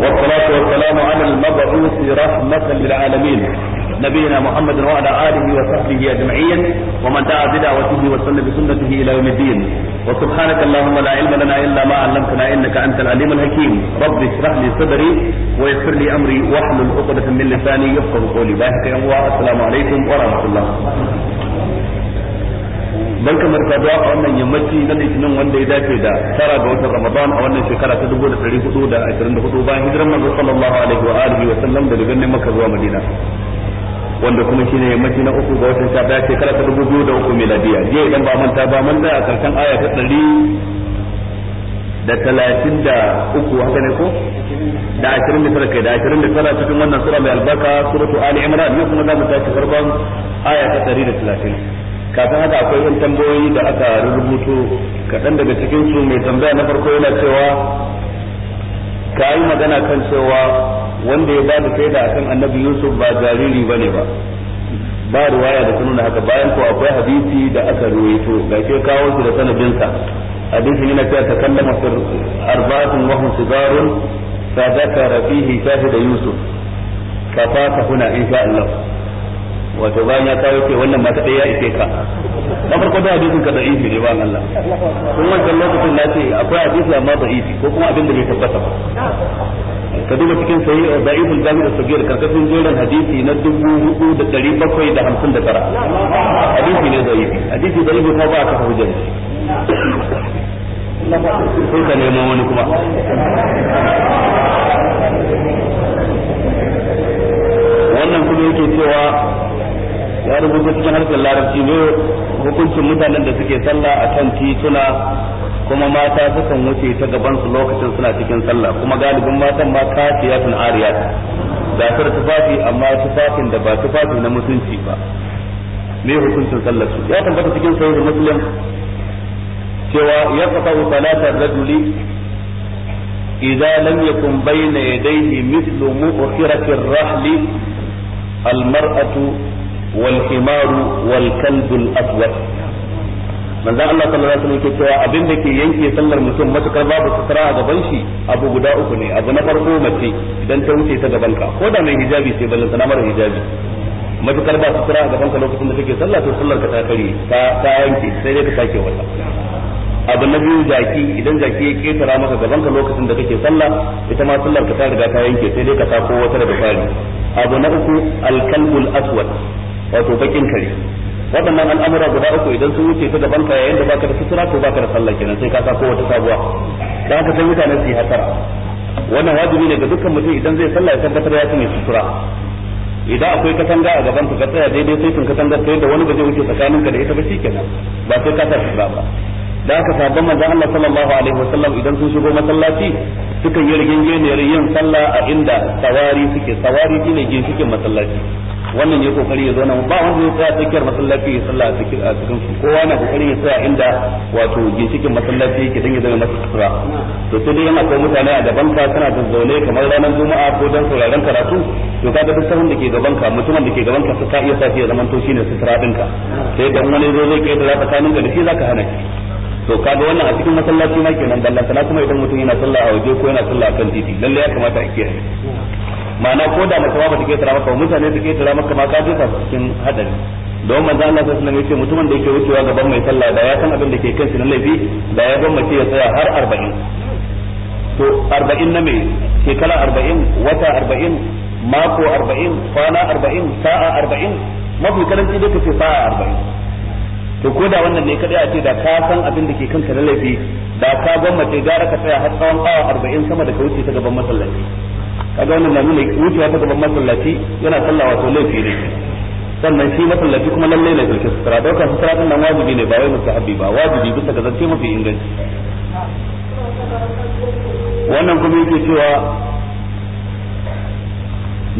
والصلاة والسلام على المبعوث رحمة للعالمين نبينا محمد وعلى آله وصحبه أجمعين ومن دعا بدعوته وسن بسنته إلى يوم الدين وسبحانك اللهم لا علم لنا إلا ما علمتنا إنك أنت العليم الحكيم رب اشرح لي صدري ويسر لي أمري واحلل عقدة من لساني يفقه قولي باهك السلام عليكم ورحمة الله dan kamar ta a wannan yammaci na litinin wanda ya dace da tara ga watan ramadan a wannan shekara ta 1424 bayan hijiran manzo sallallahu alaihi wa alihi wa sallam daga garin makka zuwa madina wanda kuma shine yammaci na uku ga watan sha daya shekara ta 2003 miladiya je idan ba manta ba mun da a karshen aya ta ɗari da talatin da uku haka ne ko da ashirin da tara kai da ashirin da tara cikin wannan sura mai albaka suratu ali imran yau kuma za mu tashi farkon aya ta ɗari da talatin kafin haka akwai yin tambayoyi da aka rubuto kaɗan daga cikin su mai tambaya na farko yana cewa ka yi magana kan cewa wanda ya bada da akan annabi yusuf ba jariri ba ne ba ba ruwaya da nuna haka bayan ko akwai hadisi da aka ruwaito ga ke kawo shi da sanadinsa hadisi yana cewa ta kallama masar arba'atun wa hum sigarun zaka rafi da yusuf ka fata kuna insha Allah wato bayan ya kawo ce wannan mata ɗaya ya ise ka na farko da hadisin ka da'ifi ne bayan Allah kun wancan lokacin na ce akwai hadisi amma da'ifi ko kuma abin da bai tabbata ba ka duba cikin sayi da jami'a sabiyar karkashin jerin hadisi na dubu hudu da ɗari bakwai da hamsin da tara hadisi ne da'ifi hadisi da'ifi kuma ba a kafa hujjar sai ka neman wani kuma wannan kuma yake cewa ya rubuta cikin harshen larabci ne hukuncin mutanen da suke sallah a kan tituna kuma mata sukan wuce ta gaban su lokacin suna cikin sallah kuma galibin matan ma ariya da gasar tufafi amma tufafin da ba tufafi na mutunci ba me hukuncin sallar su ya tabbata cikin sahihu muslim cewa ya qata salata rajuli idza lam yakun bayna yadayhi mithlu mu'khiratir rahli mar'atu. wal WalKalbul wal kalbul Allah sallallahu alaihi wasallam yake cewa abin da ke yanke sallar mutum matukar babu sutura a gaban shi abu guda uku ne abu na farko mace idan ta wuce ta gaban ko da hijabi sai ballan sana mara hijabi matukar ba sutura a gaban ka lokacin da kake sallah to sallar ka ta kare ta yanke sai dai ka sake wata abu na biyu jaki idan jaki ya ketara maka gabanka ka lokacin da kake sallah ita ma sallar ka ta riga ta yanke sai dai ka sako wata daga fari abu na uku alkalbul aswad wato bakin kare waɗannan al'amura guda uku idan sun wuce ta daban ka yayin da baka da sutura ko baka da sallah kenan sai ka sa ko wata sabuwa dan haka sai mutane su yi hasara wannan wajibi ne ga dukkan mutum idan zai sallah ya tabbatar ya tuni sutura idan akwai katanga a gaban ka tsaya daidai sai tun katangar ta da wani ba zai wuce ka da ita ba shikenan ba sai ka sa sutura ba da haka sabon manzon Allah sallallahu alaihi wasallam idan sun shigo masallaci sukan yi rigingine yin sallah a inda tawari suke tsawari shine ginshikin masallaci wannan ya kokari ya zo nan ba wanda ya tsaya tsakiyar masallaci ya sallah a cikin su kowa na kokari ya tsaya inda wato ginshikin masallaci yake dan ya zama masa sutura to sai dai yana kai mutane a gaban ka da zaune kamar ranar juma'a ko dan sauraron karatu to ka ga duk da ke gaban ka mutumin da ke gaban ka sai iya sa shi ya zama to shine sutura ka sai dan wani zo zai kai da ka da shi zaka hana shi to kaga wannan a cikin masallaci ma kenan dan sana kuma idan mutum yana sallah a waje ko yana sallah kan titi lalle ya kamata a kiyaye ma'ana ko da mace ba ta tara maka mutane suke tara maka ma ka jefa cikin hadari don manzo Allah sai sunan wasallam mutumin da yake wucewa gaban mai sallah da ya san abin da ke kan shi na laifi da ya gama ce ya tsaya har 40 to 40 na me shekara 40 wata 40 mako 40 kwana 40 sa'a 40 mafi karanci da kace sa'a 40 to ko da wannan ne kadai a ce da ka san abin da ke kanka na laifi da ka gwamnati gara ka tsaya har tsawon awa 40 sama da ka wuce ta gaban masallaci kaga wannan na nuna wucewa ta gaban masallaci yana sallah wato laifi ne sannan shi masallaci kuma lalle ne dauke sutura daukar sutura din nan wajibi ne ba wai musahabi ba wajibi bisa ga zance mafi inganci wannan kuma yake cewa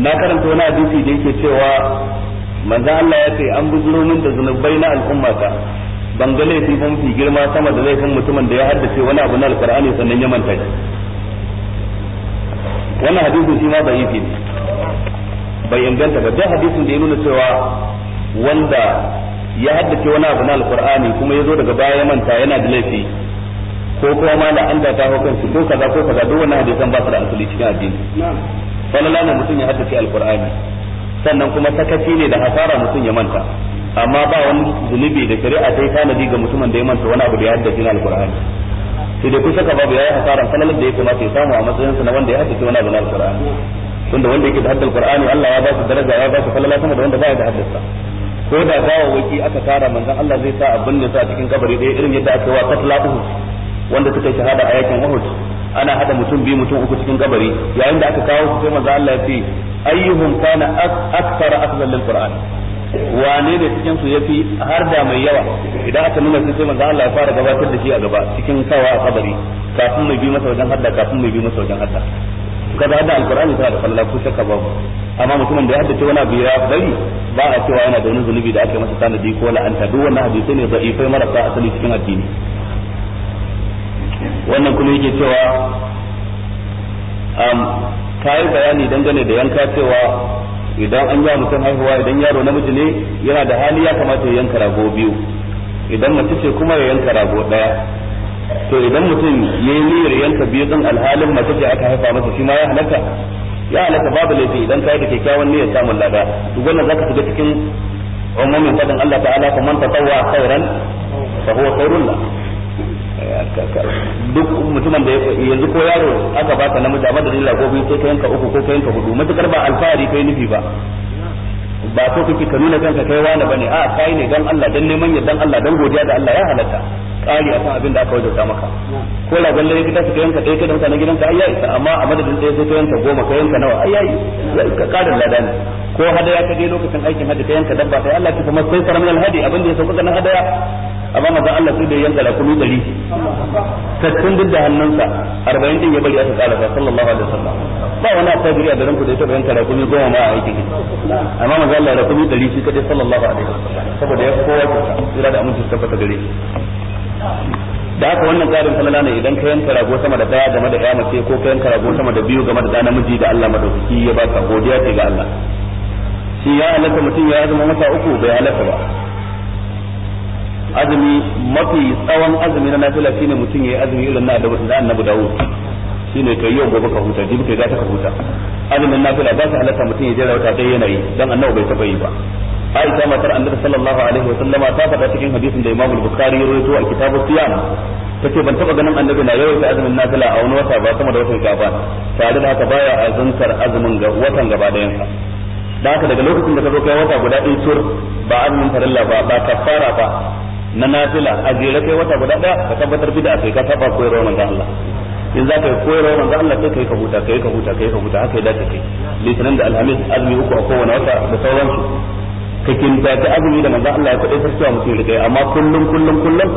na karanta wani hadisi da yake cewa manzo Allah ya ce an bujuro min da zunubai na al'ummata ban ga laifi fi girma sama da laifin mutumin da ya haddace wani abu na alkur'ani sannan ya manta shi wannan hadisin shi ma da'ifi ne bai inganta ba duk hadisin da ya nuna cewa wanda ya haddace wani abu na alqur'ani kuma ya zo daga baya ya manta yana da laifi ko kuma ma da an da ta hukun ko kaza ko kaza duk wannan hadisan ba su da asali cikin addini sallallahu alaihi mutum ya haddace alqur'ani sannan kuma sakaci ne da hasara mutum ya manta amma ba wani zunubi da shari'a ta yi tanadi ga mutumin da ya manta wani abu da ya haddace na alqur'ani sai dai kun saka babu yayi hasaran falalar da yake kamata ya samu a matsayin sa na wanda ya haddace wani abu na alqur'ani tunda wanda yake da haddal qur'ani Allah ya ba shi daraja ya ba shi falala sama da wanda ba ya da haddasa ko da gawawaki aka tara manzon Allah zai sa abin ne sa cikin kabari ɗaya irin yadda aka wa katla wanda suka yi shahada a yakin uhud ana hada mutum biyu mutum uku cikin kabari yayin da aka kawo su sai manzon Allah ya ce ayyuhum kana akthara akhzan lil qur'ani. wane ne cikin su yafi har da mai yawa idan aka nuna sai manzo Allah ya fara gabatar da shi a gaba cikin sawa a kabari kafin mai bi masa wajen hadda kafin mai bi masa wajen hadda da hadda alqur'ani tana da falala ko shakka babu amma mutumin da ya haddace wani abu ya bari ba a cewa yana da wani zunubi da ake masa sanadi ko la'anta duk wannan hadisi ne da'ifai marasa asali cikin addini wannan kuma yake cewa um, ta yi bayani dangane da yanka cewa idan an yawa mutum haihuwa idan yaro namiji ne yana da hali ya kamata ya yanka rago biyu idan mace ce kuma ya yanka rago daya to idan mutum ya yi niyyar yanka biyu din alhalin mace ce aka haifa masa shi ma ya halaka ya halaka babu laifi idan ka yi da kyakkyawan niyyar samun lada duk wannan zaka shiga cikin umumin fadin Allah ta'ala fa ta tawwa khairan fa huwa khairul lahu duk mutumin da yanzu ko yaro aka baka namiji a madadin lagobi sai ka yanka uku ko ka yanka hudu matukar ba alfahari kai nufi ba ba so kake ka nuna kanka kai wani bane a kai ne dan Allah dan neman yardan Allah dan godiya da Allah ya halatta a san abin da aka wajauta maka ko lagon lalle ka tafi yanka ɗaya kai da mutanen gidanka ai yayi amma a madadin ɗaya sai ka yanka goma ka yanka nawa ai yayi ka karin ladan ko hadaya ka je lokacin aikin hajji ka yanka dabba sai Allah ki kuma sai karamin alhadi abin da ya sauka na hadaya amma maza Allah sai da yanka rakumi dari tattun duk da hannunsa arba'in din ya bari aka fa sallallahu alaihi wasallam ba wani asabiri a garin ku da ya taba yanka rakumi goma ma a aikin amma maza Allah rakumi dari shi kadai sallallahu alaihi wasallam saboda ya kowa kyauta jira da aminci tabbata gare shi da haka wannan tsarin falala ne idan ka yanka rago sama da daya game da ya mace ko ka yanka rago sama da biyu game da da namiji da Allah madaukaki ya baka godiya ce ga Allah shi ya halatta mutum ya zama masa uku bai halatta ba azumi mafi tsawon azumi na nafila shine mutum yayi azumi irin na da annabi dawo shine kai yau gobe ka huta jibi kai gata ka huta azumin nafila ba su halatta mutum ya jira wata dai yana yi dan annabi bai taba yi ba Aisha matar Annabi sallallahu alaihi wa sallama ta faɗa cikin hadisin da Imam Bukhari ya rawaito a kitabu Siyam tace ban taba ganin Annabi na yawaita azumin nafila a wani wata ba kuma da watan Sha'ban tare da haka baya azuntar azumin ga watan gaba da yansa da haka daga lokacin da ka zo kai wata guda ɗin tur ba azumin farilla ba ba kafara ba na nafila a jere kai wata guda daya ka tabbatar bid'a kai ka saba koyarwa manzon Allah in za ka yi koyarwa manzon Allah sai kai ka huta kai ka huta kai ka huta haka ya dace kai litinin da alhamis azumi uku a kowane wata da sauransu ka kinta ta azumi da manzon Allah ya kudai sarkiwa mutum rikai amma kullum kullum kullum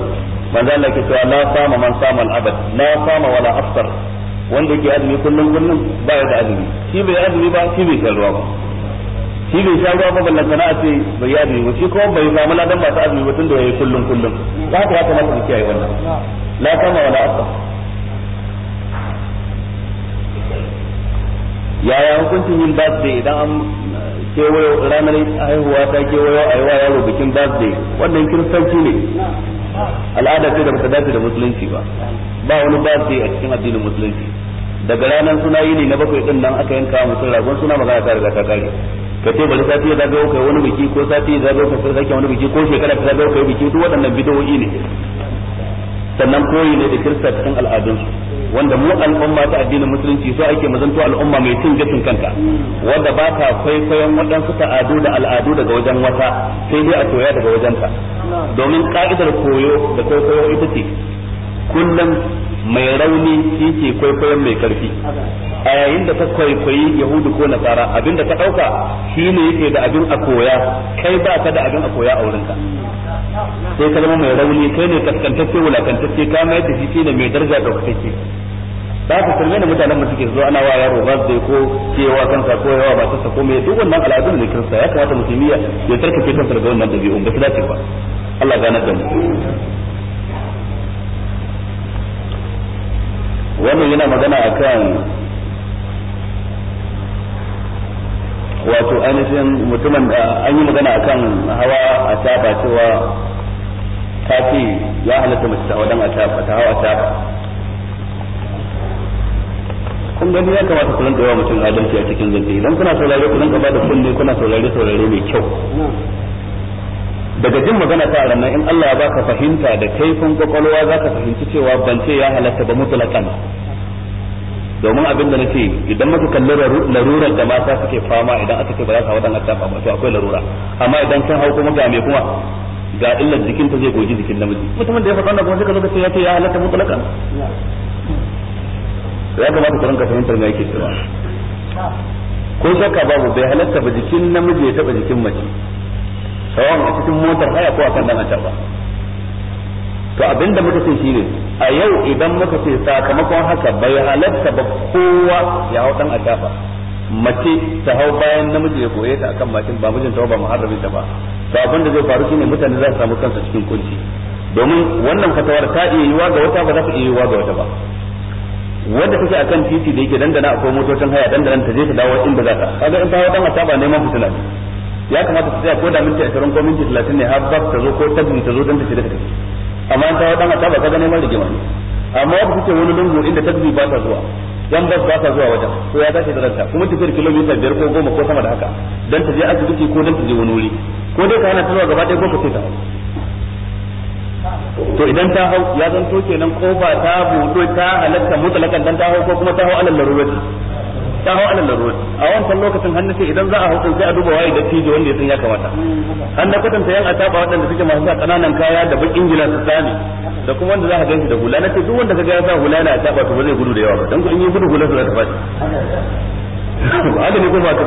manzon Allah ke cewa la sama man sama al-abad la sama wala afsar wanda yake azumi kullum kullum ba ya da azumi shi bai azumi ba shi bai shan ba shi bai sha ruwa ba ballan sana'a ce bai yi azumi ba shi kuma bai samu ladan masu azumi ba tun da yayi kullum kullum ba ta yata kamata mu kiyaye wannan la kama wala asa yaya hukuncin yin birthday idan an kewayo ranar haihuwa ta kewayo a yawa yaro bikin birthday wannan kiristanci ne al'ada ce da ta dace da musulunci ba ba wani birthday a cikin addinin musulunci daga ranar suna yini na bakwai din nan aka yanka mutum ragon suna magana ta riga ta kare ka ce bari sati ya zagayo kai wani biki ko sati ya zagayo kai sake wani biki ko shekara ta zagayo kai biki duk waɗannan bid'o'i ne sannan koyi ne da kirista cikin al'adunsu wanda mu al'umma ta addinin musulunci so ake mazanto al'umma mai cin gashin kanka wanda ba ka kwaikwayon waɗansu ta'adu da al'adu daga wajen wata sai dai a toya daga wajen ka domin ka'idar koyo da kwaikwayo ita ce kullum mai rauni shi ke kwaikwayon mai karfi a yayin da ta kwaikwayi yahudu ko nasara abinda ta ɗauka shi ne yake da abin a koya kai ba ka da abin a koya a wurinka sai ka zama mai rauni kai ne kaskantacce wulakantacce ka mai da shi ne mai daraja ɗaukakacce ba ka kalme da mutanen mu suke zo ana wa yaro ba zai ko cewa kansa ko yawa ba ta ko mai duk wannan al'adun ne kirista ya kamata musulmiya ya tarkace kansa daga wannan dabi'un ba su dace ba Allah gane da mu wannan yana magana a kan wato ainihin mutumin da an yi magana a kan hawa a taba cewa ta fi ya halatta mace ta wadan a taba ta hawa a kun gani ya kamata ku rinka yawa mutum adalci a cikin zance idan kuna saurare ku rinka ba da kunne kuna saurare saurare mai kyau daga jin magana ta ranar in Allah ya baka fahimta da kaifin kwakwalwa zaka fahimci cewa ban ce ya halatta ba mutlaqan domin abin da nake idan muka kalli larurar da mata suke fama idan aka ce ba za su wadan dan ba to akwai larura amma idan kan hau kuma ga me kuma ga illar jikin ta zai goji jikin namiji mutumin da ya faɗa wannan kuma suka lokaci ya ce ya halatta mutlaqan ya kamata ku ranka fahimtar me yake cewa ko shakka babu bai halatta ba jikin namiji ya taba jikin mace sawan a cikin motar haya ko a kan dan ba to abinda muka ce shine a yau idan muka ce sakamakon haka bai halatta ba kowa ya hau dan acarba mace ta hau bayan namiji ya koye ta akan mashin ba mijinta ba muharramin ta ba to abin da zai faru shine mutane za su samu kansu cikin kunci domin wannan fatawar ta iya yiwa ga wata ba za ta iya yiwa ga wata ba wanda kake akan titi da yake dandana akwai motocin haya dandana ta je ta dawo inda za ta kaga in ta hau dan asaba neman fitina ya kamata su tsaya ko da minti 20 ko minti 30 ne har bas ta zo ko tabin ta zo dan ta shiga ta amma an tawo dan ta ba ga neman rigima ne amma wata kuke wani lungu inda tabbi ba ta zuwa yan bas ba ta zuwa wajen ko ya tashi da kuma tafiyar kilomita biyar ko goma ko sama da haka dan ta je asibiti ko dan ta je wani wuri ko dai ka hana ta zuwa gaba ɗaya ko ka ce ta to idan ta hau ya zanto kenan ko ba ta buɗo ta halatta mutlakan dan ta hau ko kuma ta hau alal larurati ta hau alal laruri a wancan lokacin hannu sai idan za a hau sai a duba waye da tijo wanda ya san ya kamata an na kwatanta yan ataba waɗanda suke masu kananan kaya da bakin gina su tsani da kuma wanda za ka ganshi da hula na ce duk wanda ka ya sa hula na ataba to ba zai gudu da yawa ba dan ko yi gudu hula su za ta haka ne ba ba to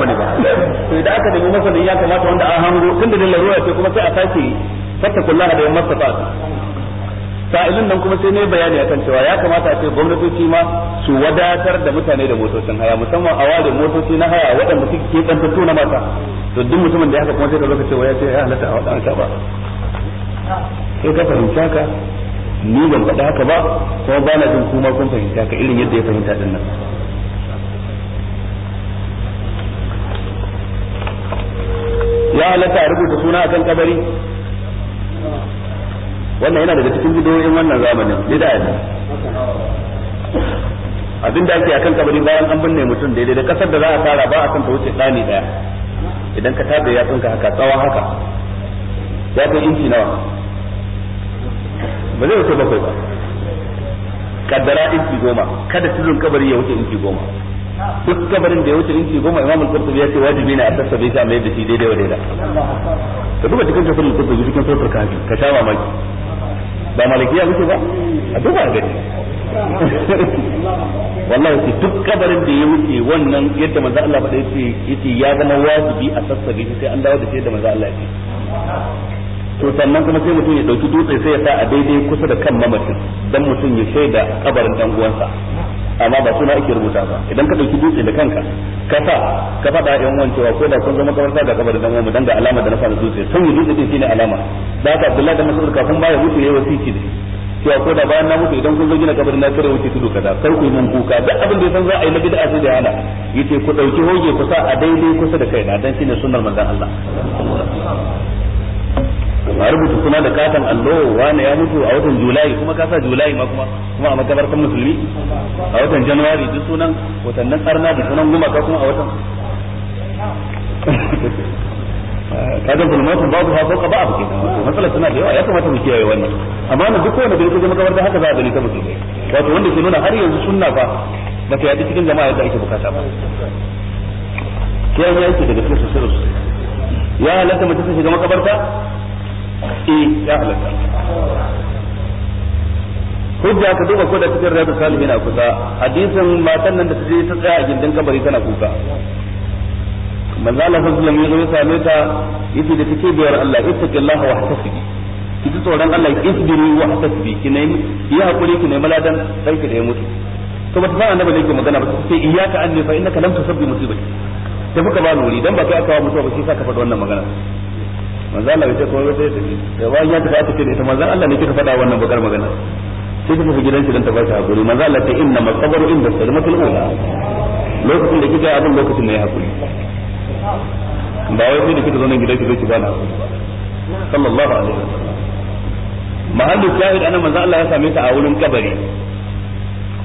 idan aka ya kamata wanda an hango tunda da larura ce kuma sai a sake fattakullaha da yamma ta sa'ilin nan kuma sai ne bayani akan cewa ya kamata a gwamnatoci ma su wadatar da mutane da motocin haya musamman a ware motoci na haya waɗanda suke tsantattu na mata to duk mutumin da haka kuma sai ka zaka cewa ya ce ya halatta a waɗanda ba sai ka fahimta ka ni ban faɗa haka ba kuma ba na jin kuma kun fahimta ka irin yadda ya fahimta din nan ya halatta a rubuta suna akan kabari wannan yana daga cikin bidiyoyin wannan zamanin bid'a ne abin da ake akan kabari bayan an binne mutum daidai da kasar da za a fara ba a san ta wuce tsani daya idan ka tabe ya tsinka haka tsawa haka ya kai inci nawa ba zai wuce bakwai ba kaddara inci goma kada tudun kabari ya wuce inci goma duk kabarin da ya wuce inci goma imam al-qurtubi ya ce wajibi ne a sassabe shi a mai da shi daidai wa daidai ka duba cikin tafsirin qurtubi cikin suratul kafi ka sha mamaki ba malikiya kuke ba a duba gani wallahi ki duk kabarin da ya wuce wannan yadda manzo Allah ba yace yace ya zama wajibi a sassa gaji sai an dawo da shi yadda manzo Allah ya ce to sannan kuma sai mutum ya dauki dutse sai ya sa a daidai kusa da kan mamacin dan mutum ya shaida kabarin dan uwansa amma ba suna ake rubuta ba idan ka dauki dutse da kanka ka sa ka fada yan uwan cewa ko da kun zama kabarta da kabarin dan uwanmu dan da alama da na fara dutse sun yi dutse din shine alama da haka Abdullahi da Mas'ud kafin ba ya mutu yayi wasiki da cewa ko da bayan na mutu idan kun zo gina kabarin na kare wuce tudu kaza sai ku yi mun kuka duk abin da ya san za a yi na bid'a sai da yana yace ku dauki hoge ku sa a daidai kusa da kai kaina dan shine sunnar manzon Allah a rubuta suna da katon allo wani ya mutu a watan julai kuma kasa julai ma kuma kuma a makabartan musulmi a watan januari duk sunan watannin arna da sunan gumaka kuma a watan kaga mutum babu ha fauka ba a buke matsalar suna da yawa ya kamata mu kiyaye wannan amma na duk wanda bai kaje makabarta haka za a gani ta musulmai wato wanda ke nuna har yanzu sunna fa ba ta yadda cikin jama'a yadda ake bukata ba kiyaye yake daga cikin sosai ya halatta mace ta shiga makabarta eh ya halatta hujja ka duba ko da cikin riyadu salihi na kusa hadisin matan nan da ta ta tsaya a gindin kabari tana kuka manzo Allah sallallahu alaihi wasallam ya same ta yace da take biyar Allah ittaqillaha wa hasibi ki ji tsoron Allah isbiri wa hasibi ki nayi ki hakuri ki nayi maladan sai ki da ya mutu to ba ta fara annabi da yake magana ba sai iyyaka anni fa innaka lam tusabbi musibati da kuka ba lori dan ba kai aka wa mutuwa ba shi sa ka faɗa wannan magana manzo Allah ya ce kuma sai tafi da bayan ya tafi aka ce da ita manzo Allah ne kika faɗa wannan bakar magana sai ta tafi gidanki dan ta ba shi hakuri manzo Allah ta inna masabaru inda salmatul ula lokacin da kika abin lokacin ne hakuri ba wai sai da kika zo nan gidanki zai ki ba na hakuri sallallahu alaihi wasallam mahallin shahid ana manzo Allah ya same ta a wurin kabari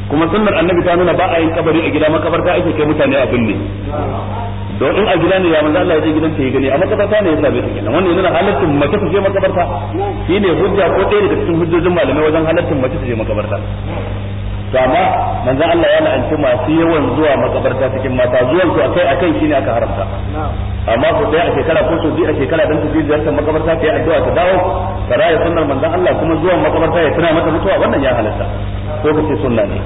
kuma sunnar annabi ta nuna ba a yin kabari a gida makabarta ake kai mutane a binne don in a gida ne ya manzo Allah ya je gidan ta ya gani a makabarta ne ya same ta kenan wannan yana halattun mace ta je makabarta shine hujja ko ɗaya daga cikin hujjojin malamai wajen halattun mace ta je makabarta to amma manzo Allah ya la'anci masu yawan zuwa makabarta cikin mata zuwan su akai akai shine aka haramta amma ko ɗaya a shekara ko so biyu a shekara dan su je ziyartar makabarta ta yi addu'a ta dawo ta raya sunnar manzo Allah kuma zuwan makabarta ya tana mata mutuwa wannan ya halatta ko kace sunna ne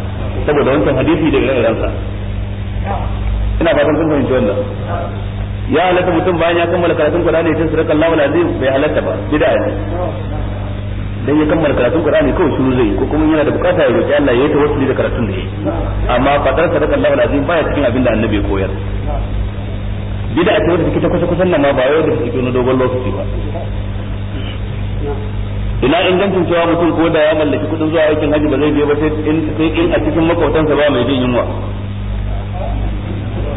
saboda wancan hadisi da irin ransa ina fatan kun fahimci wannan ya halatta mutum bayan ya kammala karatun Qur'ani sai suraka Allahu alazim bai halatta ba bid'a ne dan ya kammala karatun Qur'ani kawai shiru zai ko kuma yana da bukata ya roki Allah ya yi tawassuli da karatun da yake amma fatan suraka Allahu alazim baya cikin abin da Annabi ya koyar bid'a ce wanda take ta kusa kusan nan ma ba yau da take na dogon lokaci ba ina ingancin cewa mutum ko da ya mallaki kudin zuwa aikin haji ba zai biya ba sai in a cikin makwabtansa ba mai jin yunwa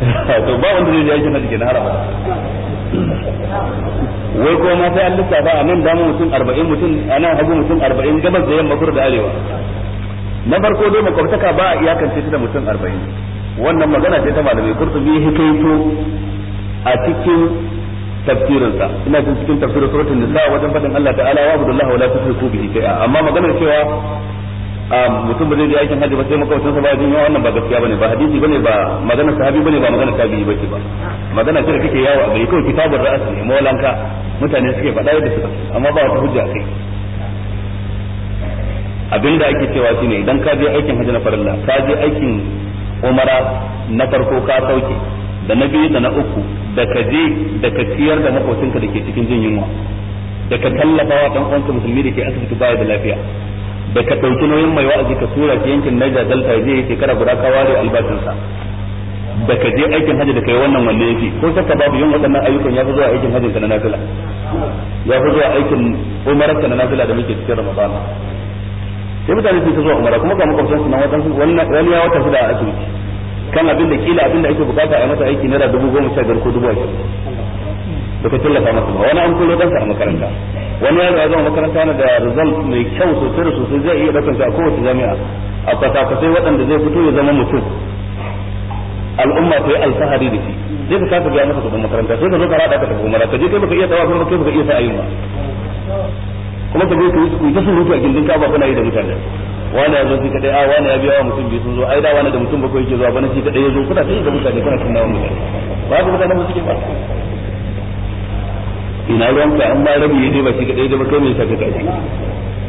to ba wanda zai yi jinar jinar haram wai kuma ma sai an lissafa a nan dama mutum 40 mutum a nan hagu mutum 40 gabas da yamma kur da arewa na farko dai makwabtaka ba a iyakance ta da mutum 40 wannan magana ce ta malamai kurtubi hikaito a cikin tafsirinsa ina jin cikin tafsirin suratul nisa wajen fadin Allah ta'ala wa abdullahi wa la tushriku bihi shay'a amma maganar cewa mutum ba zai je aikin hajji ba sai makawacin sa ba jin yawa wannan ba gaskiya bane ba hadisi bane ba magana sahabi bane ba magana tabi'i bace ba magana ce da kake yawo a gari kawai kitabun ra'as ne maulanka mutane suke faɗa yadda suka amma ba wata hujja kai abinda ake cewa shine idan ka je aikin hajji na farilla ka je aikin umara na farko ka sauke da na biyu da na uku da ka je da ka ciyar da makocinka da ke cikin jin yunwa da ka tallafa wa ɗan uwanka musulmi da ke asibiti baya da lafiya da ka ɗauki nauyin mai wa'azi ka sura shi yankin Niger Delta zai yi shekara guda ka ware albashinsa da ka je aikin hajji da kai wannan wanne yafi ko saka babu yin waɗannan ayyukan ya fi zuwa aikin hajjin ka na nafila ya fi zuwa aikin umarar ka na nafila da muke cikin Ramadan sai mutane sun ta zuwa umara kuma ga makwabtan su nan wadansu wani ya wata shida a asibiti kan abin da kila abin da ake bukata a yi masa aiki naira dubu goma sha biyar ko dubu ashirin suka tallafa masa ba wani an kullo ɗansa a makaranta wani ya ya zama makaranta na da result mai kyau sosai da sosai zai iya ɗaukan a kowace jami'a a kwasa-kwasai waɗanda zai fito ya zama mutum al'umma ta yi alfahari da shi sai ka kafa biya masa kuɗin makaranta sai ka zo ka raɗa ka tafi umara ka je kai baka iya tsawa kuma kai baka iya sa'ayin ba kuma ka je ka yi ta surutu a gindin kaba kuna yi da mutane wani ya zo shi kaɗai a wani ya biya wa mutum biyu sun zo ai da wani da mutum bakwai yake zuwa bana shi kaɗai ya zo kuna ta yi da mutane kuna cin nawa mutane ba haka mutane ba suke ba ina ka an ba rabi ya je ba shi kadai da ba kai mai saka kai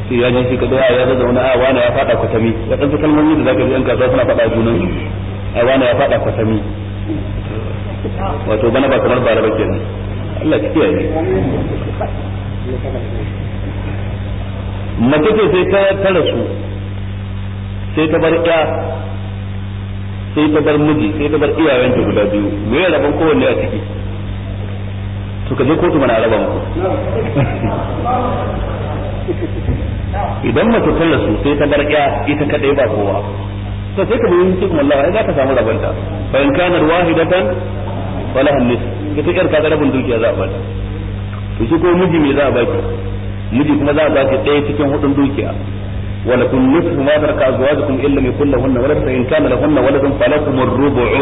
shi ya ji shi kadai ya zaza wani a wani ya fada kwatami waɗansu kalmomi da zaka ji an kasuwa suna fada junan a wani ya fada kwatami wato bana ba kamar ba ba kenan Allah ki kiyaye mace ce sai ta tara su sai ta bar ya sai ta bar miji sai ta bar iyayenta guda biyu me rabon kowanne a ciki to ka je kotu mana raba muku idan mace ta rasu sai ta bar ya ita kadai ba kowa to sai ka bi yin cikin Allah ai za ka samu rabanta fa in kana wahidatan wala nis ita kar ka ga rabin dukiya za a bata to shi ko miji me za a baki miji kuma za a baki ɗaya cikin hudun dukiya ولكم نصف ما ترك أزواجكم إن wala fa in kana lahunna wala لهن ولد ar-rubu'u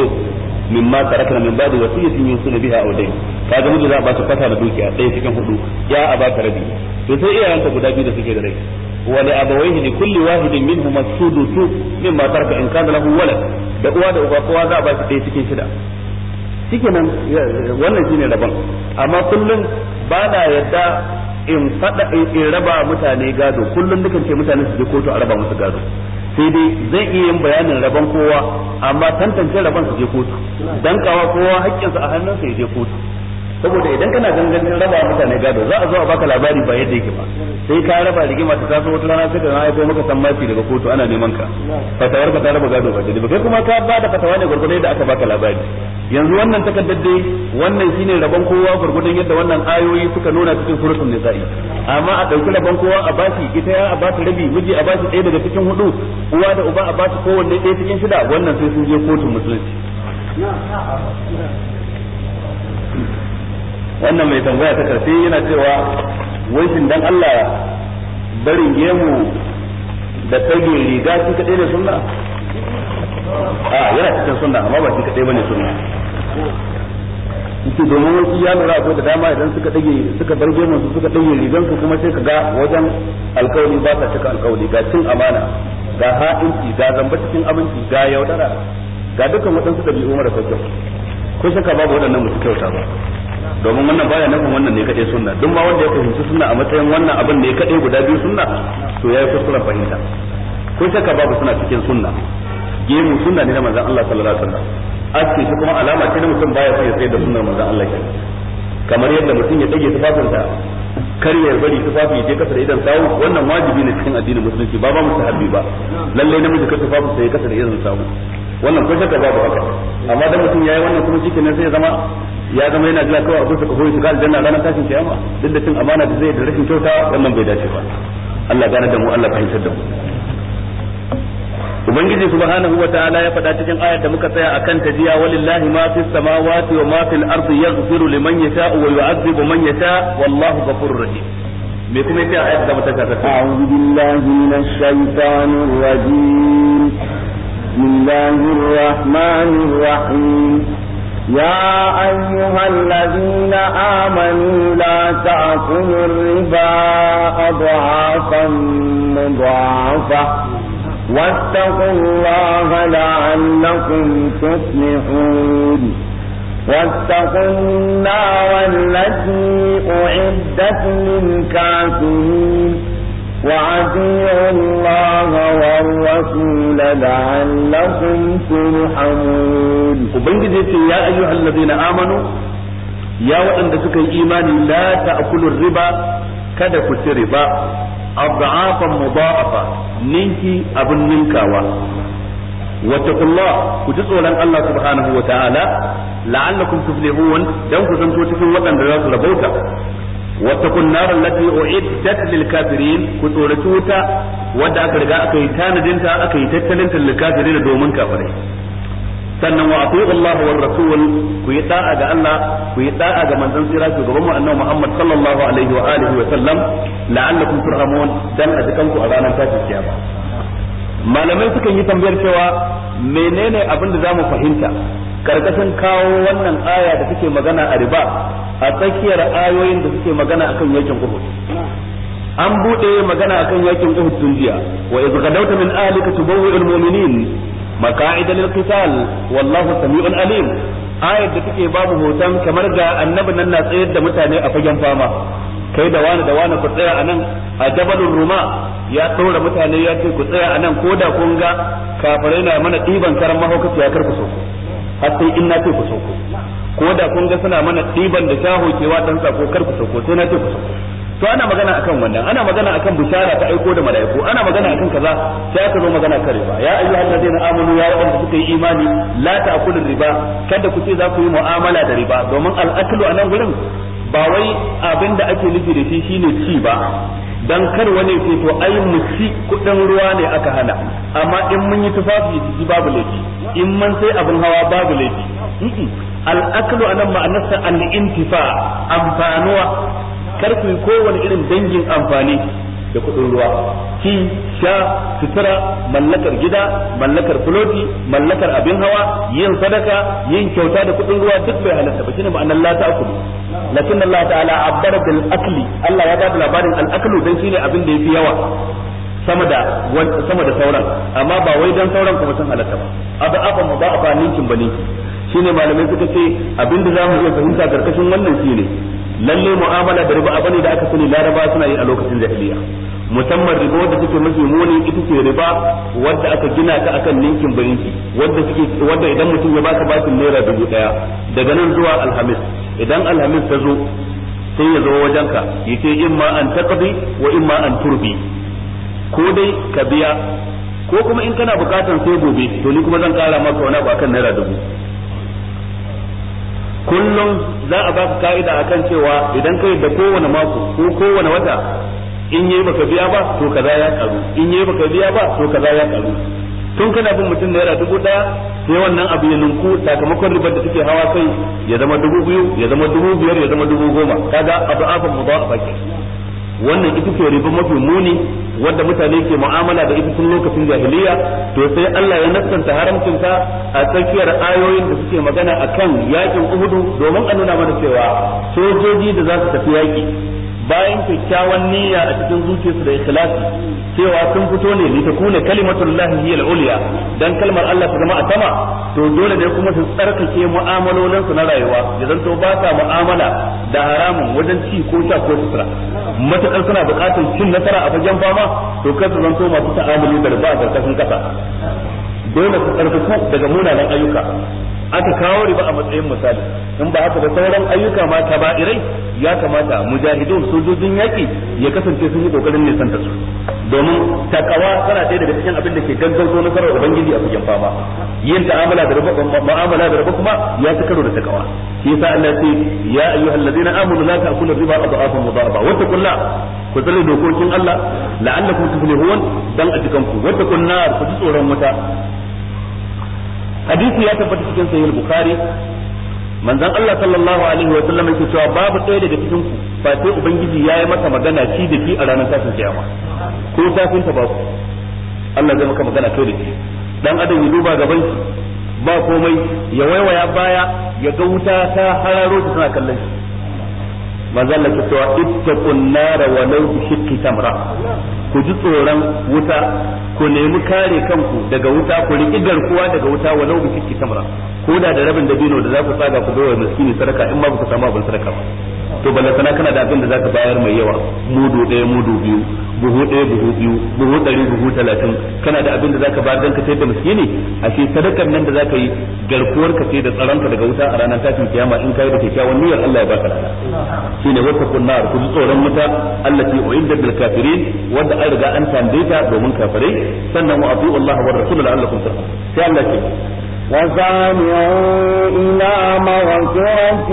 min mimma tarakna min ba'di wasiyatin yusuna biha aw dayn kaga miji za a ba su kwata da dukiya sai cikin hudu ya a ba ka rabi to sai iyayenta guda biyu da suke da rai wa li abawayhi li kulli wahidin minhum as-sudusu mimma taraka in kana lahu walad da uwa da uba kowa za a ba su ɗaya cikin shida nan wannan shine rabon amma kullum ba na yadda in fada in raba mutane gado kullum dukan ce mutane su je kotu a raba musu gado sai dai zai iya yin bayanin rabon kowa amma tantance rabon su je kotu dan kawa kowa haƙƙinsa a hannunsa ya je kotu saboda idan kana gangancin raba mutane gado za a zo a baka labari ba yadda yake ba sai ka raba rigima ta taso wata rana sai ka na aiko maka mafi daga kotu ana neman ka fatawar ka ta raba gado ba daidai ba kai kuma ka ba da fatawa ne gurgurdan da aka baka labari yanzu wannan takaddar dai wannan shine rabon kowa gurgurdan yadda wannan ayoyi suka nuna cikin suratul nisa'i amma a dauki rabon kowa a bashi ita ya a ta rabi miji a bashi ɗaya daga cikin hudu uwa da uba a bashi kowanne ɗaya cikin shida wannan sai sun je kotun musulunci wannan mai tambaya ta karfe yana cewa wai dan Allah barin gemu da tsage riga su kaɗai ne sunna a yana cikin sunna amma ba shi ba ne sunna ita domin wasu ya lura ko da dama idan suka dage suka bar gemun su suka dage rigan su kuma sai ka ga wajen alkawari ba sa cika alkawari ga cin amana ga ha'inci ga zamba cikin aminci ga yaudara ga dukkan waɗansu ɗabi'u marasa kyau ko shaka babu waɗannan mutu kyauta ba domin wannan baya nufin wannan ne kadai sunna duk ma wanda ya fahimci sunna a matsayin wannan abin ne kadai guda biyu sunna to yayi kuskuren fahimta ko shakka babu suna cikin sunna gemu sunna ne na manzon Allah sallallahu alaihi wasallam aski kuma alama ce na mutum baya sai da sunnar manzon Allah ke. kamar yadda mutum ya dage tufafin kar ya bari tufafi ya je kasa da idan sawu wannan wajibi ne cikin addinin musulunci ba ba musahabi ba lalle namiji ka tufafi sai kasar kasa da idan sawu wannan ko shakka babu haka amma dan mutum yayi wannan kuma cikin sai ya zama ya zama yana jira kawai a kusa su shiga aljanna ranar tashin kiyama duk da cin amana da zai da rashin kyauta wannan bai dace ba Allah gane da mu Allah fahimtar da mu ubangiji subhanahu wa ta'ala ya faɗa cikin ayar da muka tsaya akan ta jiya walillahi ma fi samawati wa ma fil ardi yaghfiru liman yasha'u wa yu'adhibu man yasha'u wallahu ghafurur rahim me kuma yake ayar da muka tsaya a'udhu billahi minash shaitanir rajim bismillahir rahmanir rahim يا أيها الذين آمنوا لا تأكلوا الربا أضعافا مضاعفة واتقوا الله لعلكم تفلحون واتقوا النار التي أعدت للكافرين وعزيوا الله والرسول لعلكم ترحمون وبنجد يا أيها الذين آمنوا يا وأن تكي إيماني لا تأكلوا الربا kada ku ci riba abu'afan mudha'afa ninki abin ninkawa wattaqullah ku ji tsoron Allah subhanahu wa ta'ala la'allakum tuflihun dan ku zanto waɗanda za su rabauta واتقوا النار التي أعدت للكافرين كتورتوتا ودا أكرغا أكي تاندنتا أكي تتلنت للكافرين دومن كافرين sannan wa atiu Allah wa rasul ku yi da'a ga Allah ku yi da'a ga manzon sira shugaban mu annabi Muhammad sallallahu alaihi wa alihi wa sallam la'allakum turhamun dan a ku a ranar tashin kiyama malamai sukan yi tambayar cewa menene abin da zamu fahimta karkashin kawo wannan aya da take magana a riba a tsakiyar ayoyin da suke magana akan yakin Uhud an bude magana akan yakin Uhud tun jiya wa iz gadawta min ahlika tubawwi'ul mu'minin maqa'ida lil qital wallahu Sami'un alim ayar da take babu hoton kamar ga annabi nan na tsayar da mutane a fagen fama kai da wani da wani ku tsaya anan a jabalin ruma ya tsora mutane ya ce ku tsaya anan koda ko da kun ga kafirai na mana ɗiban karan mahaukaciya ya karku so har sai in na ce ku sauko ko da kun ga suna mana ɗiban da shaho ta dan ko kar ku sauko sai na ce ku sauko to ana magana akan wannan ana magana akan bishara ta aiko da mala'iku ana magana akan kaza sai aka zo magana kan riba ya ayyuhal ladina amanu ya wanda suka yi imani la ta'kulu riba kada ku ce za ku yi mu'amala da riba domin al'aklu anan gurin ba wai abin da ake nufi da shi shine ci ba dan kar wani ce to ai mu ci kudin ruwa ne aka hana amma in mun yi tufafi shi babu laifi in mun sai abin hawa babu laifi al-aklu anan ma'anarsa al-intifa amfanuwa kar ku kowane irin dangin amfani da kuɗin ruwa ki sha sutura mallakar gida mallakar fuloti mallakar abin hawa yin sadaka yin kyauta da kuɗin ruwa duk bai halatta ba shine ma'anar la ta'kulu lakin Allah ta'ala abara bil akli Allah ya bada labarin al aklu dan shine abin da yafi yawa sama da sama da sauran amma ba wai dan sauran kuma sun halatta ba abu afa mu ba afa ninkin ba shine malamai suka ce abin da zamu iya fahimta karkashin wannan shine lalle mu'amala da riba abane da aka sani laraba suna yi a lokacin jahiliya musamman riba wadda take mafi muni ita ce riba wadda aka gina ta akan ninkin banki wadda suke wadda idan mutum ya baka bashin naira dubu daya daga nan zuwa alhamis idan alhamis ta zo sai ya zo wajenka yace imma an taqdi wa imma an turbi ko dai ka biya ko kuma in kana bukatan sai gobe to ni kuma zan kara maka wani abu akan naira dubu kullum za a baka ka'ida akan cewa idan kai da kowane mako ko kowane wata in ba baka biya ba to kaza ya karu in ba baka biya ba to kaza ya karu tun kana bin mutum naira dubu daya sai wannan abu ya ninku sakamakon ribar da take hawa kai ya zama dubu biyu ya zama dubu biyar ya zama dubu goma kaga abu afan mu ba a wannan ita ce riba mafi muni wadda mutane ke mu'amala da ita tun lokacin jahiliya to sai Allah ya nassanta haramcin ta a tsakiyar ayoyin da suke magana akan yakin Uhud domin a nuna mana cewa sojoji da za su tafi yaki bayan kyakkyawan niyya a cikin zuciyarsu da ikhlasi cewa sun fito ne li takuna kalimatullahi hiya al-ulya dan kalmar Allah ta zama a sama to dole ne kuma su tsarkake mu'amalolin su na rayuwa ya zanto ba sa mu'amala da haramun wajen ci ko sha ko sutura matakar suna buƙatar cin nasara a fagen fama to kai su zanto masu ta'amuli da riba a ƙarƙashin ƙasa. dole su tsarkaku daga munanan ayyuka aka kawo riba a matsayin misali in ba haka ba sauran ayyuka ma taba'irai ya kamata mujahidun sojojin yaki ya kasance sun yi kokarin ne su domin takawa tana ɗaya daga cikin abin da ke gaggauto nasarar ubangiji a fagen fama yin ta'amala da rabu da rabu kuma ya ta karo da takawa shi yasa Allah ya ce ya ayyuhallazina amanu la ta'kulu riba adhafan mudha'afa wa taqulla ku tsare dokokin Allah la'allakum tuflihun dan a cikin ku wa taqun nar ku ji tsoron wuta hadisi ya tabbata cikin sahih bukhari manzon Allah sallallahu alaihi wa sallam yake cewa babu ɗaya daga cikin ku ba sai ubangiji yayi masa magana ci da ki a ranar tashin kiyama ko tafin ta babu Allah zai maka magana kai da ki dan adam ya duba gaban shi ba komai ya waiwaya baya ya ga wuta ta hararo ta tana kallon shi mazalla ta cewa ittaqun nar walau bi tamra ku ji tsoron wuta ku nemi kare kanku daga wuta ku riki garkuwa daga wuta walau bi tamra ko da da rabin dabino da za ku tsaga ku bayar miskini sadaka in ma ku samu abin sadaka ba to balla kana da abin da zaka bayar mai yawa mudu daya mudu biyu buhu ɗaya buhu biyu buhu ɗari buhu talatin kana da abin da zaka bayar don ka sayar da miskini ashe sadakar nan da zaka yi garkuwar ka ce da tsaronka daga wuta a ranar tashin kiyama in kai da kyakkyawan niyyar Allah ya baka lada shine wata kunnar ku tsoron wuta allati da bil kafirin wanda an riga an tambaye ta domin kafirai sannan wa atiu Allah wa rasul la'allakum sai Allah ke وسارعوا إلى مغفرة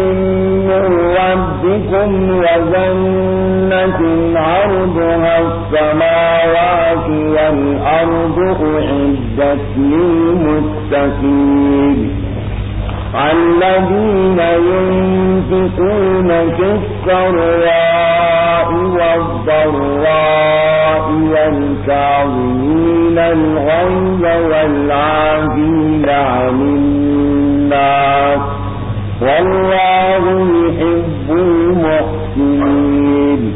من ربكم وجنة عرضها السماوات والأرض أعدت للمتقين الذين ينفقون في السراء والضراء والكاظمين الغيب والعافين عن الناس والله يحب المحسنين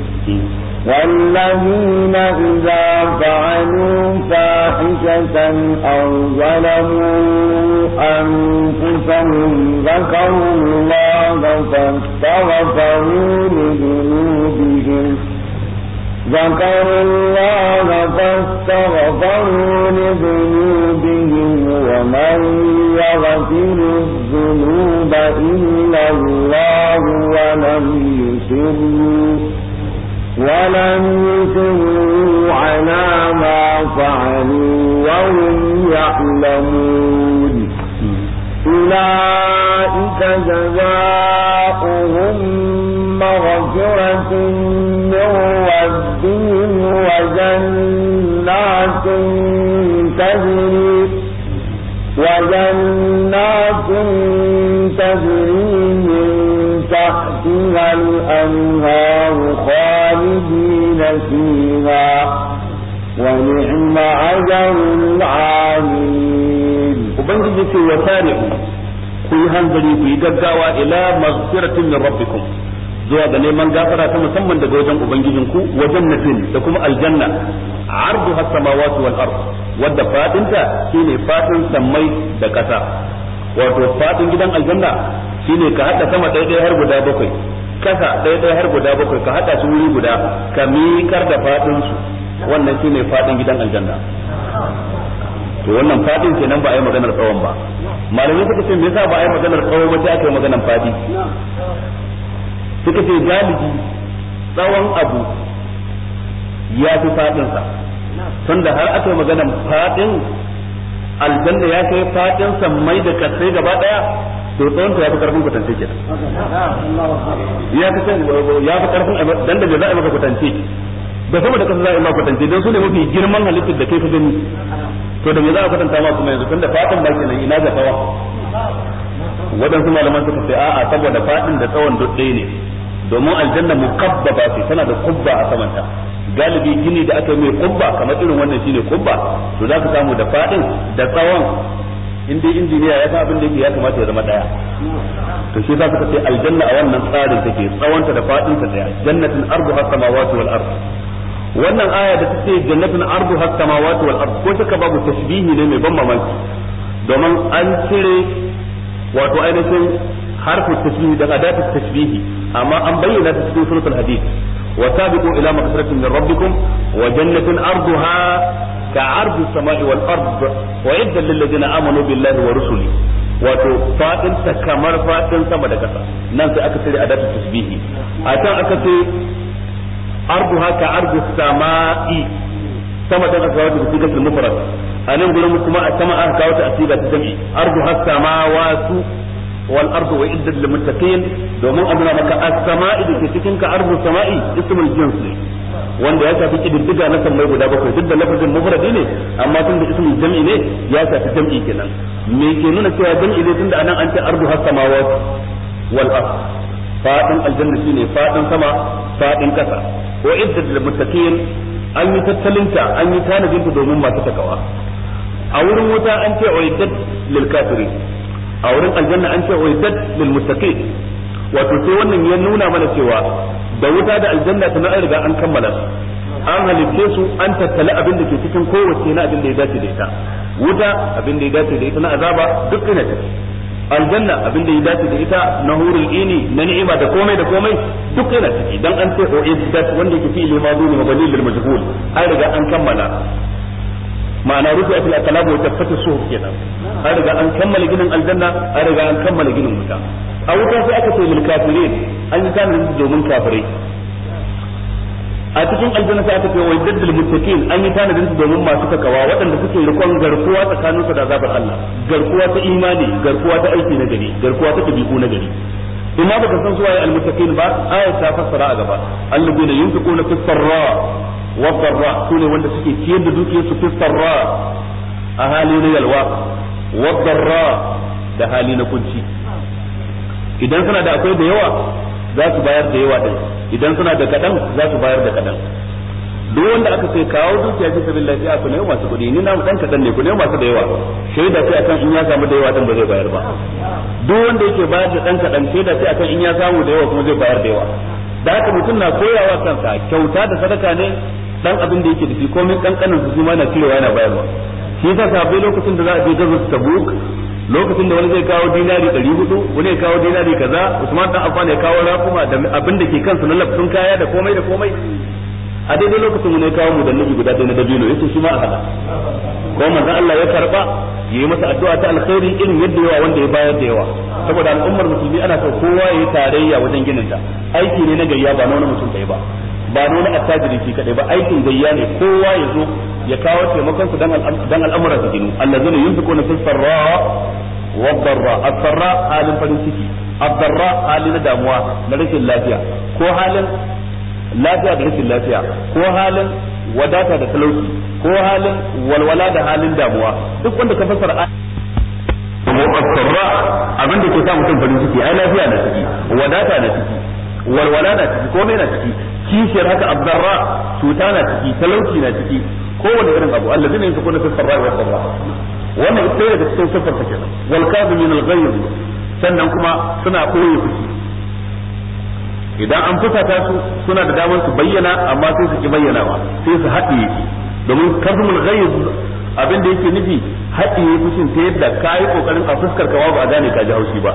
والذين إذا فعلوا فاحشة أو ظلموا أنفسهم ذكروا الله فاستغفروا لذنوبهم ذكروا الله فاستغفروا لذنوبهم ومن يغفر الذنوب إلا الله ولم يسروا ولم يسروا على ما فعلوا وهم يعلمون أولئك جزاؤهم مغفرة أنهار خالدين فيها ونعم أجر العاملين وبنجد وسارعوا كل هنزلي في جدعوا إلى مغفرة من ربكم zuwa ga neman gafara ta musamman daga wajen ubangijinku wa jannatin da kuma aljanna ardu has samawati wal ard wadda fadinta shine fadin sammai da kasa wato fadin gidan aljanna shine ka hada sama daidai har guda bakwai kasa ɗaya ɗaya har guda bakwai ka haɗa su wuri guda ka miƙar da faɗin su wannan shi ne faɗin gidan aljanna to wannan faɗin kenan ba a yi maganar tsawon ba malamai suka ce me yasa ba a yi maganar tsawon ba sai aka yi maganar faɗi suka ce galibi tsawon abu ya fi faɗinsa tunda har aka yi maganar faɗin aljanna ya kai faɗin mai da kasai gaba ɗaya to tsawon ta yafi karfin kwatance ke ya fi san ya fi karfin dan da za a maka kwatance da sama da kasa za a maka kwatance don su ne mafi girman halittar da kai ka gani to da me za a kwatanta ma kuma yanzu tunda fatan ba kenan ina ga tawa waɗansu malaman suka ce a'a saboda fadin da tsawon dutse ne domin aljanna mukabbaba ce tana da kubba a samanta galibi gini da aka yi mai kubba kamar irin wannan shine kubba to za ka samu da fadin da tsawon in dai injiniya ya san abin da yake ya kamata ya zama daya to shi za ce aljanna a wannan tsarin take tsawonta da fadin ta daya jannatin ardu arduha samawati wal ard wannan aya da take jannatin ardu arduha samawati wal ard ko take babu tashbihi ne mai ban mamaki domin an cire wato ainihin harfu tashbihi da adatu tashbihi amma an bayyana ta cikin suratul hadid وسابقوا إلى مغفرة من ربكم وجنة أرضها كعرض wal والأرض wa yadda lillazina amanu billahi wa rusuli wato fadin ta kamar fadin sama da kasa nan sai aka cire adatu tasbihi a can aka ce ardu haka ardu sama'i sama dan aka kawo ta sigar mufrad a nan gurin kuma a sama aka kawo ta asiga ta jami'i ardu has su. wal ardu wa iddat lil muttaqin domin a nuna maka as-sama'i cikin ka ardu sama'i ismul jins ne wanda ya shafi kididdiga na sammai guda bakwai duk da lafazin mufradi ne amma tun da ismul jam'i ne ya shafi jam'i kenan me ke nuna cewa jam'i ne tunda anan an ce ardu has samawati wal ard fadin aljanna shine fadin sama fadin kasa wa iddat lil muttaqin an yi tattalinta an yi tanadinta domin masu takawa a wurin wuta an ce wa iddat lil kafirin a wurin aljanna an ce uiddat lil muttaqin wato sai wannan ya nuna mana cewa da wuta da aljanna ta an riga an kammala an halitte su an tattala abin da ke cikin kowace na abin da ya dace da ita wuta abin da ya dace da ita na azaba duk ina ta aljanna abin da ya dace da ita na hurul ini na ni'ima da komai da komai duk yana ciki dan an ce uiddat wanda yake fi limadu ne mabani lil majhul an riga an kammala ma'ana rufi atil wata fata so ke nan an riga an kammala ginin aljanna an riga an kammala ginin wuta a wuta sai aka ce lil kafirin an yi tanadin domin kafirai a cikin aljanna sai aka ce wai daddal muttaqin an yi tanadin domin masu takawa waɗanda suke rikon garkuwa tsakanin su da zabar Allah garkuwa ta imani garkuwa ta aiki na gari garkuwa ta dabi'u na gari imma baka san suwaye almuttaqin ba ayata ta fassara a gaba alladheena yunfiquna fis sarra wadarra su ne wanda suke ciyar da dukiya su fistarra a hali na yalwa wadarra da hali na kunci idan suna da akwai da yawa za su bayar da yawa din idan suna da kaɗan, za su bayar da kaɗan. duk wanda aka sai kawo dukiya fi sabilillah sai ku ne masu kuɗi. ni na ɗan kaɗan ne ku ne masu da yawa Sai da sai akan in ya samu da yawa din ba zai bayar ba duk wanda yake bayar da dan kadan shaida sai akan in ya samu da yawa kuma zai bayar da yawa da haka mutum na koyawa kansa kyauta da sadaka ne dan abin da yake da shi komai kankanin su ma na cirewa yana bayarwa shi yasa sabai lokacin da za a je gazar tabuk lokacin da wani zai kawo dinari ɗari hudu wani ya kawo dinari kaza usman dan afan ya kawo rafuma da abin da ke kansu na lafsun kaya da komai da komai a daidai lokacin ne kawo mu da nabi guda ɗaya na dabino yace shi ma a hada ko manzon Allah ya karba yayi masa addu'a ta alkhairi irin yadda yawa wanda ya bayar da yawa saboda al'ummar musulmi ana so kowa yayi tarayya wajen ginin ta aiki ne na gayya ba na wani mutum ɗaya ba ba na wani attajiri shi kadai ba aikin gayya ne kowa ya zo ya kawo taimakon su dan al'amura su ginu allazina yunfiquna fi sarra wa darra as-sarra halin farin ciki ad-darra halin damuwa na rashin lafiya ko halin lafiya da rashin lafiya ko halin wadata da talauci ko halin walwala da halin damuwa duk wanda ka fassara a mu'assarra abinda ke sa mutum farin ciki ai lafiya na ciki wadata na ciki walwala na ciki komai na ciki kishiyar haka abdarra cuta na ciki talauci na ciki kowane irin abu allazi ne yake kuna sassara wa sarra wannan ita daga cikin sassarta kenan wal yin al sannan kuma suna koyi fushi idan an fusata su suna da damar su bayyana amma sai su ki bayyanawa sai su haɗiye shi domin kazmul ghayz abin da yake nufi haɗiye fushin ta yadda ka yi kokarin a fuskar kawa ba a gane ka ji haushi ba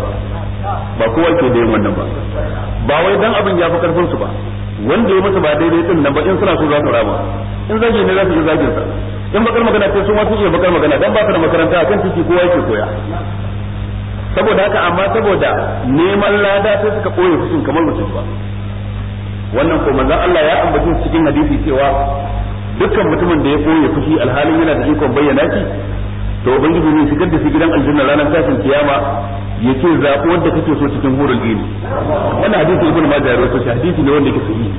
ba kowa ke da yin wannan ba ba wai dan abin ya fi karfin su ba wanda ya masa ba daidai din nan ba in suna so za su rama in zage ne za su yi zagin sa in bakar magana ce su ma su iya bakar magana dan ba ka da makaranta akan titi kowa yake koya saboda haka amma saboda neman lada sai suka koyi fushin kamar mutum ba wannan ko manzon Allah ya ambaci cikin hadisi cewa dukkan mutumin da ya koyi fushi alhalin yana da ikon bayyana shi to ubangiji ne shigar da shi gidan aljanna ranar tashin kiyama ya ce zaɓi wanda kake so cikin hurul gini wannan hadisi ibnu majah ya rawaito shi hadisi ne wanda yake sahihi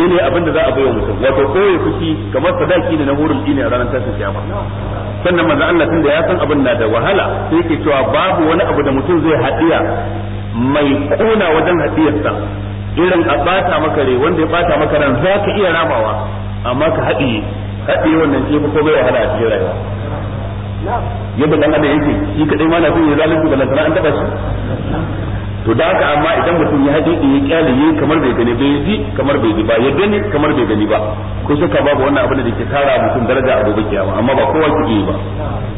ne abin da za a wa mutum wato koyi fushi kamar sadaki ne na hurul dini a ranar tashin kiyama sannan manzo Allah tunda ya san abin na da wahala sai yake cewa babu wani abu da mutum zai hadiya mai kona wajen hadiyarsa irin a bata maka rai wanda ya bata maka ran za ka iya ramawa amma ka haɗiye haɗiye wannan ce ko bai wahala a cikin rayuwa yadda dan adam yake shi kadai ma na son ya zalunci balantana an taba shi to da haka amma idan mutum ya haɗe ya kyale yi kamar bai gani bai ji kamar bai ji ba ya gani kamar bai gani ba ko shakka babu wannan abin da ke tara mutum daraja a gobe kiyama amma ba kowa ke yi ba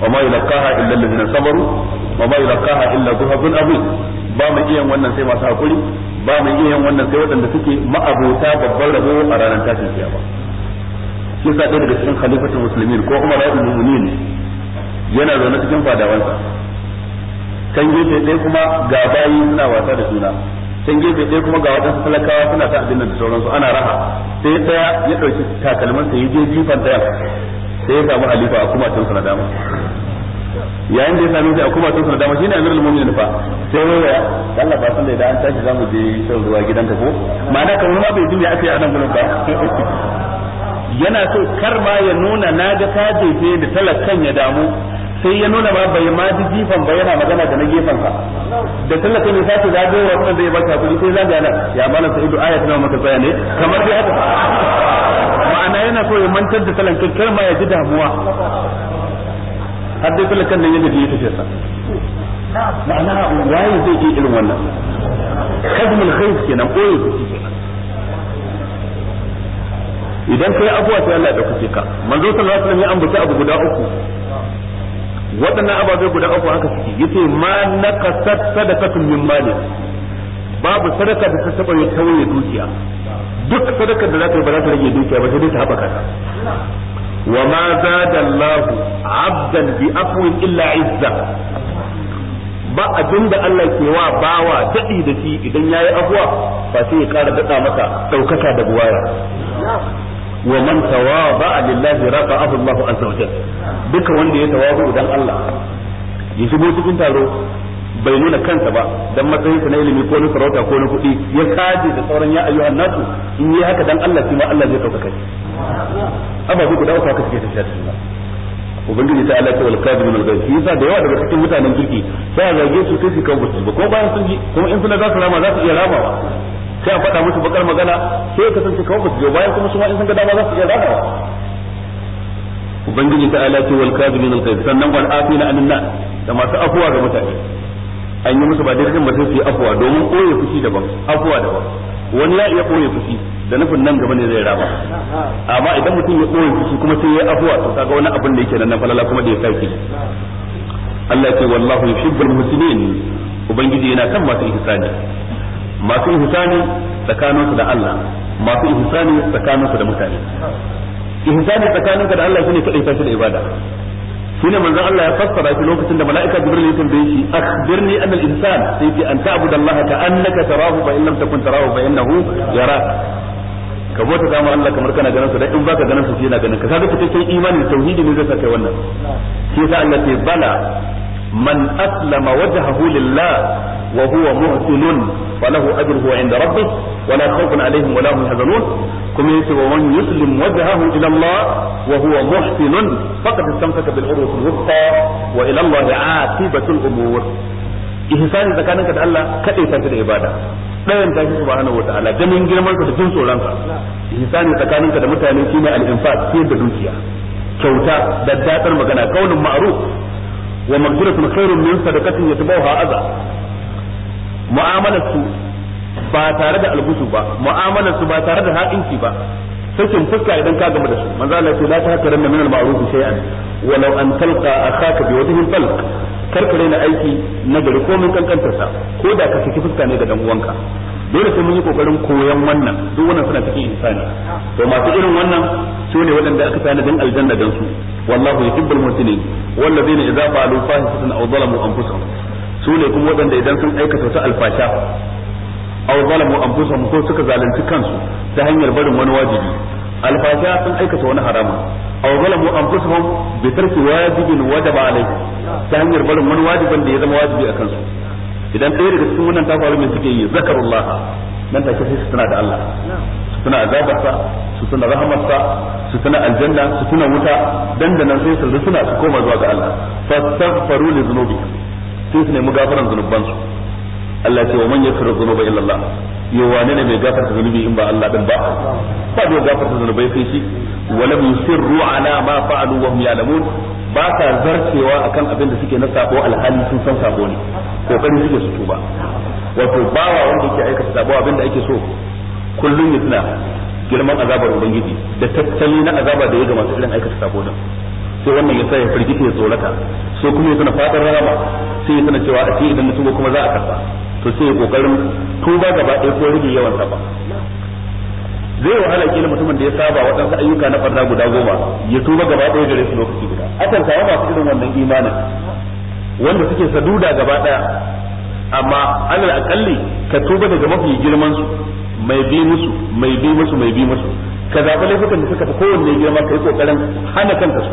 wa ma yulqaha illa allazina sabaru wa ma yulqaha illa dhuhabun azim ba mu iya wannan sai masu hakuri ba mu iya wannan sai waɗanda suke ma'abota babbar rabo a ranar tashin kiyama shi sa ɗaya daga cikin khalifatul muslimin ko umar ibn mu'minin yana zaune cikin fadawansa can gefe ɗaya kuma ga bayi suna wasa da juna can gefe ɗaya kuma ga waɗansu talakawa suna ta abin da sauransu ana raha sai ɗaya ya ɗauki takalmansa ya je jifan ɗaya sai ya samu halifa a kuma tun dama yayin da ya sami a kuma tun dama shine amirul mu'minin fa sai waya Allah ba san da idan an tashi zamu je shan ruwa gidanka ko ma'ana kamar ma bai jinya ake a nan gurin ba yana so kar ma ya nuna ga ka jefe da talakan ya damu sai ya nuna ba bai ma ji jifan ba yana magana da na gefen ka da tallafi ne sace zagaye wa wanda zai baka kuɗi sai zagaya nan ya malam sa'idu aya tana maka bayani kamar dai haka ma'ana yana so ya mantar da talankin kar ma ya ji damuwa har dai kan nan da gaji ta tafi sa ma'ana waye zai yi irin wannan kazmul khayf kenan koyo idan kai abuwa sai Allah ya dauke ka manzo sallallahu alaihi wasallam ya ambaci abu guda uku waɗannan ababe guda uku haka suke yace ma naqasat sadaqatun min mali babu sadaka da ta saba ya tauye dukiya duk sadakar da zaka yi ba za ta rage dukiya ba sai dai ta haɓaka ta wa ma zada Allah 'abdan bi afwi illa 'izza ba abin da Allah ke wa bawa daɗi da shi idan yayi afwa ba sai ya ƙara daɗa maka ɗaukaka da buwaya wa man tawaba lillahi rafa'ahu Allahu azza wa duka wanda ya tawabu dan Allah ya shigo cikin taro bai nuna kansa ba dan matsayinsa na ilimi ko na sarauta ko na kuɗi ya kaje da sauran ya ayyuhan nasu in yi haka dan Allah shi ma Allah zai dauka kai ababu guda uku haka suke tafiya da ubangiji ta Allah ta wal kadim min al-ghayb yasa da yawa daga cikin mutanen kirki sai a zage su kai su kan ba ko bayan sun ji kuma in suna za su rama za su iya ramawa sai a faɗa musu bakar magana sai kasance kawai kawo su bayan kuma su ma in sun ga dama za su iya radawa ubangiji ta ala ce wal kazimin al kayf sannan wal afina na nas da masu afuwa ga mutane an yi musu ba dai ba sai su yi afuwa domin koye fushi daban afuwa daban wani ya iya koye fushi da nufin nan gaba ne zai raba amma idan mutum ya koye fushi kuma sai ya yi afuwa to kaga wani abin da yake nan falala kuma da ya sake Allah ya ce wallahu yuhibbul muslimin ubangiji yana kan masu ihsani masu ihsani tsakaninsu da Allah masu ihsani tsakaninsu da mutane ihsani tsakaninka da Allah shine kadai tashi da ibada shine manzon Allah ya fassara shi lokacin da mala'ika Jibril ya tambaye shi akhbirni anil insan sai ce an ta'budu Allah ka annaka tarahu fa in lam takun tarahu fa innahu yarak ka bota da Allah kamar kana ganin sa dan in baka ganin sa shi yana ganin ka kaga cikakken imani da tauhidi ne zai sa kai wannan shi yasa Allah ce bala من أسلم وجهه لله وهو محسن فله أجره عند ربه ولا خوف عليهم ولا هم يحزنون كما ومن يسلم وجهه إلى الله وهو محسن فقد استمسك بالعروة الوثقى وإلى الله عاقبة الأمور ihsani tsakaninka da Allah kadai ta da ibada ɗayan ta shi subhanahu wataala ganin girman ka da jin tsoron ihsani tsakaninka da mutane shine al-infaq da dukiya kyauta da dadar magana kaunin ma'ruf wa magfiratun khairun min sadaqatin yatbawha adha mu'amalatu ba tare da algusu ba mu'amalarsu ba tare da ha'inci ba sai sakin fuska idan ka gama da su manzo Allah ce la ta hakaran min al-ma'ruf shay'an law an talqa akhaka bi wajhin talq karkare na aiki na gari ko min kankantarsa ko da ka saki fuska ne da dan uwanka dole sai mun yi kokarin koyon wannan duk wannan suna cikin insani to masu irin wannan su ne waɗanda aka tana dan aljanna don su wallahu ya yuhibbul muhsinin wallazina idza fa'alu fahishatan aw zalamu anfusahum su ne kuma waɗanda idan sun aikata wata alfasha aw zalamu anfusahum ko suka zalunci kansu ta hanyar barin wani wajibi alfasha sun aikata wani harama aw zalamu anfusahum bi tarki wajibin wajaba alaihim ta hanyar barin wani wajibin da ya zama wajibi a kansu idan ɗaya daga cikin wannan ta faru mai suke yi zakarullah nan take sai su tana da Allah su tana azabarsa su tana rahamarsa su tana aljanna su tana wuta dandanan sai su suna su koma zuwa ga Allah fastaghfaru li dhunubihim sai su nemi gafaran zunubansu Allah ce wa man yaghfiru dhunuba illa Allah yo wane ne mai gafarta zunubi in ba Allah din ba ba mai gafarta zunubai sai shi wa lam yusirru ala ma fa'alu wa hum ya'lamun ba ka zarcewa akan abin da suke na sabo alhali sun san sabo ne kokarin suke su tuba wato bawa wanda yake aikata sabo abin da ake so kullum ya tuna girman azabar ubangiji da tattali na azaba da ya ga masu irin aikata sabo din sai wannan ya sa ya firgita ya tsorata sai kuma ya tana fadar rama sai ya tana cewa a ce idan na kuma za a karba to sai ya kokarin tuba gaba ɗaya ko rage yawan ba. zai wahala kila mutumin da ya saba waɗansu ayyuka na farna guda goma ya tuba gaba ɗaya gare su lokaci guda akan sawa masu irin wannan imanin wanda suke saduda gaba ɗaya amma alal akalli ka tuba daga mafi girman su mai bi musu mai bi musu mai bi musu ka zaɓi laifukan da suka fi kowanne girma ka yi kokarin hana kanka su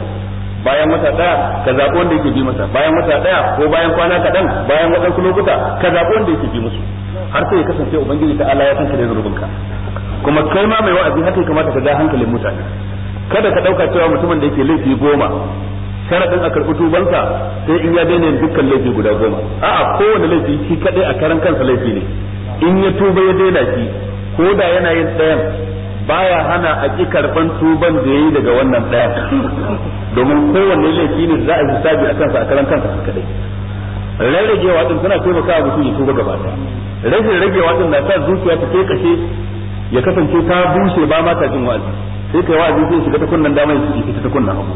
bayan wata daya ka zaɓi wanda yake bi masa bayan wata daya ko bayan kwana kaɗan bayan waɗansu lokuta ka zaɓi wanda yake bi musu har sai ya kasance ubangiji ta Allah ya san da zurubinka kuma kai ma mai wa'azi haka ya kamata ka ga hankalin mutane kada ka ɗauka cewa mutumin da yake laifi goma sharaɗin a karɓi tubansa sai in ya daina dukkan laifi guda goma a'a kowane laifi shi kaɗai a karan kansa laifi ne in ya tuba ya daina shi ko da yana yin ɗayan baya hana a ƙi karɓan tuban da yayi daga wannan ɗaya domin kowanne laifi ne za a yi sabi a kansa a karan kansa kadai rarragewa din suna taimakawa mutum ya tuba gaba ɗaya rashin ragewa din na sa zuciya ta kai kashe ya kasance ta bushe ba ma ta jin wa'azi sai kai wa'azi sai shiga ta kunnan dama ya shiga ta kunnan abu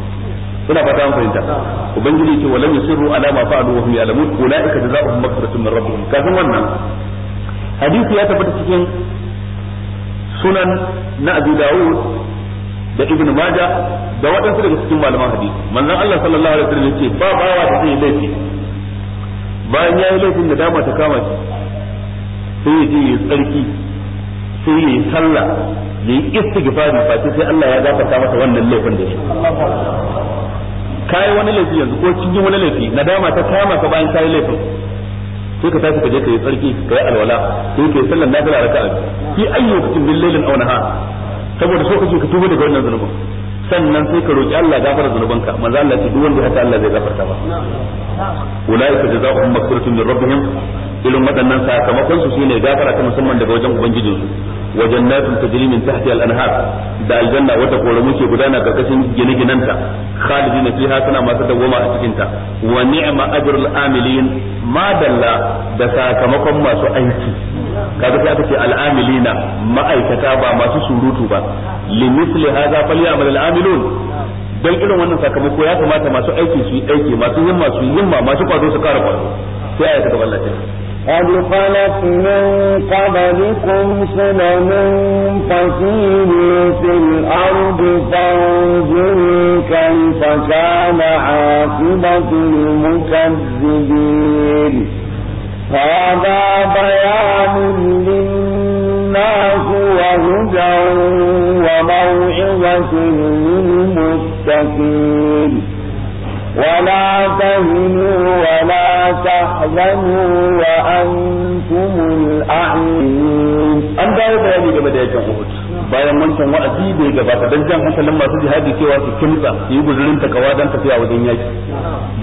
ina fata an fahimta ubangiji ce walam yusirru ala ma fa'alu wa hum ya'lamun ulaika jazaohum maghfiratun min rabbihim kafin wannan hadisi ya tabbata cikin sunan na Abu Dawud da Ibn Majah da waɗansu daga cikin malaman hadisi manzon Allah sallallahu alaihi wasallam yace ba bawa da zai laifi bayan ya yi laifin da dama ta kama shi sai ya je ya tsarki sai yi sallah ya yi istighfari fati sai Allah ya gafarta masa wannan laifin da shi kai wani laifi yanzu ko cikin wani laifi nadama ta kama ka bayan yi laifin sai ka tafi ka je ka yi tsarki ka yi alwala sai ka yi sallar fara raka'a fi ayyukatin bil lailin aw naha saboda so kake ka tuba daga wannan zanuban sannan sai ka roki Allah gafara zanubanka manzo Allah ce duk wanda haka Allah zai gafarta ba ulaika jazaohum maghfiratun min rabbihim ilmin wadannan sakamakon su shine gafara ta musamman daga wajen su. Wajen jannatin tajri min tahtiha al-anhar da aljanna wata koramu ke gudana karkashin gine-ginanta khalidina fiha suna masu dawoma a cikin ta wa ni'ma ajrul amilin ma dalla da sakamakon masu aiki kaga sai aka ce al-amilina ma'aikata ba masu surutu ba limithli hadha falyamal al-amilun dan irin wannan sakamako ya kamata masu aiki su yi aiki masu himma su yi himma masu kwazo su kara kwazo sai ayata gaban lafiya قد خلت من قبلكم سلم فسيروا في الأرض فانظروا كيف كان عاقبة المكذبين هذا بيان للناس وهدى وموعظة للمتقين ولا تهنوا ولا تحزنوا وأنتم الأعلمون أن دعوا بياني كما دعوا جمهور bayan wancan wa'azi bai gabata dan jan hankalin masu jihadi cewa su kimsa su yi guzurin takawa dan tafiya wajen yaki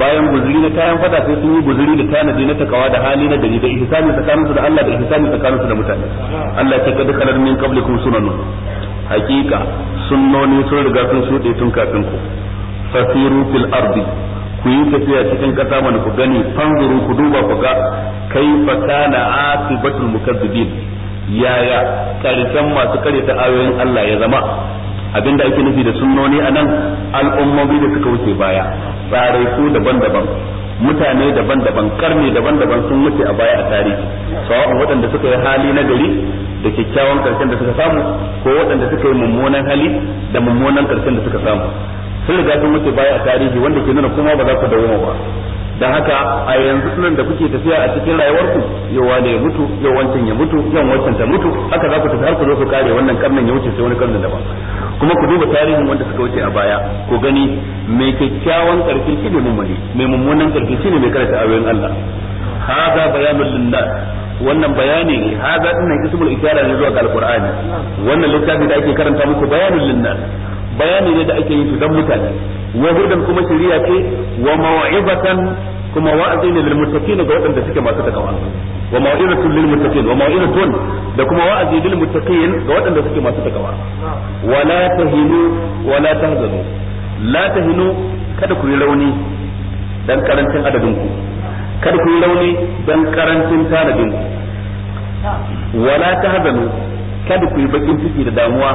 bayan guzuri na kayan fada sai sun yi guzuri da tanadi na takawa da hali na dari da ihsani tsakanin su da Allah da ihsani tsakanin su da mutane Allah ya kaddara kalar min qablikum sunanu hakika sunnoni sun riga sun shude tun kafin ku fasiru fil ardi ku yi tafiya cikin kasa mana ku gani fanzuru ku duba ku ga kai fa kana akibatul mukazzibin yaya karshen masu karyata ayoyin Allah ya zama abinda ake nufi da sunnoni a nan al'ummomi da suka wuce baya su daban-daban mutane daban-daban karni daban-daban sun mutu a baya a tarihi sawa'un waɗanda suka yi hali na gari da kyakkyawan karshen da suka samu ko waɗanda suka yi mummunan hali da mummunan karshen da suka samu sun riga sun wuce baya a tarihi wanda ke nuna kuma ba za ku dawo ba dan haka a yanzu sunan da kuke tafiya a cikin rayuwarku yau wane ya mutu yau wancan ya mutu yau wancan ta mutu haka za ku tafi har ku zo ku kare wannan karnin ya wuce sai wani karnin daban kuma ku duba tarihin wanda suka wuce a baya ku gani mai kyakkyawan karfi shine mummuni mai mummunan karfi shine mai karanta ayoyin Allah hada bayanul linnas wannan bayani ne hada dinnan ismul ishara ne zuwa ga alqur'ani wannan littafi da ake karanta muku bayanul linnas bayani ne da ake yin su dan mutane wa hudan kuma shari'a ce wa maw'izatan kuma wa'azi ne lil muttaqin ga waɗanda suke masu takawa wa maw'izatun lil muttaqin wa maw'izatun da kuma wa'azi lil muttaqin ga waɗanda suke masu takawa wa la tahinu wa la tahzanu la tahinu kada ku yi rauni dan karancin adadin ku kada ku yi rauni dan karancin tanadin ku wala tahzanu kada ku yi bakin ciki da damuwa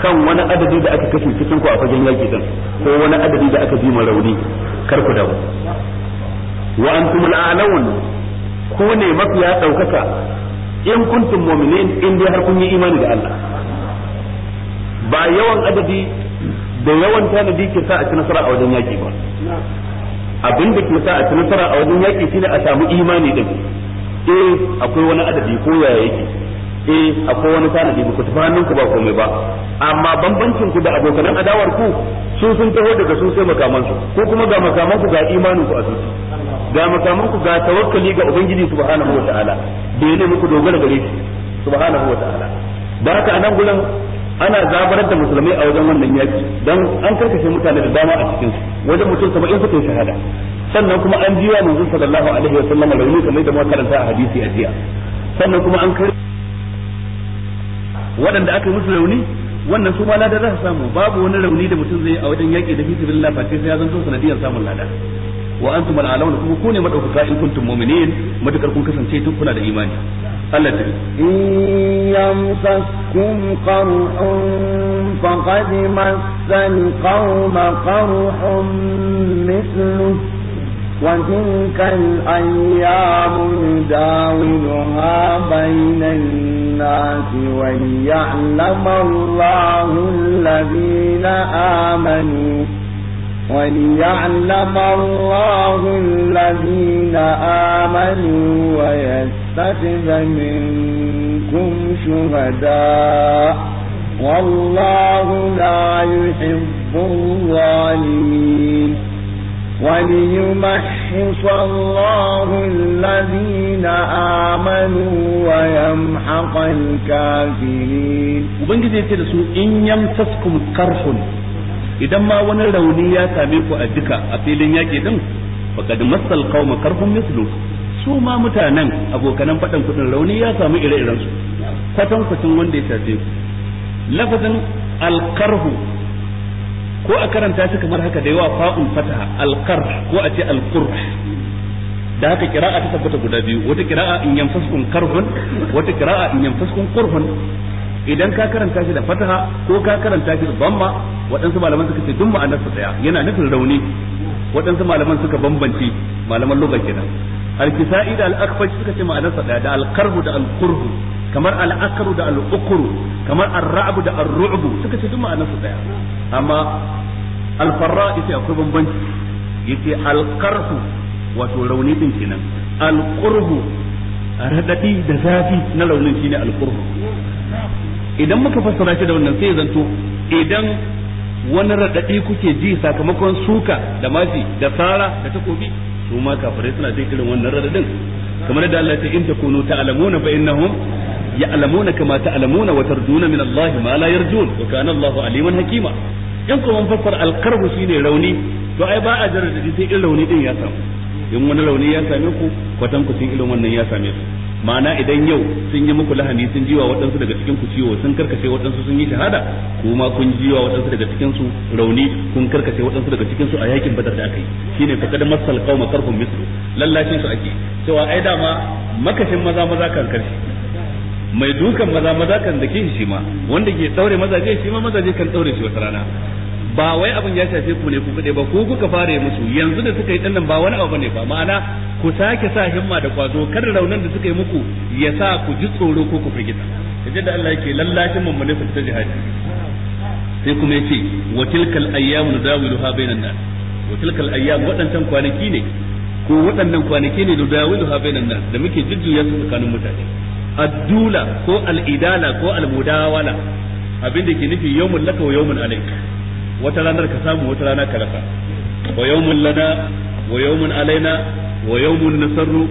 kan wani adadi da aka kashe cikin ku a fagen yaki din ko wani adadi da aka ji ma rauni kar ku damu wa antum al'alawun ku ne mafiya daukaka in kuntum mu'minin in dai har kun yi imani da Allah ba yawan adadi da yawan tanadi ke sa a ci nasara a wajen yaki ba abin da ke sa a ci nasara a wajen yaki shine a samu imani din eh akwai wani adadi ko yaya yake eh akwai wani tanadi ba ku tafi hannun ku ba komai ba amma bambancin ku da abokanan adawar ku su sun taho daga su sai makaman su ko kuma ga makaman ku ga imanin ku a zuci ga makaman ku ga tawakkali ga ubangiji subhanahu wataala da ya muku dogara gare shi subhanahu wataala da haka anan gurin ana zabarar da musulmai a wajen wannan yaki dan an karkashe mutane da dama a cikin su wajen mutum in su yi shahada sannan kuma an jiwa manzon sallallahu alaihi wasallam rauni kamar da muka karanta a hadisi a jiya sannan kuma an karkashe waɗanda aka musu rauni wannan su ma lada za su samu babu wani rauni da mutum zai a wajen yaƙi da fiti billah fa sai ya zanto sanadiyar samun lada wa antum al'alauna kuma ku ne madaukaka in kuntum mu'minin matukar kun kasance duk kuna da imani Allah ta in yamsaskum qarhun faqad massal qauma qarhun mithluhu وتلك الأيام نداولها بين الناس وليعلم الله الذين آمنوا وليعلم الله الذين آمنوا ويتخذ منكم شهداء والله لا يحب الظالمين وليمحص الله الذين آمنوا ويمحق الكافرين وبنجد يتلسوا إن يمسسكم كرح إذا ما wani rauni ya أدكا ku a duka a filin yaƙi din faqad su ma mutanen abokanan faɗan kudin rauni ya samu ire-iren su kwatan wanda ya shafe lafazin alkarhu ko a karanta shi kamar haka da yawa fa'un fataha alqar ko a ce alqur da haka kira'a ta tabbata guda biyu wata kira'a in yanfaskun karhun wata kira'a in yanfaskun qurhun idan ka karanta shi da fataha ko ka karanta shi da bamma waɗansu malaman suka ce dun ma'anarsa daya yana nufin rauni waɗansu malaman suka bambance malaman lugha kenan al-kisa'i da al-akfash suka ce ma'anarsa daya da al-karhu da al-kurhu kamar al'akaru da al'ukuru kamar arra'abu da arru'bu suka ce duk ma'anar su daya amma alfarra ita akwai bambanci yace alqarhu wato rauni din kenan alqurbu radadi da zafi na raunin shine alqurbu idan muka fassara shi da wannan sai zanto idan wani radadi kuke ji sakamakon suka da mafi da sara da takobi su ma kafirai suna jin irin wannan radadin kamar da Allah ya ce in takunu ta'lamuna fa innahum ya'lamuna kama ta'lamuna wa tarjuna min Allah ma la yarjun wa kana Allah aliman hakima in kuma farfar alqarbu shine rauni to ai ba a jarradi sai irin rauni din ya samu in wani rauni ya same ku kwatan ku irin wannan ya same su ma'ana idan yau sun yi muku lahani sun jiwa waɗansu daga cikin ku ciwo sun karkace waɗansu sun yi shahada kuma kun jiwa waɗansu daga cikin su rauni kun karkace waɗansu daga cikin su a yakin badar da aka yi shine fa kada masal qauma karhum mislu lallashin su ake cewa ai dama makashin maza maza kan karshe mai dukan maza maza kan kin shi ma wanda ke daure mazaje shi ma mazaje kan daure shi wata rana ba wai abin ya shafe ku ne ku kade ba ku kuka fara musu yanzu da suka yi dinnan ba wani abu ne ba ma'ana ku sake sa himma da kwazo kar raunan da suka yi muku ya sa ku ji tsoro ko ku firgita kaje da Allah yake lallashin mun mun ta jihadi sai kuma yace wa tilkal ayyamu nadawiluha bainan nas wa tilkal ayyam waɗancan kwanaki ne ko waɗannan kwanaki ne da dawiluha bainan nas da muke jujjuya su tsakanin mutane addula ko al'idala ko almudawala abin da ke nufi yawmun laka wa yawmun alaik wata ranar ka samu wata rana ka rasa wa yawmun lana wa yawmun alaina wa yawmun nasarru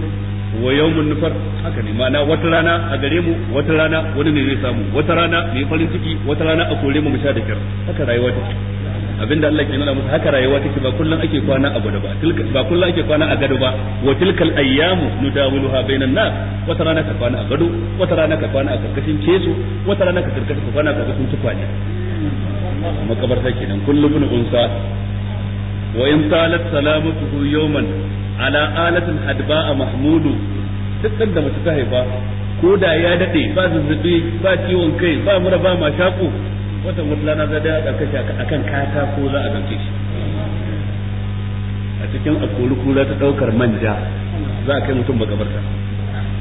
wa yawmun nufar haka ne ma'ana wata rana a gare mu wata rana wani ne zai samu wata rana mai farin ciki wata rana a kore mu mu sha da kyar haka rayuwa take abinda Allah ke nuna musu haka rayuwa take ba kullun ake kwana a gado ba ba kullun ake kwana a gado ba wa tilkal ayyamu nudawiluha bainan nas wata rana ka kwana a gado wata rana ka kwana a karkashin keso wata rana ka karkashin ka kwana a karkashin tukwane makabarta kenan kullu bin unsa wa in talat salamatuhu yawman ala alatin hadba'a mahmudu dukkan da mace ta haifa ko da ya dade ba zazzabi ba ciwon kai ba mura ba mashaƙo wata mutlana za da ɗauka shi a kan katako za a ɗauke shi a cikin akoli kula ta ɗaukar manja za a kai mutum makabarta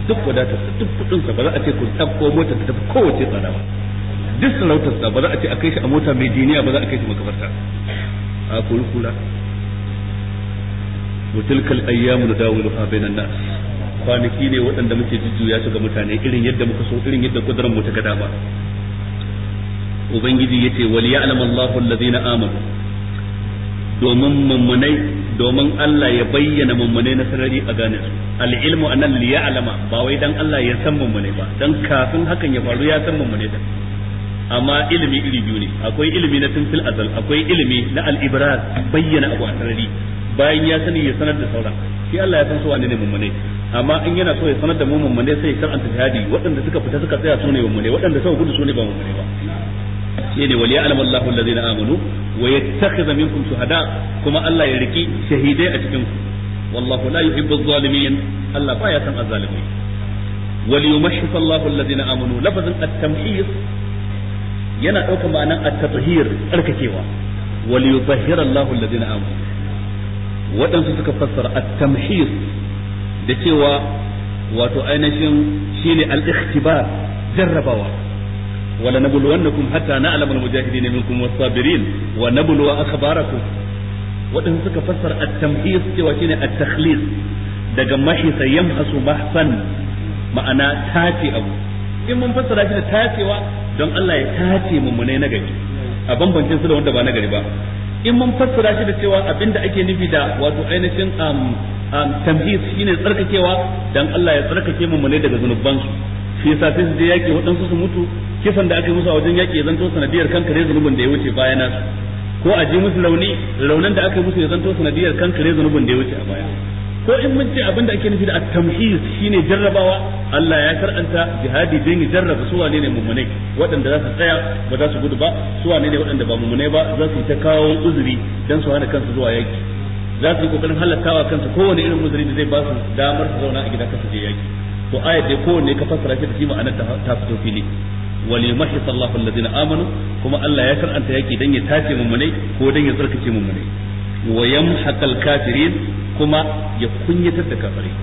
duk wadatarsa duk kuɗinsa ba za a ce ku ɗauko mota ta tafi kowace tsada ba duk sarautarsa ba za a ce a kai shi a mota mai jiniya ba za a kai shi makabarta a akoli ayyamu da dawulu fa bainan nas kwanaki ne waɗanda muke jujjuya su ga mutane irin yadda muka so irin yadda kudurin mu ta gada ba ubangiji yace wal ya'lam Allahu allazina amanu domin mummunai domin Allah ya bayyana mummunai na sarari a gane su al'ilmu anan li ya'lama ba wai dan Allah ya san mummunai ba dan kafin hakan ya faru ya san mummunai da amma ilimi iri biyu ne akwai ilimi na tunfil azal akwai ilimi na al ibraz bayyana abu a sarari bayan ya sani ya sanar da sauran shi Allah ya san su wane ne mummune amma in yana so ya sanar da mu mummune sai ya san antihadi waɗanda suka fita suka tsaya su ne mummune waɗanda suka gudu su ne ba mummune ba shine wal ya'lamu Allahu allazina amanu wa yattakhidha minkum shuhada kuma Allah ya riki shahidai a cikin ku wallahu la yuhibbu adh-dhalimin Allah san adh-dhalimin yana daukar ma'anar at-tathhir waɗansu suka fassara at da cewa wato al jarrabawa wala nabluwannakum hatta na'lamu al-mujahidin minkum was-sabirin wa nabluwa akhbarakum wadan suka fassara at-tamhis cewa shine at-takhlis daga mahisa yamhasu mahsan ma'ana tace abu in mun fassara shi da tacewa don Allah ya tace mummune na gari a bambancin su wanda ba na gari ba in mun fassara shi da cewa abinda ake nufi da wato ainihin um, tamhis shine tsarkakewa don Allah ya tsarkake mummune daga zunubansu shi yasa sai su je yaki waɗansu su mutu kisan da aka yi musu a wajen yaki ya zanto sanadiyar kankare zunubin da ya wuce baya nasu ko a ji musu rauni raunin da aka yi musu ya zanto sanadiyar kankare zunubin da ya wuce a baya ko in mun ce abin da ake nufi da at tamhiz shine jarrabawa Allah ya karanta jihadi din ya jarraba su wane ne mummune waɗanda za su tsaya ba za su gudu ba su wane ne waɗanda ba mummune ba za su yi ta kawo uzuri dan su hana kansu zuwa yaki za su yi kokarin halattawa kansu kowane irin uzuri da zai ba su damar su zauna a gida kansu je yaki to aya dai kowanne ka fassara shi da shi ma'anar ta fito fili wal yumahhis Allahu alladhina amanu kuma Allah ya karanta yake dan ya tace mune ko dan ya tsarkake mune. wa yamhaqal kafirin kuma ya kunyatar da kafirai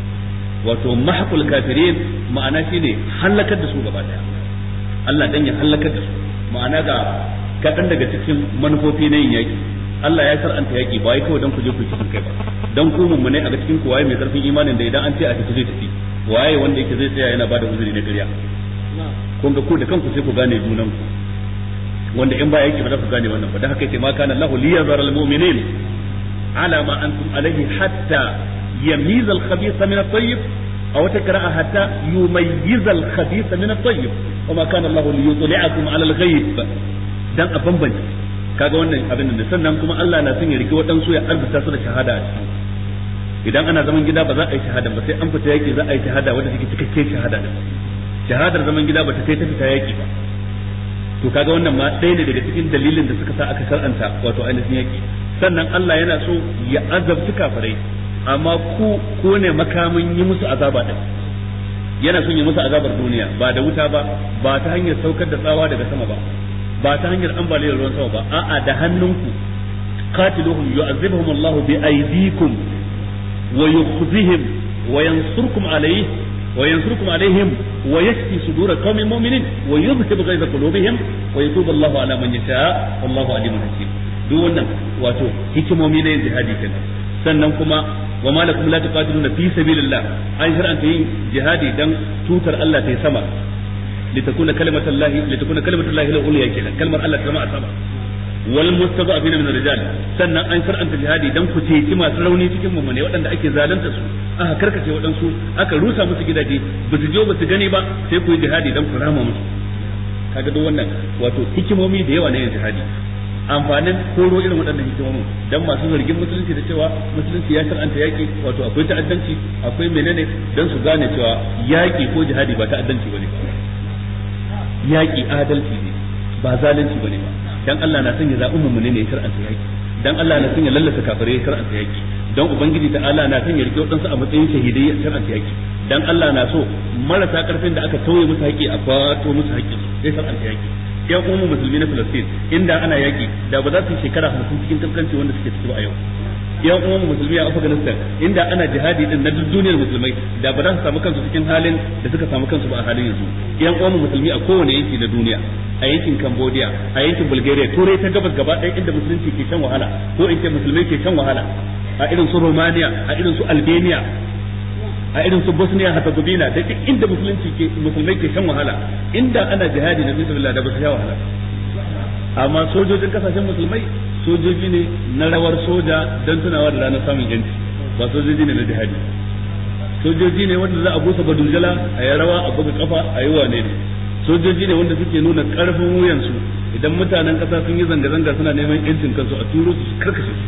wato mahqul kafirin ma'ana shine halakar da su gaba daya Allah dan ya halakar da su ma'ana ga kadan daga cikin manufofi na yin yaki Allah ya karanta yaki ba kawai dan ku je ku ci kai ba dan ku mummunai a cikin ku waye mai karfin imanin da idan an ce a tafi zai tafi waye wanda yake zai tsaya yana bada uzuri na ƙarya kun ga ku da kanku sai ku gane junan ku wanda in ba yake ba za ku gane wannan ba da haka yace ma kana Allahu liyazara almu'minin ala ma antum alayhi hatta yamiza al-khabitha min at-tayyib أو تقرأ حتى يميز الخبيث من الطيب وما كان الله ليطلعكم على dan a bambance kaga wannan abin da sannan kuma Allah na son ya rike waɗansu ya arzuta su da shahada a cikin idan ana zaman gida ba za a yi shahada ba sai an fita yaki za a yi shahada wanda take cikakken shahada din shahadar zaman gida ba ta kai ta fita yaki ba to kaga wannan ma ɗaya ne daga cikin dalilin da suka sa aka karanta wato ainihin yaki sannan Allah yana so ya azabci kafirai amma ku ko ne makamin yi musu azaba din yana son yi musu azabar duniya ba da wuta ba ba ta hanyar saukar da tsawa daga sama ba ba ta hanyar ambaliyar ruwan sama ba a'a da hannunku qatiluhum yu'azibuhum Allahu bi aydikum wa yukhzihim wa yansurkum alayhi وينصركم عليهم ويشفي صدور قوم مؤمنين ويذهب غيظ قلوبهم ويتوب الله على من يشاء والله عليم حكيم duk wannan wato hikimomi na yin jihadi kenan sannan kuma wa an shar'anta yin jihadi dan tutar wal mustada'afina min rijal sannan an faranta jihadi dan ku ceci masu rauni cikin ne waɗanda ake zalunta su aka karkace waɗansu aka rusa musu gidaje ba su je ba su gani ba sai ku yi jihadi dan ku rama musu kaga duk wannan wato hikimomi da yawa na yin jihadi amfanin koro irin waɗannan hikimomin dan masu zargin musulunci da cewa musulunci ya shar'anta yaƙi wato akwai ta'addanci akwai menene dan su gane cewa yaƙi ko jihadi ba ta'addanci bane yaƙi adalci ne ba zalunci bane ba dan Allah na sanya zaɓin mu ne shar'an shar'anta yaki dan Allah na sanya lallata kafirai shar'an sa yaki dan ubangiji ta Allah na sanya rike wadansu a matsayin shahidai shar'an sa yaki dan Allah na so marasa karfin da aka tauye musu haƙi a kwato musu haƙi sai shar'anta yaki ya kuma musulmi na Palestine inda ana yaki da ba za su yi shekara 50 cikin kaskanci wanda suke ciki ba a yau yan uwan musulmi a Afghanistan inda ana jihadi din na duk duniyar musulmai da ba za su samu kansu cikin halin da suka samu kansu ba a halin yanzu yan uwan musulmi a kowane yanki na duniya a yankin Cambodia a yankin Bulgaria turai ta gabas gaba ɗaya inda musulunci ke shan wahala ko in ce musulmai ke shan wahala a irin su Romania a irin su Albania a irin su Bosnia Herzegovina da duk inda musulunci ke musulmai ke shan wahala inda ana jihadi na bisa da ba su sha wahala amma sojojin kasashen musulmai sojoji ne na rawar soja don tunawa da ranar samun yanci ba sojoji ne na jihadi sojoji ne wanda za a busa badunjala a yi rawa a buga kafa a yi wane ne sojoji ne wanda suke nuna karfin wuyansu idan mutanen kasa sun yi zanga-zanga suna neman yancin kansu a turo su karkashe su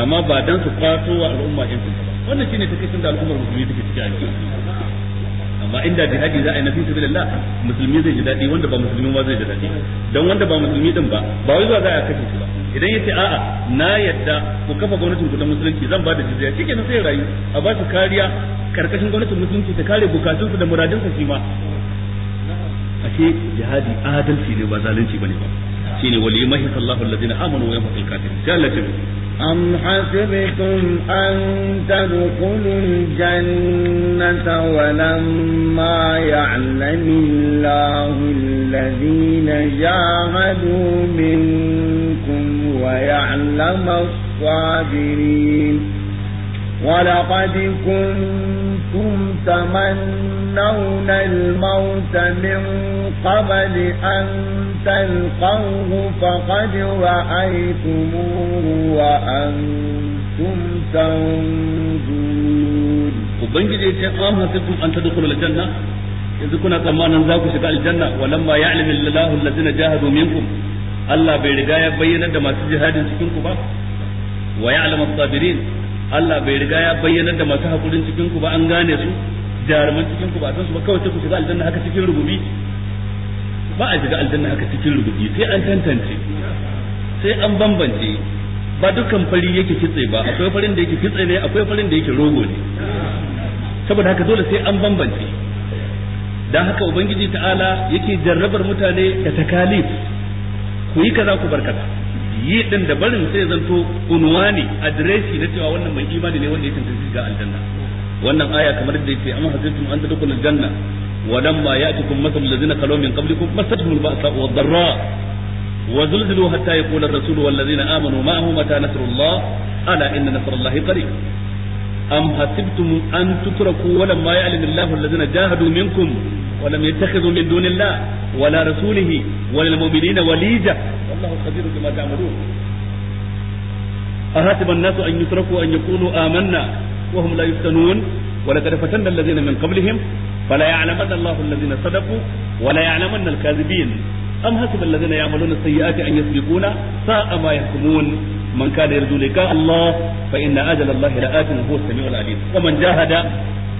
amma ba dan su kwato wa al'umma yancin ba wannan shine takaicin da al'ummar musulmi take ciki a yau amma inda jihadi za a yi na fi sabilillah musulmi zai ji daɗi wanda ba musulmi ba zai ji daɗi dan wanda ba musulmi din ba ba wai za a kashe su ba idan ya yace a'a na yadda ku kafa gwamnatin ku ta musulunci zan ba da jizya na sai rayu a ba su kariya karkashin gwamnatin musulunci ta kare bukatun su da muradun su shi ma ashe jihadi adalci ne ba zalunci bane ba shine mahi sallallahu alladhina amanu wa yamhaqul kafirin sai Allah ya أم حسبتم أن تدخلوا الجنة ولما يعلم الله الذين جاهدوا منكم ويعلم الصابرين ولقد كنتم تمنون الموت من قبل أن تلقوه فقد رأيتموه وأنتم تنظرون وبنجي الشيطان هاتفكم أن تدخلوا الجنة yanzu kuna tsammanin za ku shiga aljanna walamma ya'lamu Allahu allazina jahadu minkum Allah bai riga ya bayyana da masu jihadin cikin ku ba wa ya'lamu as-sabirin Allah bai riga ya bayyanar da masu hakurin cikin ku ba an gane su jaruman cikin ku ba san su ba kawai ku shiga aljanna haka cikin rububi ba a shiga aljanna haka cikin rububi sai an tantance sai an bambance ba dukkan fari yake kitse ba akwai farin da yake kitse ne akwai farin da yake rogo ne saboda haka dole sai an bambance dan haka ubangiji ta'ala yake jarrabar mutane da takalif ku yi kaza ku barkata yi din da barin sai zanto unwani adresi na cewa wannan mai imani ne wanda ya tantance ga aljanna wannan aya kamar da yake amma hasitum an tadkhul janna wa lamma ya'tikum mathalul ladzina khalu min qablikum massatuhum al-ba'sa wad-dharra wa zulzilu hatta yaqula ar-rasulu wal ladzina amanu ma'ahu mata nasrullah ala inna nasrallahi qarib أم حسبتم أن تتركوا ولما يعلم الله الذين جاهدوا منكم ولم يتخذوا من دون الله ولا رسوله ولا المؤمنين وليجة والله خبير بما تعملون أهاتب الناس أن يتركوا أن يقولوا آمنا وهم لا يفتنون ولقد فتن الذين من قبلهم فلا يعلمن الله الذين صدقوا ولا يعلمن الكاذبين أم حسب الذين يعملون السيئات أن يسبقونا ساء ما يحكمون man kana yarju lika Allah fa inna ajala Allah la'atin huwa as-sami'ul alim wa man jahada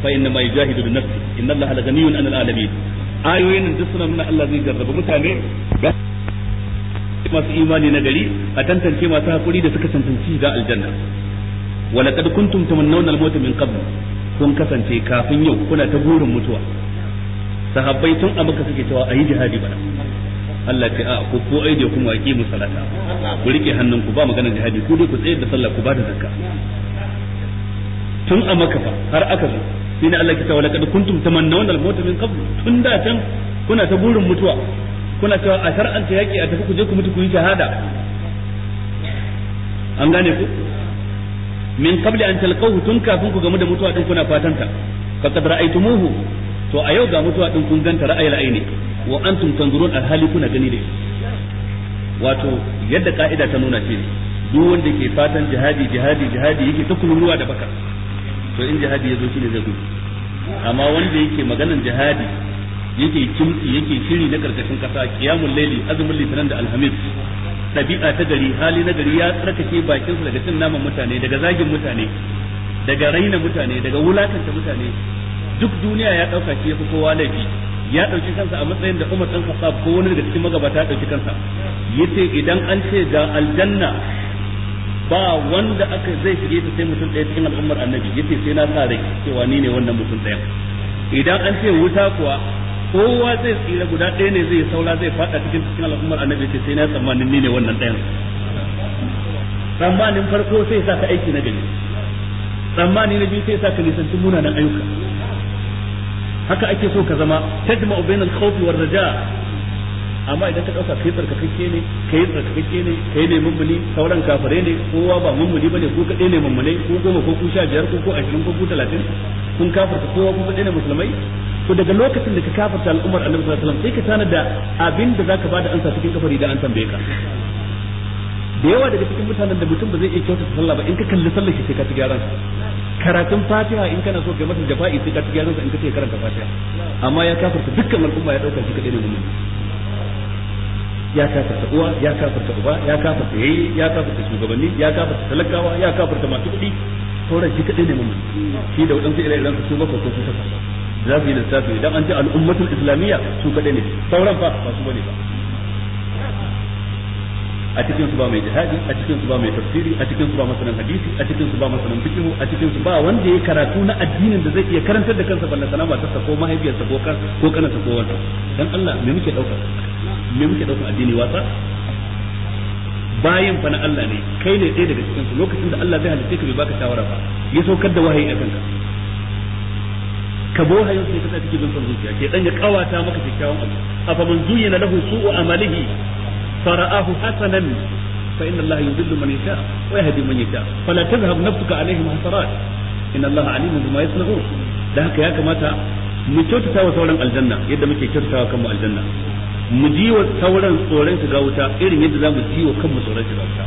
fa inna ma yujahidu bi nafsi inna Allah la ghaniyyun 'anil 'alamin ayoyin duk suna nuna Allah zai jarraba mutane masu imani na a tantance masu da suka cancanci aljanna ولقد كنتم تمنون الموت من قبل sun kasance kafin yau kuna ta burin mutuwa sahabbai tun a ka suke cewa a yi jihadi bana Allah ce a ku ko aide kuma wa kimu salata ku rike ku ba magana jihadi ku dai ku tsaye da sallah ku ba da zakka tun a makafa har aka zo sai ne Allah ya ce walaqad kuntum tamannawna al-maut min qabl tun da can kuna ta burin mutuwa kuna cewa a shar'anta yaki a tafi ku je ku mutu ku yi shahada an gane ku min qabl an talqahu tun kafin ku gamu da mutuwa din kuna fatanta faqad ra'aytumuhu to a yau ga mutuwa din kun ganta ra'ayi ra'ayi ne wa antum tanzurun alhali kuna gani ne wato yadda ka'ida ta nuna ce duk wanda ke fatan jihadi jihadi jihadi yake ta ruwa da baka to in jihadi ya zo shine zai gudu amma wanda yake maganan jihadi yake kimti yake shiri na karkashin kasa kiyamun laili azumin litinin da alhamis ɗabi'a ta gari hali na gari ya tsarkake bakin daga cin naman mutane daga zagin mutane daga raina mutane daga wulakanta mutane duk duniya ya dauka shi ya fi kowa laifi ya dauki kansa a matsayin da Umar ɗan Khattab ko wani daga cikin magabata ya dauki kansa yace idan an ce ga aljanna ba wanda aka zai shige ta sai mutum ɗaya cikin al'ummar annabi yace sai na sa rai cewa ni ne wannan mutum ɗaya idan an ce wuta kuwa kowa zai tsira guda ɗaya ne zai saura zai fada cikin cikin al'ummar annabi yace sai na tsammanin ni ne wannan ɗayan tsammanin farko sai sa ka aiki na gani tsammani na biyu sai sa ka nisanci munanan ayyuka haka ake so ka zama tajma'u bainal khawfi war raja amma idan ka dauka kai tsarkakakke ne kai tsarkakakke ne kai ne mummuni sauran kafare ne kowa ba mummuni bane ko kadai ne mummune ko goma ko ku sha biyar ko ko ashirin ko ku talatin kun kafarta kowa ku kadai ne musulmai to daga lokacin da ka kafarta al'ummar annabi sallallahu alaihi wasallam sai ka tana da abin da zaka bada ansa cikin kafari da an tambaye ka da yawa daga cikin mutanen da mutum ba zai iya kyautata sallah ba in ka kalli sallar shi sai ka ci gyaran karatun fatiha in kana so kai masa jafa'i sai ka ci gyaran in ka ce karanta fatiha amma ya kafarta dukkan al'umma ya dauka shi kadai ne mun ya kafarta uwa ya kafarta uba ya kafarta yayi ya kafarta shugabanni ya kafarta talakawa ya kafarta masu kudi sauran shi kadai ne mun shi da wadansu ila ila su ba ko su ta za su yi lissafi idan an ce al'ummatul islamiyya su kadai ne sauran fa ba su bane ba a cikin su ba mai jihadi a cikin su ba mai tafsiri a cikin su ba masanan hadisi a cikin su ba masanan fiqh a cikin su ba wanda ya karatu na addinin da zai iya karantar da kansa balla sana matarsa ko mahaifiyarsa ko kan ko kanansa ko wata dan Allah me muke dauka me muke dauka addini wasa bayan fa na Allah ne kai ne ɗaya daga cikin su lokacin da Allah zai halitta ka bai baka shawara ba ya saukar da wahayi a kanka ka bo hayin sai ka tafi cikin bin son zuciya ke dan ya kawata maka kyakkyawan abu afa man zuyyina lahu su'u amalihi فرآه حسنا فإن الله يضل من يشاء ويهدي من يشاء فلا تذهب نفسك عليهم حسرات إن الله عليم بما يصنعون da haka ya kamata mu kyautata wa sauran aljanna yadda muke kyautata wa kanmu aljanna mu ji wa sauran tsoron shiga wuta irin yadda za mu ji wa kanmu tsoron shiga wuta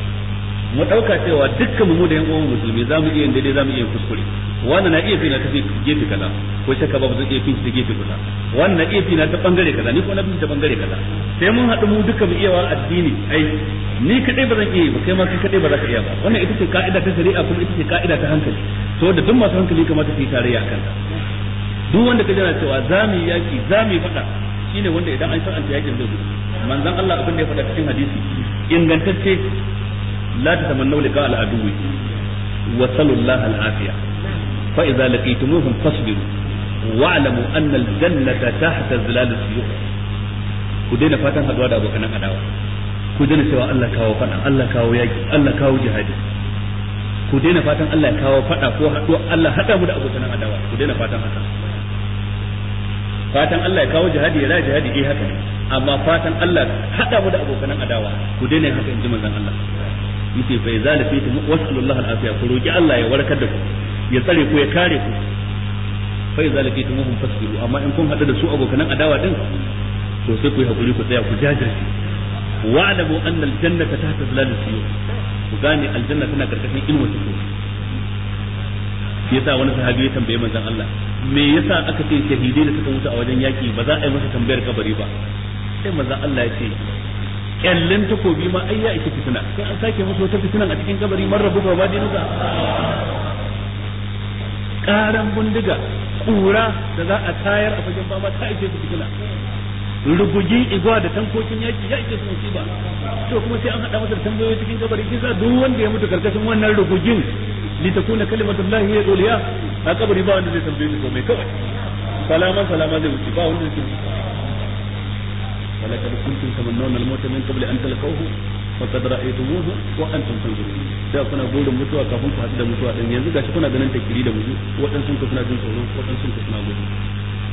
mu dauka cewa dukkan mu da yan uwan musulmi za mu iya yin daidai za mu iya kuskure wannan na iya fina ta gefe kaza ko shakka babu zai iya fina ta gefe kaza wannan na iya fina ta bangare kaza ni ko na fina ta bangare kaza sai mun haɗu mu dukkan mu iya wa addini ai ni kadai ba zan iya ba kai ma kai kadai ba za ka iya ba wannan ita ce ka'ida ta shari'a kuma ita ce ka'ida ta hankali to da duk masu hankali kamata su yi tarayya kan duk wanda ka jira cewa za mu yi yaki za mu yi faɗa shine wanda idan an shar'anta yakin zai gudu manzon Allah abin da ya faɗa cikin hadisi ingantacce la tatamannu liqa al aduwi wa sallallahu al afiya fa idza laqitumuhum fasbiru wa'lamu anna al jannata tahta zilal al suyuf ku daina fatan haduwa da adawa ku daina cewa Allah kawo fada Allah kawo yaki Allah kawo jihadi ku daina fatan Allah ya kawo fada ko Allah hada mu da adawa ku daina fatan haka fatan Allah ya kawo jihadi ya jihadi eh haka amma fatan Allah hada mu da abokan adawa ku daina haka in ji manzon Allah yace fa idza lafitum wasallallahu alafiya ku roki Allah ya warkar da ku ya tsare ku ya kare ku fa fitu muhum fasbiru amma in kun hada da su abokanan adawa din to sai ku yi hakuri ku tsaya ku jajirce wa'lamu anna aljannata tahta zilal siyu ku gane aljanna tana karkashin inuwa su shi yasa wani sahabi ya tambaye manzon Allah me yasa aka ce shahidai da suka mutu a wajen yaki ba za a yi masa tambayar kabari ba sai manzon Allah ya ce kyallin takobi ma ai ya ita fitina sai an sake musu wata fitinan a cikin kabari man rabu ka ba nuka karan bindiga kura da za a tayar a fagen bama ta ita su fitina rubugin igwa da tankokin yaki ya ita su musiba to kuma sai an hada masa tambayoyi cikin kabari shi sa duk wanda ya mutu karkashin wannan rubugin li takuna kalimatullahi dole ya a kabari ba wanda zai tambaye ni komai kawai salama salama zai wuce ba wanda zai ولقد كنتم تمنون الموت من قبل أن تلقوه فقد رأيتموه وأنتم تنظرون da kuna burin mutuwa kafin ku haɗu da mutuwa ɗin yanzu gashi kuna ganin takiri da mutu waɗansu ku suna jin tsoro waɗansu ku suna gudu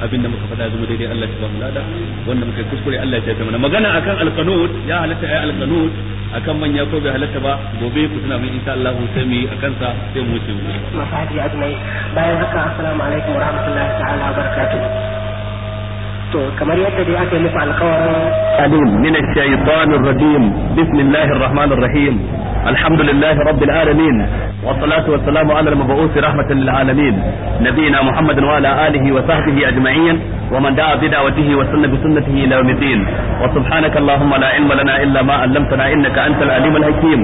abinda muka faɗa zama daidai Allah ya ba mu lada wanda muka kuskure Allah ya tafi mana magana akan alqanut ya halatta ay alqanut akan manya ko bai halatta ba gobe ku tuna mun insha Allah sai mu yi akan sa sai mu wuce mu masahadi ajmai bayan haka assalamu alaikum wa rahmatullahi ta'ala wa barakatuh to kamar yadda dai aka yi muku alkawarin alim min ash-shaytanir rajim bismillahir rahmanir rahim والصلاة والسلام على المبعوث رحمة للعالمين نبينا محمد وعلى آله وصحبه أجمعين ومن دعا بدعوته وسن بسنته إلى يوم الدين وسبحانك اللهم لا علم لنا إلا ما علمتنا إنك أنت العليم الحكيم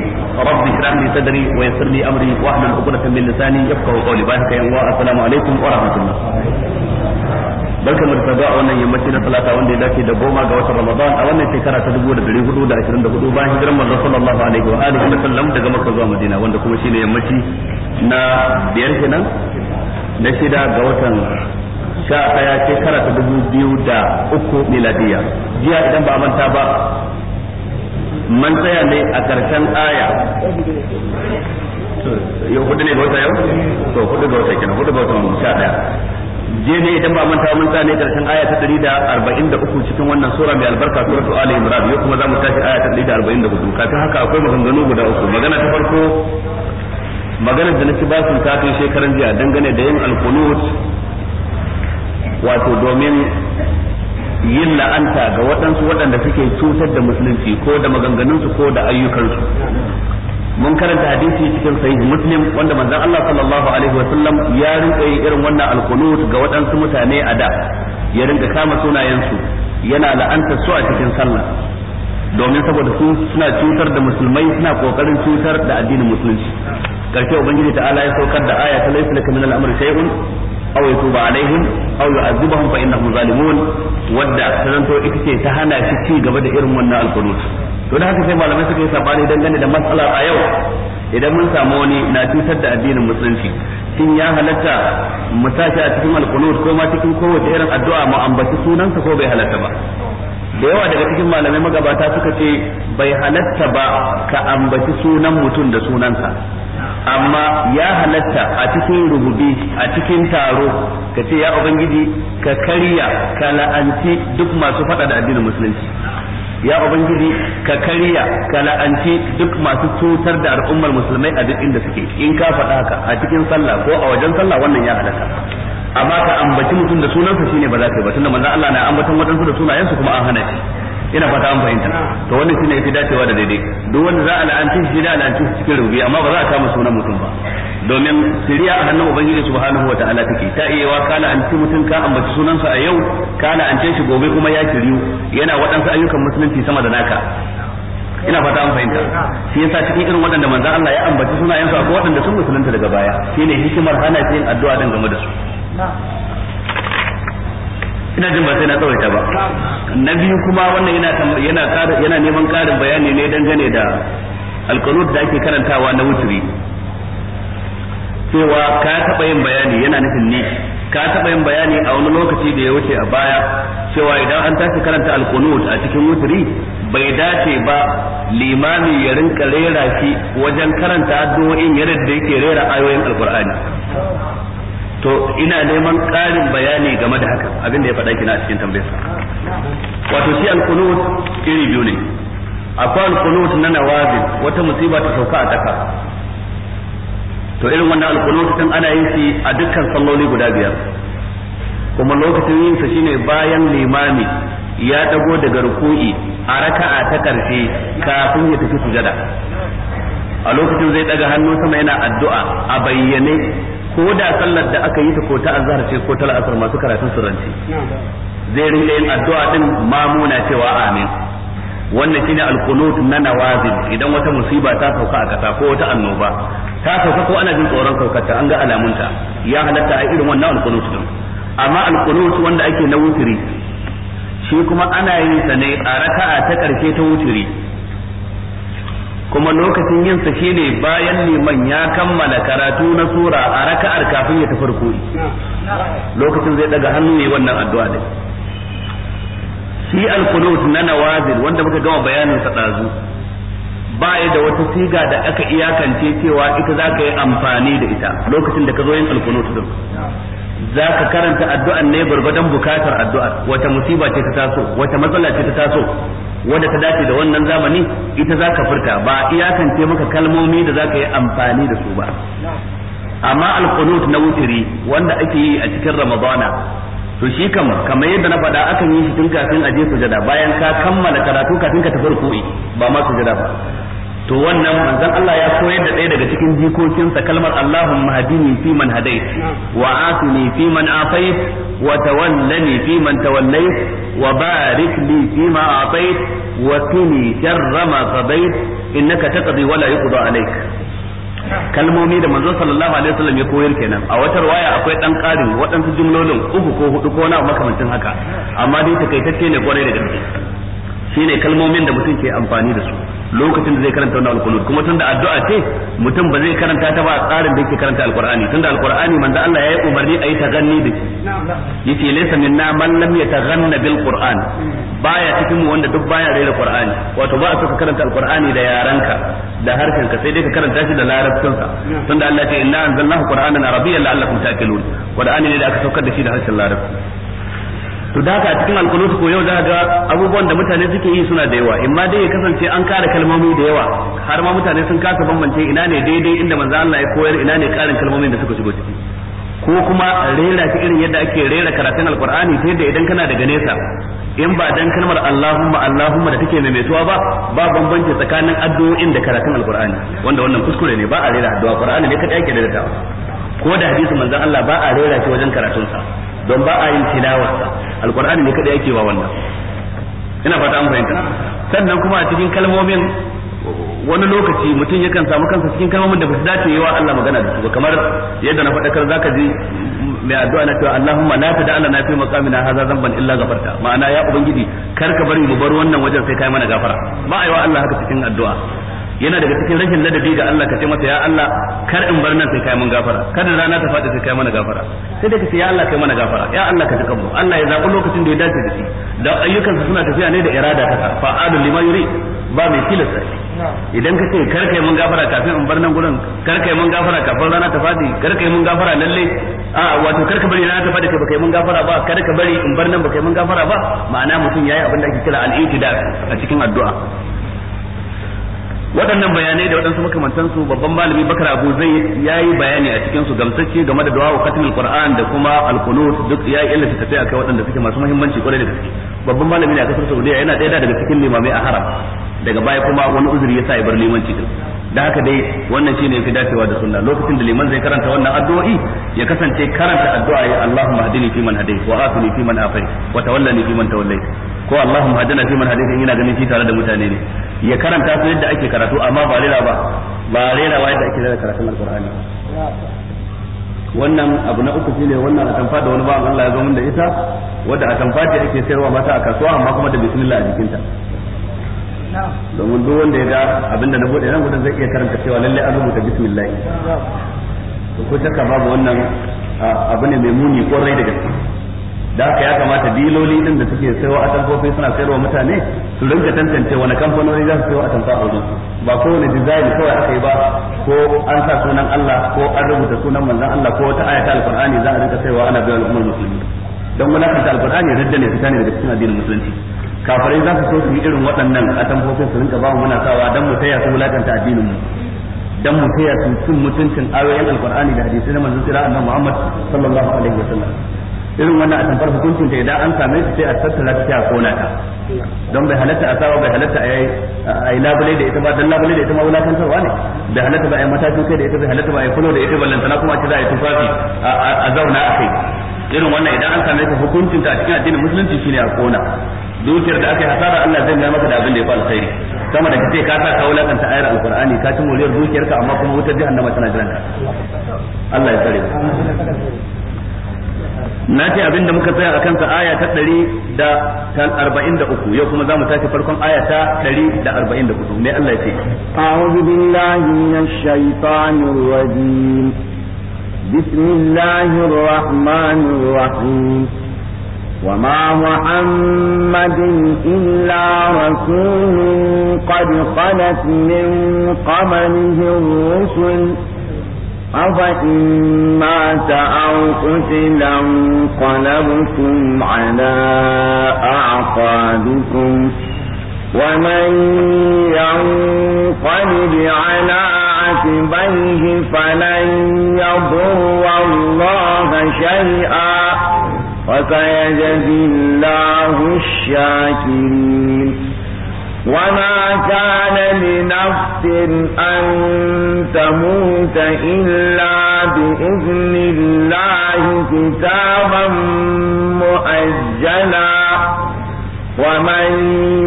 رب اشرح لي صدري ويسر لي أمري واحلل عقدة من لساني يفقه قولي بارك الله السلام عليكم ورحمة الله barka mu da a wannan yammaci na talata wanda ya dace da goma ga watan ramadan a wannan shekara ta dubu da dari hudu da ashirin da hudu bayan hijiran manzon sallallahu alaihi wa alihi wa sallam daga makka zuwa madina wanda kuma shine yammaci na biyar kenan na shida ga watan sha daya shekara ta dubu biyu da uku miladiya jiya idan ba manta ba man tsaya ne a karshen aya yau hudu ne ga wata yau to hudu ga wata kenan hudu ga wata sha daya je ne idan ba manta mun tsane karshen aya ta 143 cikin wannan sura mai albarka suratul ali imran yau kuma zamu tashi aya ta 144 kafin haka akwai maganganu guda uku magana ta farko magana da nake basun ta kai shekaran jiya dangane da yin alqunut wato domin yin la'anta ga waɗansu waɗanda suke cutar da musulunci ko da maganganunsu ko da ayyukansu mun karanta hadisi cikin sahih muslim wanda manzon Allah sallallahu alaihi ya rinka yin irin wannan alqunut ga waɗansu mutane a da ya rinka kama sunayensu yana la'anta su a cikin sallah domin saboda su suna cutar da musulmai suna kokarin cutar da addinin musulunci karshe ubangiji ta'ala ya saukar da aya ta laysa lakum min al-amri shay'un aw yatuba alaihim aw yu'adhibuhum fa innahum zalimun wadda sananto ita ce ta hana shi ci gaba da irin wannan alqunut to da haka sai malamai suka yi sabani dangane da matsala a yau idan mun samu wani na cutar da addinin musulunci shin ya halatta mu a cikin alqunut ko ma cikin kowace irin addu'a mu ambaci sunansa ko bai halatta ba da yawa daga cikin malamai magabata suka ce bai halatta ba ka ambaci sunan mutum da sunansa amma ya halatta a cikin rububi a cikin taro ka ce ya ubangiji ka karya ka la'anci duk masu fada da addinin musulunci ya ubangiji ka karya ka la'anci duk masu cutar da al'ummar musulmai a duk inda suke in ka faɗa haka a cikin sallah ko a wajen sallah wannan ya halatta amma ka ambaci mutum da sunansa shine ba za ka yi ba tunda manzo Allah na ambaton wadansu da sunayensu kuma an hana shi ina fata an fahimta to wannan shine yafi dacewa da daidai duk wanda za a la'anci shi da la'anci shi cikin rubi amma ba za a kama sunan mutum ba domin siriya a hannun ubangiji subhanahu wa ta'ala take ta iya wa kana an ci mutum ka ambaci sunansa a yau kala an shi gobe kuma ya kiriyu yana waɗansu ayyukan musulunci sama da naka ina fata an fahimta shi yasa cikin irin waɗanda manzo Allah ya ambaci sunayensu akwai waɗanda sun musulunta daga baya shine hikimar hana yin addu'a dangane da su ina jin ba sai na tsawaita ba na biyu kuma wannan yana neman karin bayani ne dangane da alqanut da ake karantawa na wuturi cewa ka taɓa yin bayani yana nufin ne ka taɓa yin bayani a wani lokaci da ya wuce a baya cewa idan an tashi karanta alkunut a cikin wuturi bai dace ba limami ya rinka rera shi wajen karanta addu'o'in yadda da yake rera ayoyin alkur'ani to ina neman ƙarin bayani game da haka abin da ya faɗa kina a cikin tambayar wato shi al-qunut iri biyu ne akwai al-qunut na nawazil wata musiba ta sauka a ƙasa to irin wannan al-qunut din ana yin shi a dukkan salloli guda biyar kuma lokacin yin sa shine bayan limami ya dago daga ruku'i a raka'a ta karshe kafin ya tafi sujada a lokacin zai daga hannu sama yana addu'a a bayyane ko da sallar da aka yi ta ko ta azhar ce ko ta la'asar masu karatun surranci zai rinka yin addu'a din ma mamuna cewa amin wannan shine al-qunut na nawazil idan wata musiba ta sauka a kasa ko wata annoba ta sauka ko ana jin tsoron saukarta an ga alamunta ya halatta a irin wannan al-qunut din amma al-qunut wanda ake na wuturi shi kuma ana yin sa ne a raka'a ta karshe ta wutiri kuma lokacin yin sa shine bayan liman ya kammala karatu na sura a raka'ar kafin ya tafi rukuni lokacin zai daga hannu yayi wannan addu'a din shi al-qunut na nawazil wanda muka gama bayanin sa dazu baya da wata siga da aka iyakance cewa ita za ka yi amfani da ita lokacin da ka zo yin al-qunut din za ka karanta addu'an ne gurgudan bukatar addu'ar wata musiba ce ta taso wata matsala ce ta taso wadda ta dace da wannan zamani ita za ka furta ba iyakance maka kalmomi da za ka yi amfani da su ba amma alkunut na wutiri wanda ake yi a cikin ramadana to shi kam kamar yadda na faɗa akan yi shi tun kafin a je sujada bayan ka kammala karatu kafin ka tafi ruku'i ba ma sujada ba to wannan manzon Allah ya koyar da ɗaya daga cikin jikokinsa kalmar Allahumma hadini fi man hadait wa atini fi man afait wa tawallani fi man tawallait wa barik li fi ma atait wa qini sharra ma qadait innaka taqdi wa la yuqda alayk kalmomi da manzon sallallahu alaihi wasallam ya koyar kenan a wata waya akwai dan karin waɗansu jumlolin uku ko hudu ko na makamancin haka amma dai takaitacce ne kwarai da gaske shine kalmomin da mutum ke amfani da su lokacin da zai karanta wannan alqunut kuma tunda addu'a ce mutum ba zai karanta ta ba tsarin da yake karanta alqur'ani tunda alqur'ani manzo Allah yayi umarni ayi taganni da shi yace laysa minna man lam yataganna bil qur'an baya cikin mu wanda duk baya rera qur'ani wato ba a so ka karanta alqur'ani da yaranka da harshen ka sai dai ka karanta shi da larabcin sa tunda Allah ya ce inna anzalnahu qur'anan arabiyyan la'allakum ta'qilun qur'ani ne da aka saukar da shi da harshen larabci to da haka a cikin alqunut ko yau za ga abubuwan da mutane suke yi suna da yawa imma dai ya kasance an kara kalmomi da yawa har ma mutane sun kasa bambance ina ne daidai inda manzo Allah ya koyar ina ne karin kalmomin da suka shigo ciki ko kuma rera ta irin yadda ake rera karatun alqur'ani sai da idan kana daga nesa in ba dan kalmar Allahumma Allahumma da take maimaituwa ba ba bambanci tsakanin addu'o'in da karatun alqur'ani wanda wannan kuskure ne ba a rera addu'a qur'ani ne kadai ake rera ko da hadisi manzo Allah ba a rera shi wajen karatunsa don ba a yin tilawarsa alqur'ani ne kada yake ba wannan ina fata an fahimta sannan kuma a cikin kalmomin wani lokaci mutum yakan samu kansa cikin kalmomin da ba su dace yawa Allah magana da su ba kamar yadda na faɗakar zaka ji mai addu'a na cewa Allahumma la tada lana fi maqamina hadha dhanban illa ghafarta ma'ana ya ubangiji kar ka bari mu bar wannan wajen sai kai mana gafara ba aiwa Allah haka cikin addu'a yana daga cikin rashin ladabi ga Allah ka ce masa ya Allah kar in bar nan sai kai mun gafara kar rana ta fada sai kai mana gafara sai da ka ce ya Allah kai mana gafara ya Allah ka tuka mu Allah ya zaɓi lokacin da ya dace da shi da ayyukan su suna tafiya ne da irada ta fa'alu lima yuri ba mai tilasta idan ka ce kar kai mun gafara kafin in bar nan gurin kar kai mun gafara kafin rana ta fadi kar kai mun gafara lalle a wato kar ka bari rana ta faɗi kai baka yi mun gafara ba kar ka bari in bar nan baka yi mun gafara ba ma'ana mutum yayi abin da ake kira al-i'tidal a cikin addu'a waɗannan bayanai da waɗansu makamantansu babban malami bakar abu zai ya yi bayani a cikin su gamsacce game da du'a katin qur'an da kuma alqunut duk ya yi illata tafiya kai waɗanda suke masu muhimmanci kwarai da gaske babban malami ne a kasar saudiya yana ɗaya daga cikin limamai a haram daga baya kuma wani uzuri ya sa ya bar limanci din da haka dai wannan shine yafi dacewa da sunna lokacin da liman zai karanta wannan addu'o'i ya kasance karanta addu'a ya Allahumma hadini fi man hadayt wa afini fi man afayt wa tawallani fi man tawallai ko Allahumma hadina fi man hadayt ina ganin shi tare da mutane ne ya karanta su yadda ake karatu amma ba rera ba ba rera ba yadda ake rera karatun alqur'ani wannan abu na uku shine wannan atamfa da wani bawan Allah ya zo mun da ita wadda a ce ake sayarwa mata a kasuwa amma kuma da bismillah a jikinta domin duk wanda ya ga abinda na bude nan gudun zai iya karanta cewa lalle an rubuta bismillah to ko taka babu wannan abu ne mai muni kwarai da gaske da haka ya kamata diloli din da suke sayo a tamfofi suna sayarwa mutane su rinka tantance wani kamfanoni za su sayo a tamfa a wajen ba wani design kawai aka yi ba ko an sa sunan Allah ko an rubuta sunan manzon Allah ko wata ayata alqur'ani za a rinka sayowa ana bayan al'ummar musulmi don wani kanta alqur'ani radda ne fita ne daga cikin addinin musulunci kafirai za su so su yi irin waɗannan a tamfofin su rinka ba mu muna sawa dan mu taya su wulakanta addinin mu dan mu taya su cin mutuncin ayoyin alqur'ani da hadisi na manzon sirra annabi Muhammad sallallahu alaihi wasallam irin wannan a tamfar hukuncin ta idan an same su sai a tattara ta a kona ta don bai halatta a sawa bai halatta a yi labule da ita ba dan labule da ita ma wulakantarwa ne bai halatta ba a yi matakin kai da ita bai halatta ba a yi kulo da ita ballantana kuma ce za a yi tufafi a zauna a kai irin wannan idan an same ta hukuncin ta a cikin addinin musulunci shine a kona dukiyar da aka yi hasara Allah zai maka da abin da ya fi alkhairi sama da kace ka sa ka ta ayar alqur'ani ka ci moriyar dukiyarka amma kuma wutar jahannama tana jiran ka Allah ya tsare na ce abin da muka tsaya akan ka aya ta 143 da yau kuma zamu tashi farkon aya ta 144 me Allah ya ce a'udhu billahi minash shaitanir rajim bismillahir rahmanir rahim وما محمد إلا رسول قد خلت من قبله الرسل أفإن مات أو قتل انقلبتم على أعقابكم ومن ينقلب على عتبيه فلن يضر الله شيئا وسيجزي الله الشاكرين وما كان لنفس أن تموت إلا بإذن الله كتابا مؤجلا ومن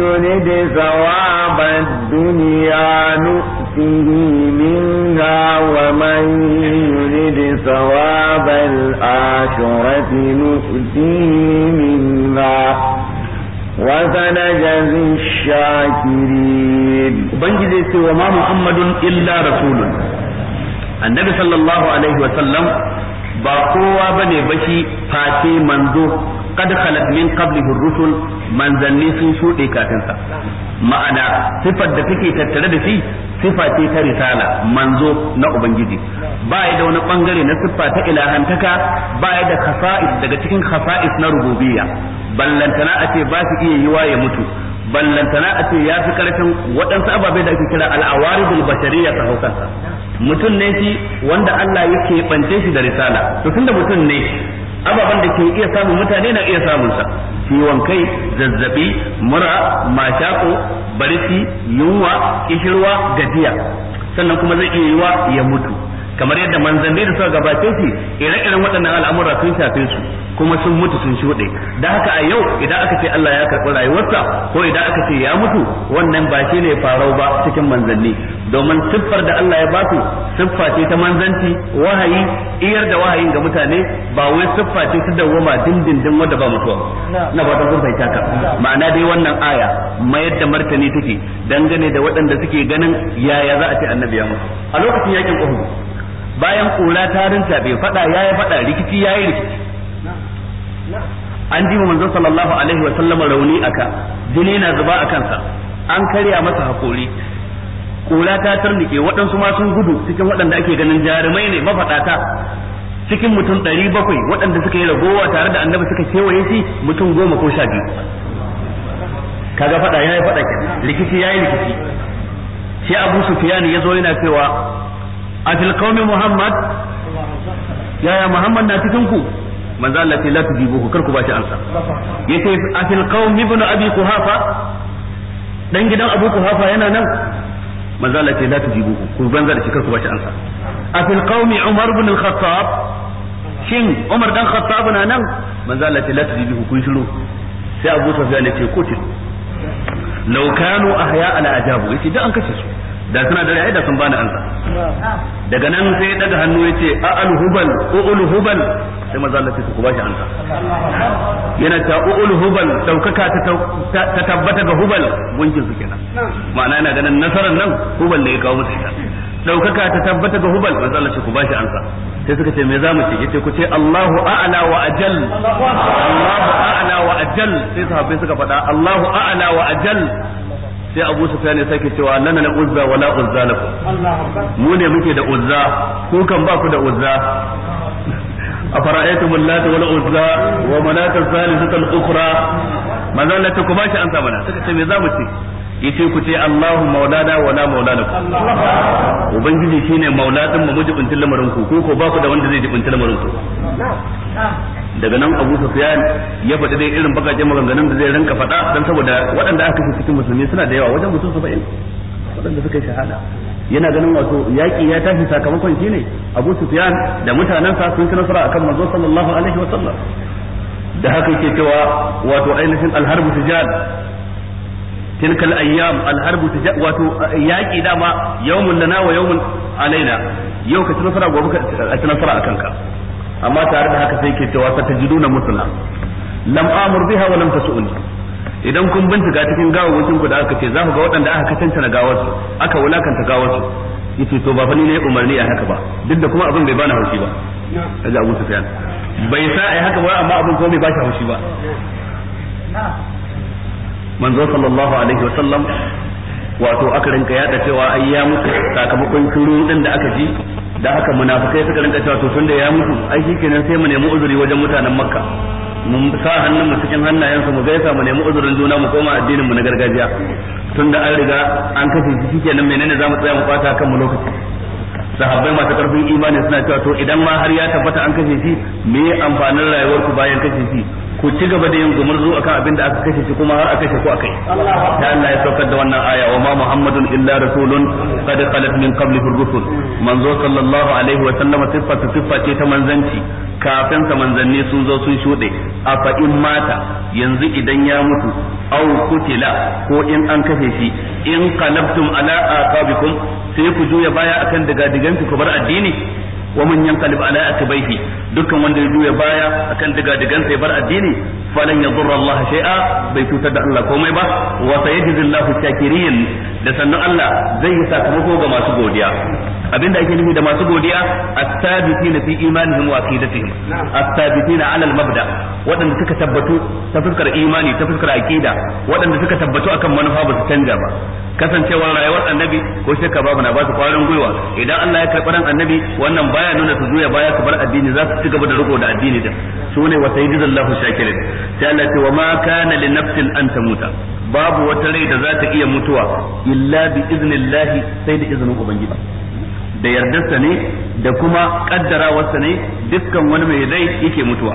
يرد ثواب الدنيا نؤته منها ومن ثواب الآخرة نؤتيه منا وسنجزي الشاكرين وبنجي سوى ما محمد إلا رسول النبي صلى الله عليه وسلم ba بني بشي فاتي منذ qad khalat min qablihi sun, rusul manzanni sun shuɗe kafin sa ma'ana sifar da take tattare da shi sifa ta risala manzo na ubangiji ba ya da wani bangare na siffa ta ilahantaka ba ya da khasa'is daga cikin khasa'is na rububiyya ballantana a ce ba su iya yiwa ya mutu ballantana a ce ya fi karfin waɗansu ababen da ake kira al'awaridul bashariya ta haukansa mutum ne shi wanda Allah ya keɓance shi da risala to tunda mutum ne ababen da ke iya samun mutane na iya samun sa ciwon kai zazzabi mura mashako barci yunwa kishirwa gajiya sannan kuma zai iya yiwa ya mutu kamar yadda manzanni da suka gabace shi ire-iren waɗannan al'amura sun shafe su kuma sun mutu sun shuɗe da haka a yau idan aka ce Allah ya karɓi rayuwarsa ko idan aka ce ya mutu wannan ba shi ne farau ba cikin manzanni domin siffar da Allah ya basu siffa ce ta manzanci wahayi iyar da wahayin ga mutane ba wai siffa ce ta dawwama dindindin wanda ba mutuwa na ba ta gurbai taka ma'ana dai wannan aya mayar da martani take dangane da waɗanda suke ganin yaya za a ce annabi ya mutu a lokacin yakin Uhud bayan kura ta rinta bai fada yi fada rikici yi rikici an ji manzo sallallahu alaihi wa sallam rauni aka jini na zuba a kansa an karya masa hakuri kura ta tarnike waɗansu ma sun gudu cikin waɗanda ake ganin jarumai ne mafaɗata cikin mutum ɗari bakwai waɗanda suka yi ragowa tare da annabi suka kewaye shi mutum goma ko sha biyu kaga faɗa ya yi faɗa rikici ya yi rikici sai abu sufiyani ya zo yana cewa a fil qaumi muhammad yaya muhammad na cikin ku manzo Allah ce la tujibuhu kar ku ba shi ansa yace a fil qaumi ibn abi quhafa dan gidan abu quhafa yana nan manzo Allah ce la tujibuhu ku banza da shi kar ku ba shi ansa a fil qaumi umar ibn al-khattab shin umar dan khattab na nan manzo Allah ce la tujibuhu kun shiru sai abu sufyan ya ce kutil law kanu ahya ala ajabu yace da an kace su da suna da ra'ayi da sun bani ansa daga nan sai ya daga hannu ya ce alhubal hubal u'ul hubal sai maza Allah su bashi ansa yana ta u'ul hubal daukaka ta tabbata ga hubal gunkin su kenan ma'ana yana ganin nasarar nan hubal ne ya kawo musu ita daukaka ta tabbata ga hubal manzo Allah ku bashi ansa sai suka ce me zamu ce yace ku ce Allahu a'la wa ajal Allahu a'la wa ajal sai sahabbai suka faɗa Allahu a'la wa ajal sai abu ta ya sake cewa nana na uzza wala uzza lakum mu ne muke da uzza ku kan ba ku da uzza a fara'aitu mullata wani uzza wa manata zalisatul ukhra manzan la ta kuma shi an samana mana sai ce me za mu ce yace ku ce Allahu maulana wa la maulana ku ubangiji shine maula din mu mujibintin lamarin ku ko ko ba ku da wanda zai jibintin lamarin ku daga nan Abu Sufyan ya faɗi dai irin bakaje maganganun da zai rinka faɗa dan saboda waɗanda aka kashe cikin musulmi suna da yawa wajen mutum 70 waɗanda suka yi shahada yana ganin wato yaƙi ya tashi sakamakon shine Abu Sufyan da mutanansa sun ci nasara akan manzo sallallahu alaihi wa sallam da haka yake cewa wato ainihin alharbu tijal tilkal ayyam alharbu wato yaki dama yawmun lana wa yawmun alaina yau ka ci nasara gobe ka ci nasara akan ka amma tare da haka sai ke cewa satajiduna musuna lam amur biha wa lam tasuni idan kun bincika cikin gawawakin ku da aka ce za ku ga waɗanda aka katanta na su aka wulakanta gawar su yace to ba fa ni ne umarni a haka ba duk da kuma abin bai bani haushi ba kaji Abu Sufyan bai sa ai haka ba amma abin ko bai ba shi haushi ba manzo sallallahu alaihi wasallam wato aka rinka yada cewa ai ya mutu sakamakon shiru din da aka ji da haka munafikai suka rinka cewa to tunda ya mutu ai shikenan sai mu nemi uzuri wajen mutanen makka mun sa hannun mu cikin hannayen mu gaisa mu nemi uzurin juna mu koma addinin mu na gargajiya tunda an riga an kashe shi shikenan menene zamu tsaya mu fata kan mu lokaci sahabbai masu karfin imani suna cewa to idan ma har ya tabbata an kashe shi me amfanin rayuwar ku bayan kashe shi ku ci gaba da yin gumurzu akan abin da aka kashe shi kuma har aka kashe ku akai ta Allah ya saukar da wannan aya wa ma muhammadun illa rasulun qad khalat min qablihi rusul manzo sallallahu alaihi wa sallam siffa siffa ce ta manzanci kafin sa manzanni sun zo sun shude a fa in mata yanzu idan ya mutu aw kutila ko in an kashe shi in qalabtum ala aqabikum sai ku juya baya akan daga diganku ku bar addini wa man yanqalib ala akbayhi dukkan wanda ya juya baya akan diga digan sai bar addini falan yadurra Allah shai'a bai cutar da Allah komai ba wa sayajizillahu shakirin da sannan Allah zai yi sakamako ga masu godiya abinda ake nufi da masu godiya as-sabitina fi imanihim wa aqidatihim as-sabitina ala al-mabda waɗanda suka tabbatu ta fuskar imani ta fuskar aqida waɗanda suka tabbatu akan manufa ba su canja ba kasancewar rayuwar annabi ko shakka babu na ba su kwarin gwiwa idan Allah ya karɓi ran annabi wannan baya nuna su zuya baya su bar addini za su ci gaba da riko da addini din sune wa sayyidullahu shakirin sai Allah ce wa ma kana li nafsin an tamuta babu wata rai da za ta iya mutuwa illa bi iznillahi sai da izinin ubangiji da yardarsa ne da kuma kaddarawarsa ne dukkan wani mai rai yake mutuwa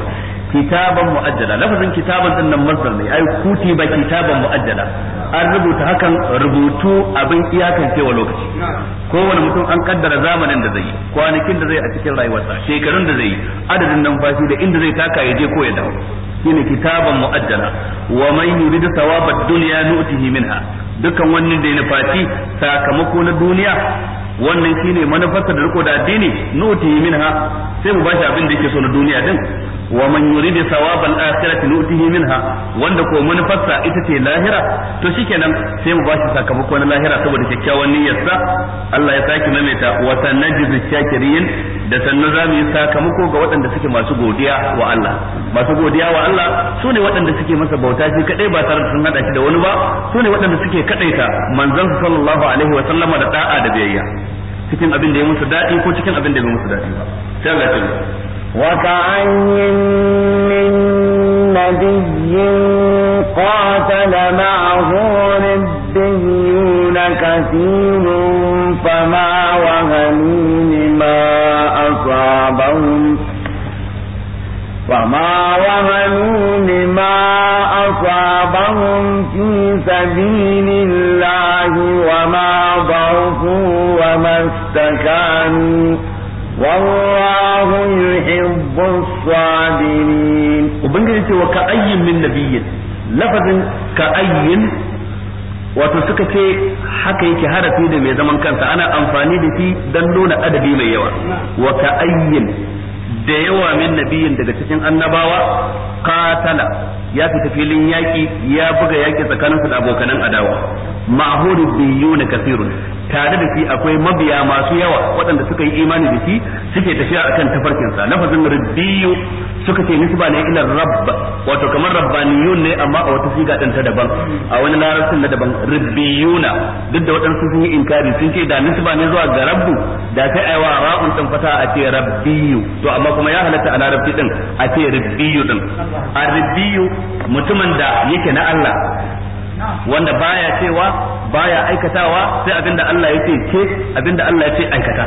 kitaban mu'ajjala lafazin kitaban din nan masdar ne ai kuti ba kitaban mu'ajjala an rubuta hakan rubutu abin iyakan cewa lokaci kowane mutum an kaddara zamanin da zai yi kwanakin da zai a cikin rayuwarsa shekarun da zai yi adadin numfashi da inda zai taka ya je ko ya dawo shine kitaban mu'ajjala wa man yurid thawaba ad-dunya nu'tihi minha dukkan wani da ya nufaci sakamako na duniya wannan shine manufarsa da riko da addini nuti minha sai mu bashi abin da yake so na duniya din wa man yuridu thawabal akhirati nu'tihi minha wanda ko manufarsa ita ce lahira to shikenan sai mu bashi sakamako na lahira saboda kyakkyawan niyyarsa Allah ya saki maimaita wa sanajzu shakirin da sannu za mu yi sakamako ga waɗanda suke masu godiya wa Allah masu godiya wa Allah su ne waɗanda suke masa bauta shi kadai ba tare da sun hada shi da wani ba su ne waɗanda suke kadaita manzon sallallahu alaihi wa sallama da da'a da biyayya cikin abin da ya musu daɗi ko cikin abin da bai musu daɗi ba sai Allah ya وكعين من نبي قاتل معه ربيون كثير فما وهنوا لما أصابهم فما وهنوا لما أصابهم في سبيل الله وما ضعفوا وما استكانوا والله yuhibbu as-sabirin ce wa ka ayyin min lafazin ka ayyin wato suka ce haka yake harafi da mai zaman kansa ana amfani da shi don nuna adadi mai yawa wa ka ayyin da yawa min nabiyin daga cikin annabawa katala ya fita filin yaki ya buga yaki tsakaninsu da abokanan adawa ma'hudu na kasirun tare da shi akwai mabiya masu yawa waɗanda suka yi imani da shi suke tafiya akan tafarkinsa lafazin rabbiyu suka ce nisba ne ila rabb wato kamar rabbaniyun ne amma a wata siga ɗin daban a wani larabcin na daban rabbiyuna duk da waɗansu sun yi inkari sun ce da nisba ne zuwa ga rabbu da sai a wa ra'un dan fata a ce rabbiyu to amma kuma ya halatta a larabci din a ce rabbiyu ɗin a rabbiyu mutumin da yake na Allah wanda baya cewa baya aikatawa sai abinda Allah ya ce ke abinda Allah ya ce aikata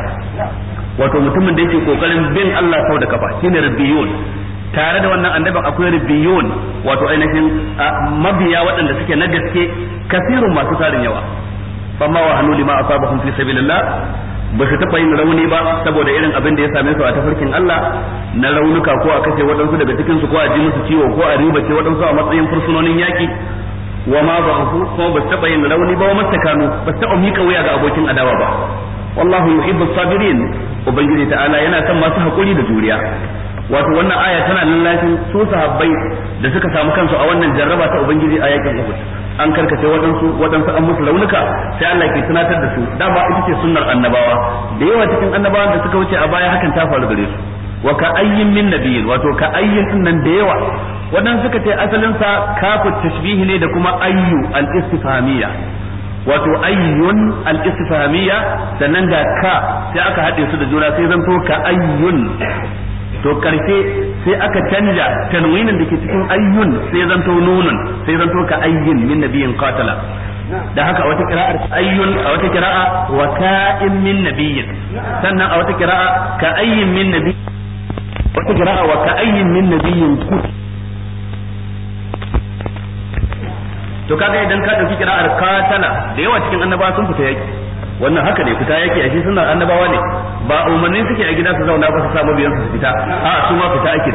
wato mutumin da yake kokarin bin Allah sau da kafa shine rabbiyun tare da wannan annabin akwai rubiyun wato ainihin mabiya waɗanda suke na gaske kasirun masu tarin yawa Amma wa hannu lima asabahum fi sabilillah ba su taɓa yin rauni ba saboda irin abin da ya same su a tafarkin Allah na raunuka ko a kashe waɗansu daga cikin ko a ji musu ciwo ko a ribace waɗansu a matsayin fursunonin yaki wa ma ku kuma ba taba yin rauni ba wa mastakanu ba taba mika wuya ga abokin adawa ba wallahu yuhibbu sabirin ubangiji ta'ala yana son masu hakuri da juriya wato wannan aya tana lallashin su sahabbai da suka samu kansu a wannan jarraba ta ubangiji a yakin Uhud an karkace waɗansu waɗansu an musu raunuka sai Allah ke tunatar da su dama ita ce sunnar annabawa da yawa cikin annabawan da suka wuce a baya hakan ta faru gare su wa ka ayyin min nabiyyin wato ka ayyin nan da yawa Wannan suka ce asalin sa kafu tashbihi ne da kuma ayyu al-istifhamiyya wato ayyun al-istifhamiyya sannan da ka sai aka hade su da juna sai zanto ka ayyun to karshe sai aka canja tanwinin da ke cikin ayyun sai zanto nunun sai zanto ka ayyun min nabiyin qatala da haka a wata kira'ar ayyun a wata kira'a wa ka'in min nabiyin sannan a wata kira'a ka ayyin min nabiyin wata kira'a wa ka ayyin min nabiyin kuti to kaga idan ka dauki kira'ar katala da yawa cikin annabawa sun fita yaki wannan haka ne fita yaki a suna annabawa ne ba umarni suke a gida su zauna ba su samu biyan su fita a su ma fita ake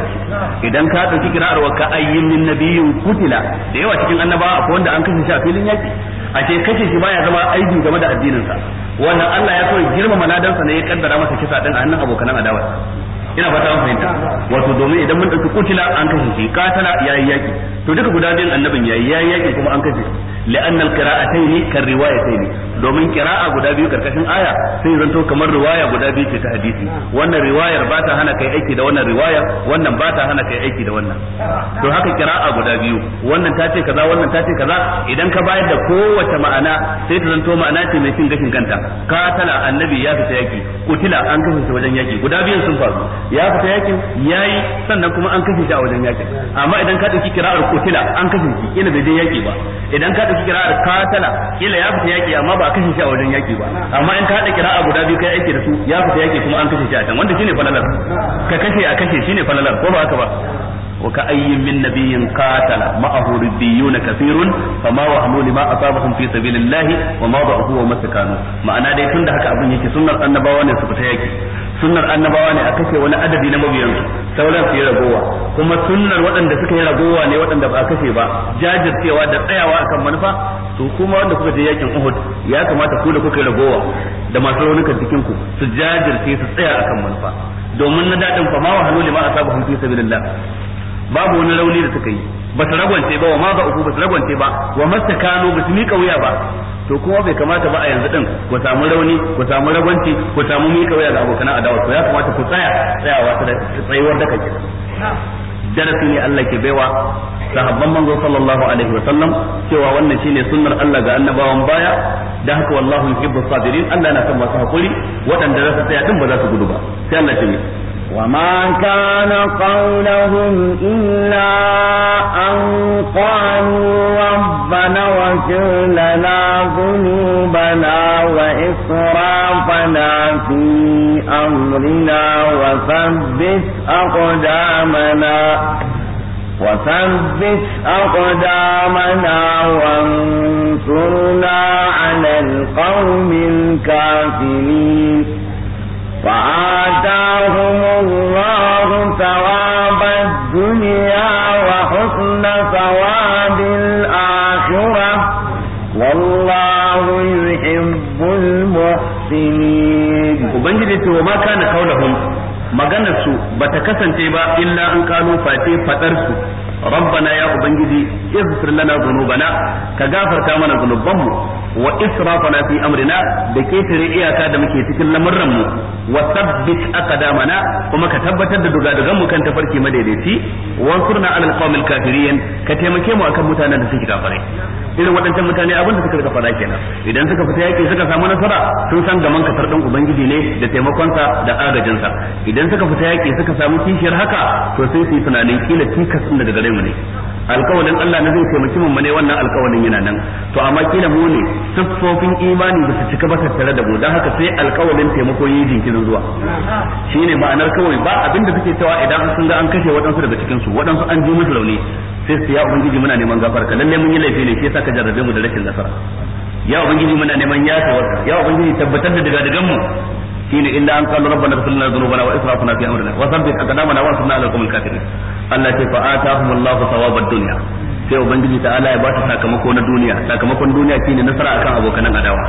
idan ka dauki kira'ar wa ka ayyin min nabiyyin kutila da yawa cikin annabawa akwai wanda an kashe shi a filin yaki a ce kashe shi baya zama aibi game da addinin sa wannan Allah ya so girmama sa ne ya kaddara masa kisa din a hannun abokan adawa ina fata an fahimta wato domin idan mun dauki kutila an kashe shi katala yayi yaki to duka guda biyun annabin yayi yayi yaki kuma an kashe shi لأن القراءتين كالروايتين domin kira'a guda biyu karkashin aya sai zanto kamar riwaya guda biyu ce ta hadisi wannan riwayar ba ta hana kai aiki da wannan riwaya wannan ba ta hana kai aiki da wannan to haka kira'a guda biyu wannan ta ce kaza wannan ta ce kaza idan ka bayar da kowace ma'ana sai ta zanto ma'ana ce mai cin gashin kanta katala annabi ya fita yaki kutila an kashe shi wajen yaki guda biyun sun faru ya fita yakin yayi sannan kuma an kashe shi a wajen yakin amma idan ka dauki kira'ar kutila an kashe shi ina bai dai yaki ba idan ka da katala kila ya fita yaki amma ba kashe shi a wajen yaki ba amma in ka kira kira'a guda biyu kai aiki da su ya fita yaki kuma an kashe shi a can wanda shine falalar ka kashe a kashe shine falalar ko ba haka ba wa ka ayyin min nabiyyin qatala ma'ahu rubbiyyun katsirun fama wa hamu lima asabahum fi sabilillahi wa ma da'ufu wa masakanu ma'ana dai tunda haka abin yake sunnar annabawa ne su fita yaki sunnar annabawa ne a kashe wani adadi na mabiyansu sauran su yi ragowa kuma sunnar waɗanda suka yi ragowa ne waɗanda ba a kashe ba jajircewa da tsayawa akan manufa su kuma wanda kuka je yakin Uhud ya kamata ku da kuka yi ragowa da masu raunukan cikin ku su jajirce su tsaya akan manufa domin na daɗin fa ma wahalu lima asabahum fi sabilillah babu wani rauni da suka yi ba su ragwance ba wa ma ba uku ba su ragwance ba wa kano ba su mika wuya ba to kuma bai kamata ba a yanzu din ku samu rauni ku samu ragwanci ku samu mika waya ga abokan adawa to ya kamata ku tsaya tsayawa ta tsayuwar da kake darasi ne Allah ke baiwa sahabban manzo sallallahu alaihi wa sallam cewa wannan shine sunnar Allah ga annabawan baya da haka wallahu yuhibbu sabirin Allah na son masu hakuri waɗanda za su tsaya din ba za su gudu ba sai Allah ya وما كان قولهم إلا أن قالوا ربنا واغفر لنا ذنوبنا وإسرافنا في أمرنا وثبت أقدامنا وثبت أقدامنا وانصرنا على القوم الكافرين فآتى maganar su bata kasance ba illa an kano face fadar su rabbana ya ubangiji ighfir lana dhunubana ka gafarta mana dhunubanmu wa israfana fi amrina da ketare iyaka da muke cikin lamurran mu wa thabbit aqdamana kuma ka tabbatar da dugadugan mu kan tafarki madaidaici wa kurna alal qawmil kafirin ka taimake mu akan mutanen da suke kafirai irin waɗancan mutane abin da suka riga fada kenan idan suka fita yaƙi suka samu nasara sun san gaman kasar dan ubangiji ne da taimakonsa da agajinsa idan suka fita yaƙi suka samu kishiyar haka to sai su yi tunanin kila tikas din daga gare mu ne alkawalin Allah na zai taimaki mu ne wannan alkawalin yana nan to amma kila mu ne siffofin imani ba su cika ba tattare da mu haka sai alkawalin taimako yi jinkirin zuwa shine ma'anar kawai ba abinda suke cewa idan sun ga an kashe waɗansu daga cikin su waɗansu an ji musu rauni sai su ya ubangiji muna neman gafarka lalle mun yi laifi ne shi yasa ka jarrabe mu da rashin nasara ya ubangiji muna neman yasawarka ya ubangiji tabbatar da daga daganmu shine illa an qala rabbana ighfir lana dhunubana wa israfna fi amrina wa thabbit aqdamana wa sunna 'ala al-qawmil kafirin Allah ce fa atahum Allahu thawabad dunya sai ubangiji ta'ala ya ba su sakamako na duniya sakamakon duniya shine nasara akan abokan adawa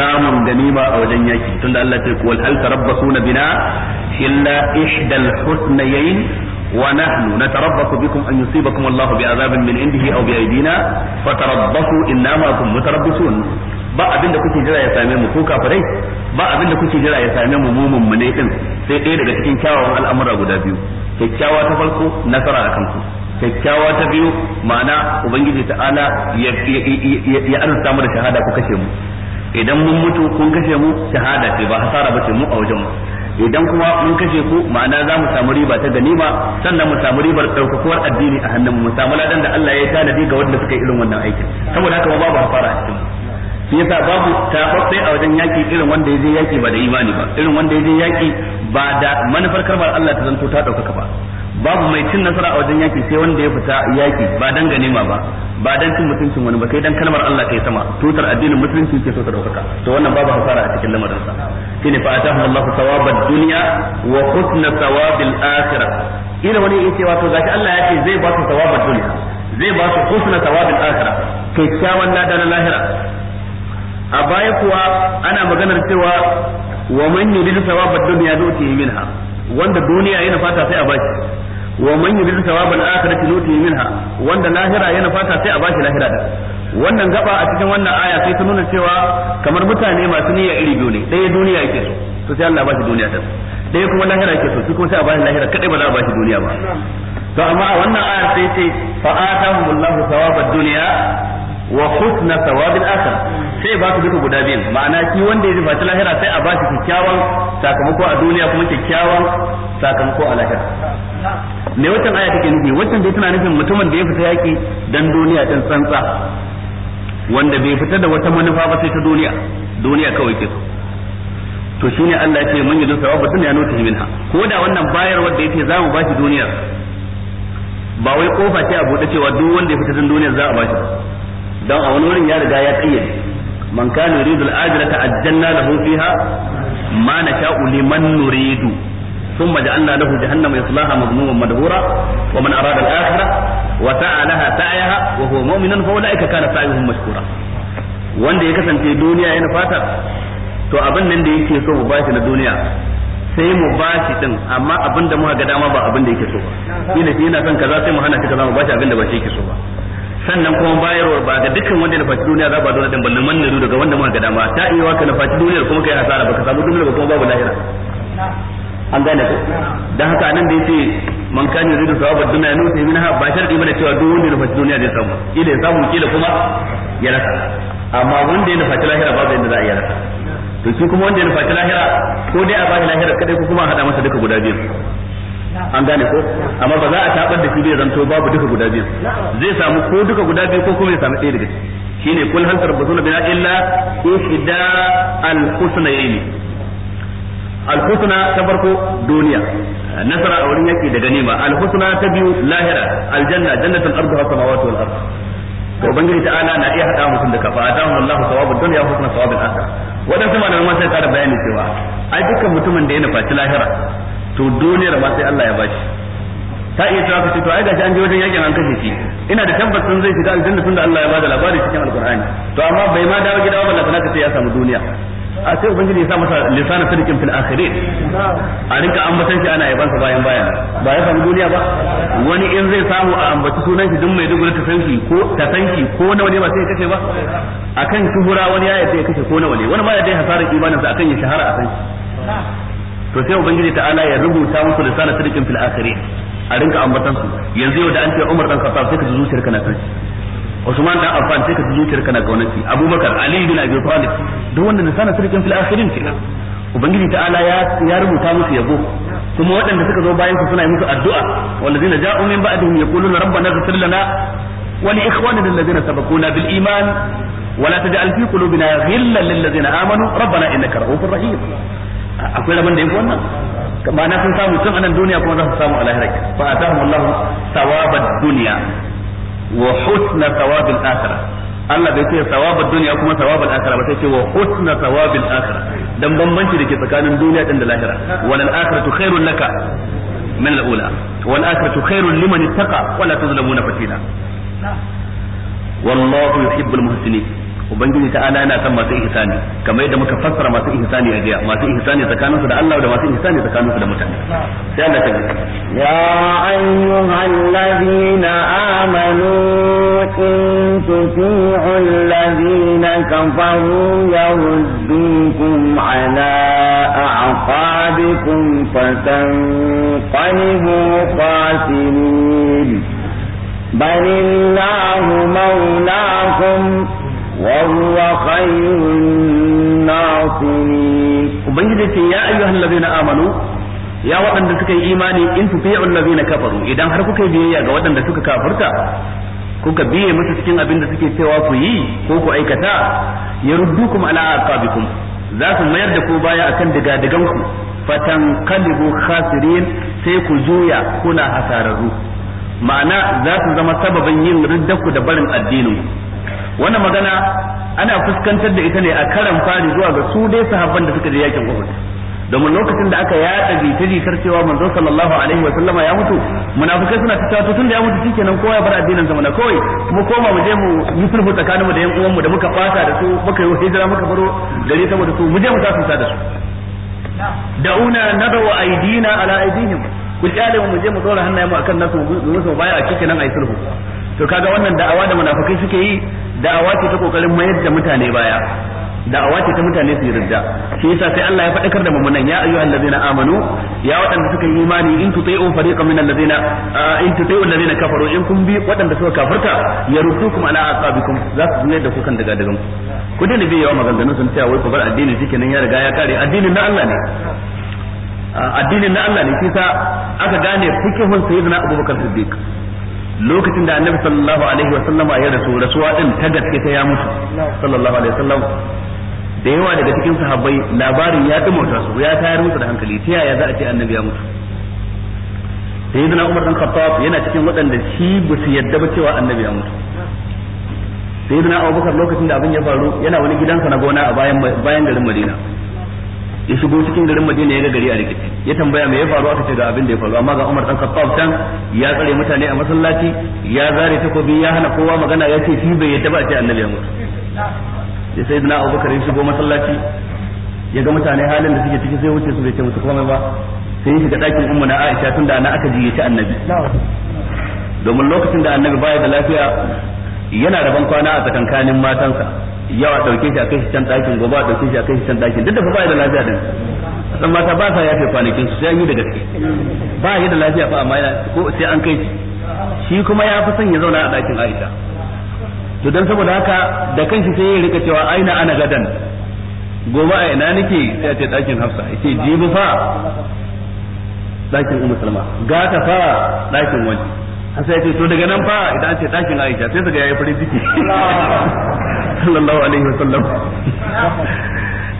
samun ganima a wajen yaki tunda Allah ce qul hal tarabbasuna bina illa ihdal husnayn ونحن نتربص بكم أن يصيبكم الله بعذاب من عنده أو بأيدينا فتربصوا إنا معكم متربصون ba abin da kuke jira ya same mu ko kafirai ba abin da kuke jira ya same mu mu ne din sai ɗaya daga cikin kyawawan al'amura guda biyu kyakkyawa ta farko nasara a kanku kyakkyawa ta biyu ma'ana ubangiji ta'ala ya arzuta mu da shahada ku kashe mu idan mun mutu kun kashe mu shahada ce ba hasara ba ce mu a wajen mu idan kuma mun kashe ku ma'ana za mu samu riba ta ganima sannan mu samu ribar daukakuwar addini a hannun mu samu ladan da Allah ya tanadi ga wanda suka yi irin wannan aikin saboda haka babu hafara a cikin shi yasa babu tababbe a wajen yaki irin wanda ya je yaki ba da imani ba irin wanda ya je yaki ba da manufar karbar Allah ta zanto ta ɗaukaka ba babu mai cin nasara a wajen yaki sai wanda ya fita yaki ba dan ganima ba ba dan cin mutuncin wani ba kai dan kalmar Allah kai sama tutar addinin musulunci ke so ta dauka to wannan babu hasara a cikin lamarin sa kine fa atahu Allahu ad dunya wa husna al akhirah ila wani yake cewa to gashi Allah ya ce zai ba su ad dunya zai ba su husna al akhirah kyakkyawan lada na lahira a baya kuwa ana maganar cewa wa man yuridu ad dunya zuti minha wanda duniya yana fata sai a baki wa man yuridu thawabal akhirati nutihi minha wanda lahira yana fata sai a bashi lahira da wannan gaba a cikin wannan aya sai ta nuna cewa kamar mutane masu niyya iri biyu ne ɗaya duniya yake so to sai Allah ba shi duniya ta ɗaya kuma lahira yake so su kuma sai a bashi lahira kadai ba za a bashi duniya ba to amma a wannan aya sai ce fa atahumullahu thawabad dunya wa husna thawabil akhir sai ba su duka guda biyu ma'ana shi wanda ya rubuta lahira sai a ba shi kyakkyawan sakamako a duniya kuma kyakkyawan sakamako a lahira me wancan aya take nufi wancan dai tana nufin mutumin da ya fita yaki dan duniya din tsantsa wanda bai fita da wata manufa ba sai ta duniya duniya kawai ke to shine Allah ya ce man yadu sawabu dunya nuta minha ko da wannan bayar wanda yake za mu ba shi duniyar ba wai kofa ce a bude cewa duk wanda ya fita dan duniya za a ba shi don a wani wurin ya riga ya kayyade man kana yuridu al-ajrata ajjalna lahu fiha ma nasha'u liman nuridu ثم جعلنا له جهنم يصلاها مذموما مدهورا ومن اراد الاخره وسعى لها سعيها وهو مؤمن فاولئك كان سعيهم مشكورا wanda ya kasance duniya yana fata to abin nan da yake so mu bashi na duniya sai mu bashi din amma abin da muka ga dama ba abin da yake so ba ina son kaza sai mu hana shi kaza mu ba shi so ba sannan kuma bayarwar ba ga dukkan wanda na faci duniya za ba dole dan ballan mannaru daga wanda ma ga dama ta iya waka na faci duniya kuma kai hasara baka samu duniya ba kuma babu lahira an gane ko dan haka anan da yace man kan yuridu thawabad dunya nuti minha ba sharadi bane cewa duk wanda na faci duniya zai samu kila ya samu kila kuma ya rasa amma wanda ya faci lahira babu inda za a yi rasa to shi kuma wanda ya faci lahira ko dai a bashi lahira kadai ko kuma a hada masa duka guda biyu an gane ko amma ba za a tabar da shi bai zanto babu duka guda biyu zai samu ko duka guda biyu ko kuma ya samu ɗaya daga ciki shine kul hal tarbutuna bina illa ihda al husnayni al husna ta farko duniya nasara a wurin yake da ganima al husna ta biyu lahira al janna jannatul wa samawati wal ardh to ubangiji ta'ala na iya hada mutum da kafa adamu Allahu thawabud dunya wa husna thawabil akhirah wadan kuma nan ma sai kara bayani cewa ai dukkan mutumin da ya nufaci lahira to duniyar ma sai Allah ya bashi ta iya tsaka ce to ai gashi an je wajen yakin an kashe shi ina da tabbas sun zai shiga aljanna tunda Allah ya bada labari cikin alqur'ani to amma bai ma dawo gida ba Allah ta ya samu duniya a sai ubangiji ya sa masa lisanan sadiqin fil akhirin a rinka ambatan shi ana yabansa bayan bayan ba ya samu duniya ba wani in zai samu a ambaci sunan shi duk mai duk ta san shi ko ta san shi ko na wani ba sai ya kace ba akan shuhura wani ya yace ya kace ko na wani wani ma ya dai hasarar imanin sa akan ya shahara a sanki to sai ubangiji ta'ala ya rubuta musu lisanan sadiqin fil akhirin a rinka ambatan su yanzu yau da an ce Umar dan Khattab sai ka ji zuciyarka na sarki Usman dan Affan sai ka ji zuciyarka na kaunaci Abubakar Ali bin Abi Talib duk wannan lisanan sadiqin fil akhirin kenan ubangiji ta'ala ya ya rubuta musu yabo kuma waɗanda suka zo bayan su suna yi musu addu'a wallazina ja'u min ba'dihim yaquluna rabbana ighfir lana wa li ikhwanina alladhina sabaquna bil iman ولا تجعل في قلوبنا غلا للذين امنوا ربنا انك رؤوف رحيم akwai rabon da yafi wannan ma'ana sun samu tun anan duniya kuma za su samu a lahira fa atahum Allahu thawabad duniya wa husna thawabil akhirah Allah bai ce thawabad duniya kuma sawabin Asara ba sai ce wa husna sawabin akhirah dan bambanci ke tsakanin duniya din da lahira wal akhiratu khairul laka min al ula wal akhiratu khairul liman ittaqa wa la tuzlamuna fatila والله يحب المحسنين ubangiji ala yana san masu ihsani kamar yadda muka fassara masu ihsani a jiya masu ihsani tsakaninsu da Allah da masu ihsani tsakaninsu da mutane sai Allah ta ya ayyuhal ladina amanu in tuti'u alladhina kafaru yurdukum ala a'qabikum fatanqalibu khasirin بل الله مولاكم وهو خير ya وبنجد يا أيها الذين آمنوا ya waɗanda suka yi imani in tuti'u allazina kafaru idan har kuka biyayya ga waɗanda suka kafirta kuka biye musu cikin abin da suke cewa ku yi ko ku aikata yaruddukum ala aqabikum za su mayar da ko baya akan diga digan ku fatan qalibu sai ku juya kuna hasararru ma'ana za su zama sababin yin riddaku da barin addinin ku wannan magana ana fuskantar da ita ne a karan fari zuwa ga su dai sahabban da suka je yakin Uhud domin lokacin da aka yada bita ji cewa manzo sallallahu alaihi wa sallama ya mutu munafikai suna ta cewa tun da ya mutu shikenan kowa ya bar addinin zamana kawai mu koma mu je mu yi sulhu tsakanin mu da yan uwan mu da muka fasa da su muka yi hijira muka baro gari saboda su mu je mu sasunta da su da'una nadaw aidina ala aydihim ku kyale mu je mu dora hannaye mu akan nasu mu musu baya a cikin nan ayi sulhu to kaga wannan da'awa da munafikai suke yi da'awa ce ta kokarin mayar da mutane baya da'awa ce ta mutane su yarda shi yasa sai Allah ya kar da mumunan ya ayyuhal ladzina amanu ya waɗanda suka yi imani in tuti'u fariqan min ladzina in tuti'u ladzina kafaru in kun bi waɗanda suka kafirta yaruddukum ala aqabikum za su ne da ku kan daga daga ku dai bi yawa maganganun sun cewa wai ku bar addini shikenan ya riga ya kare addinin na Allah ne addinin na Allah ne shi yasa aka gane fikihun sayyidina Abubakar Siddiq lokacin da annabi sallallahu alaihi wasallam ya rasu rasuwa din ta gaske ta ya mutu sallallahu alaihi wasallam da yawa daga cikin sahabbai labarin ya ta su ya tayar musu da hankali ta yaya za a ce annabi ya mutu sayyidina umar dan khattab yana cikin waɗanda shi ba su yadda ba cewa annabi ya mutu sayyidina abubakar lokacin da abin ya faru yana wani gidansa na gona a bayan bayan garin madina ya shigo cikin garin Madina ya ga gari a rikici ya tambaya me ya faru aka ce ga abin da ya faru amma ga Umar dan Khattab can ya tsare mutane a masallaci ya zare takobi ya hana kowa magana ya ce shi bai yadda ba ce annabi ya mutu ya sai dana Abubakar ya shigo masallaci ya ga mutane halin da suke ciki sai wuce su bai ce musu komai ba sai ya shiga ɗakin umma na Aisha tun da ana aka ji ya ci annabi domin lokacin da annabi baya da lafiya yana rabon kwana a tsakankanin matansa yawa dauke shi a kai shi can dakin gobe a dauke shi a kai shi can dakin duk da ba da lafiya din dan mata ba sa yafe kwanakin su sai an yi da gaske ba yi da lafiya fa amma ko sai an kai shi kuma ya fi son ya zauna a dakin Aisha to dan saboda haka da kanshi sai ya rika cewa aina ana gadan gobe a ina nake sai a ce dakin Hafsa yace jibi fa dakin Ummu Salma gata fa dakin wani sai ya ce to daga nan fa idan ce dakin Aisha sai su ga yayi farin ciki sallallahu alaihi wasallam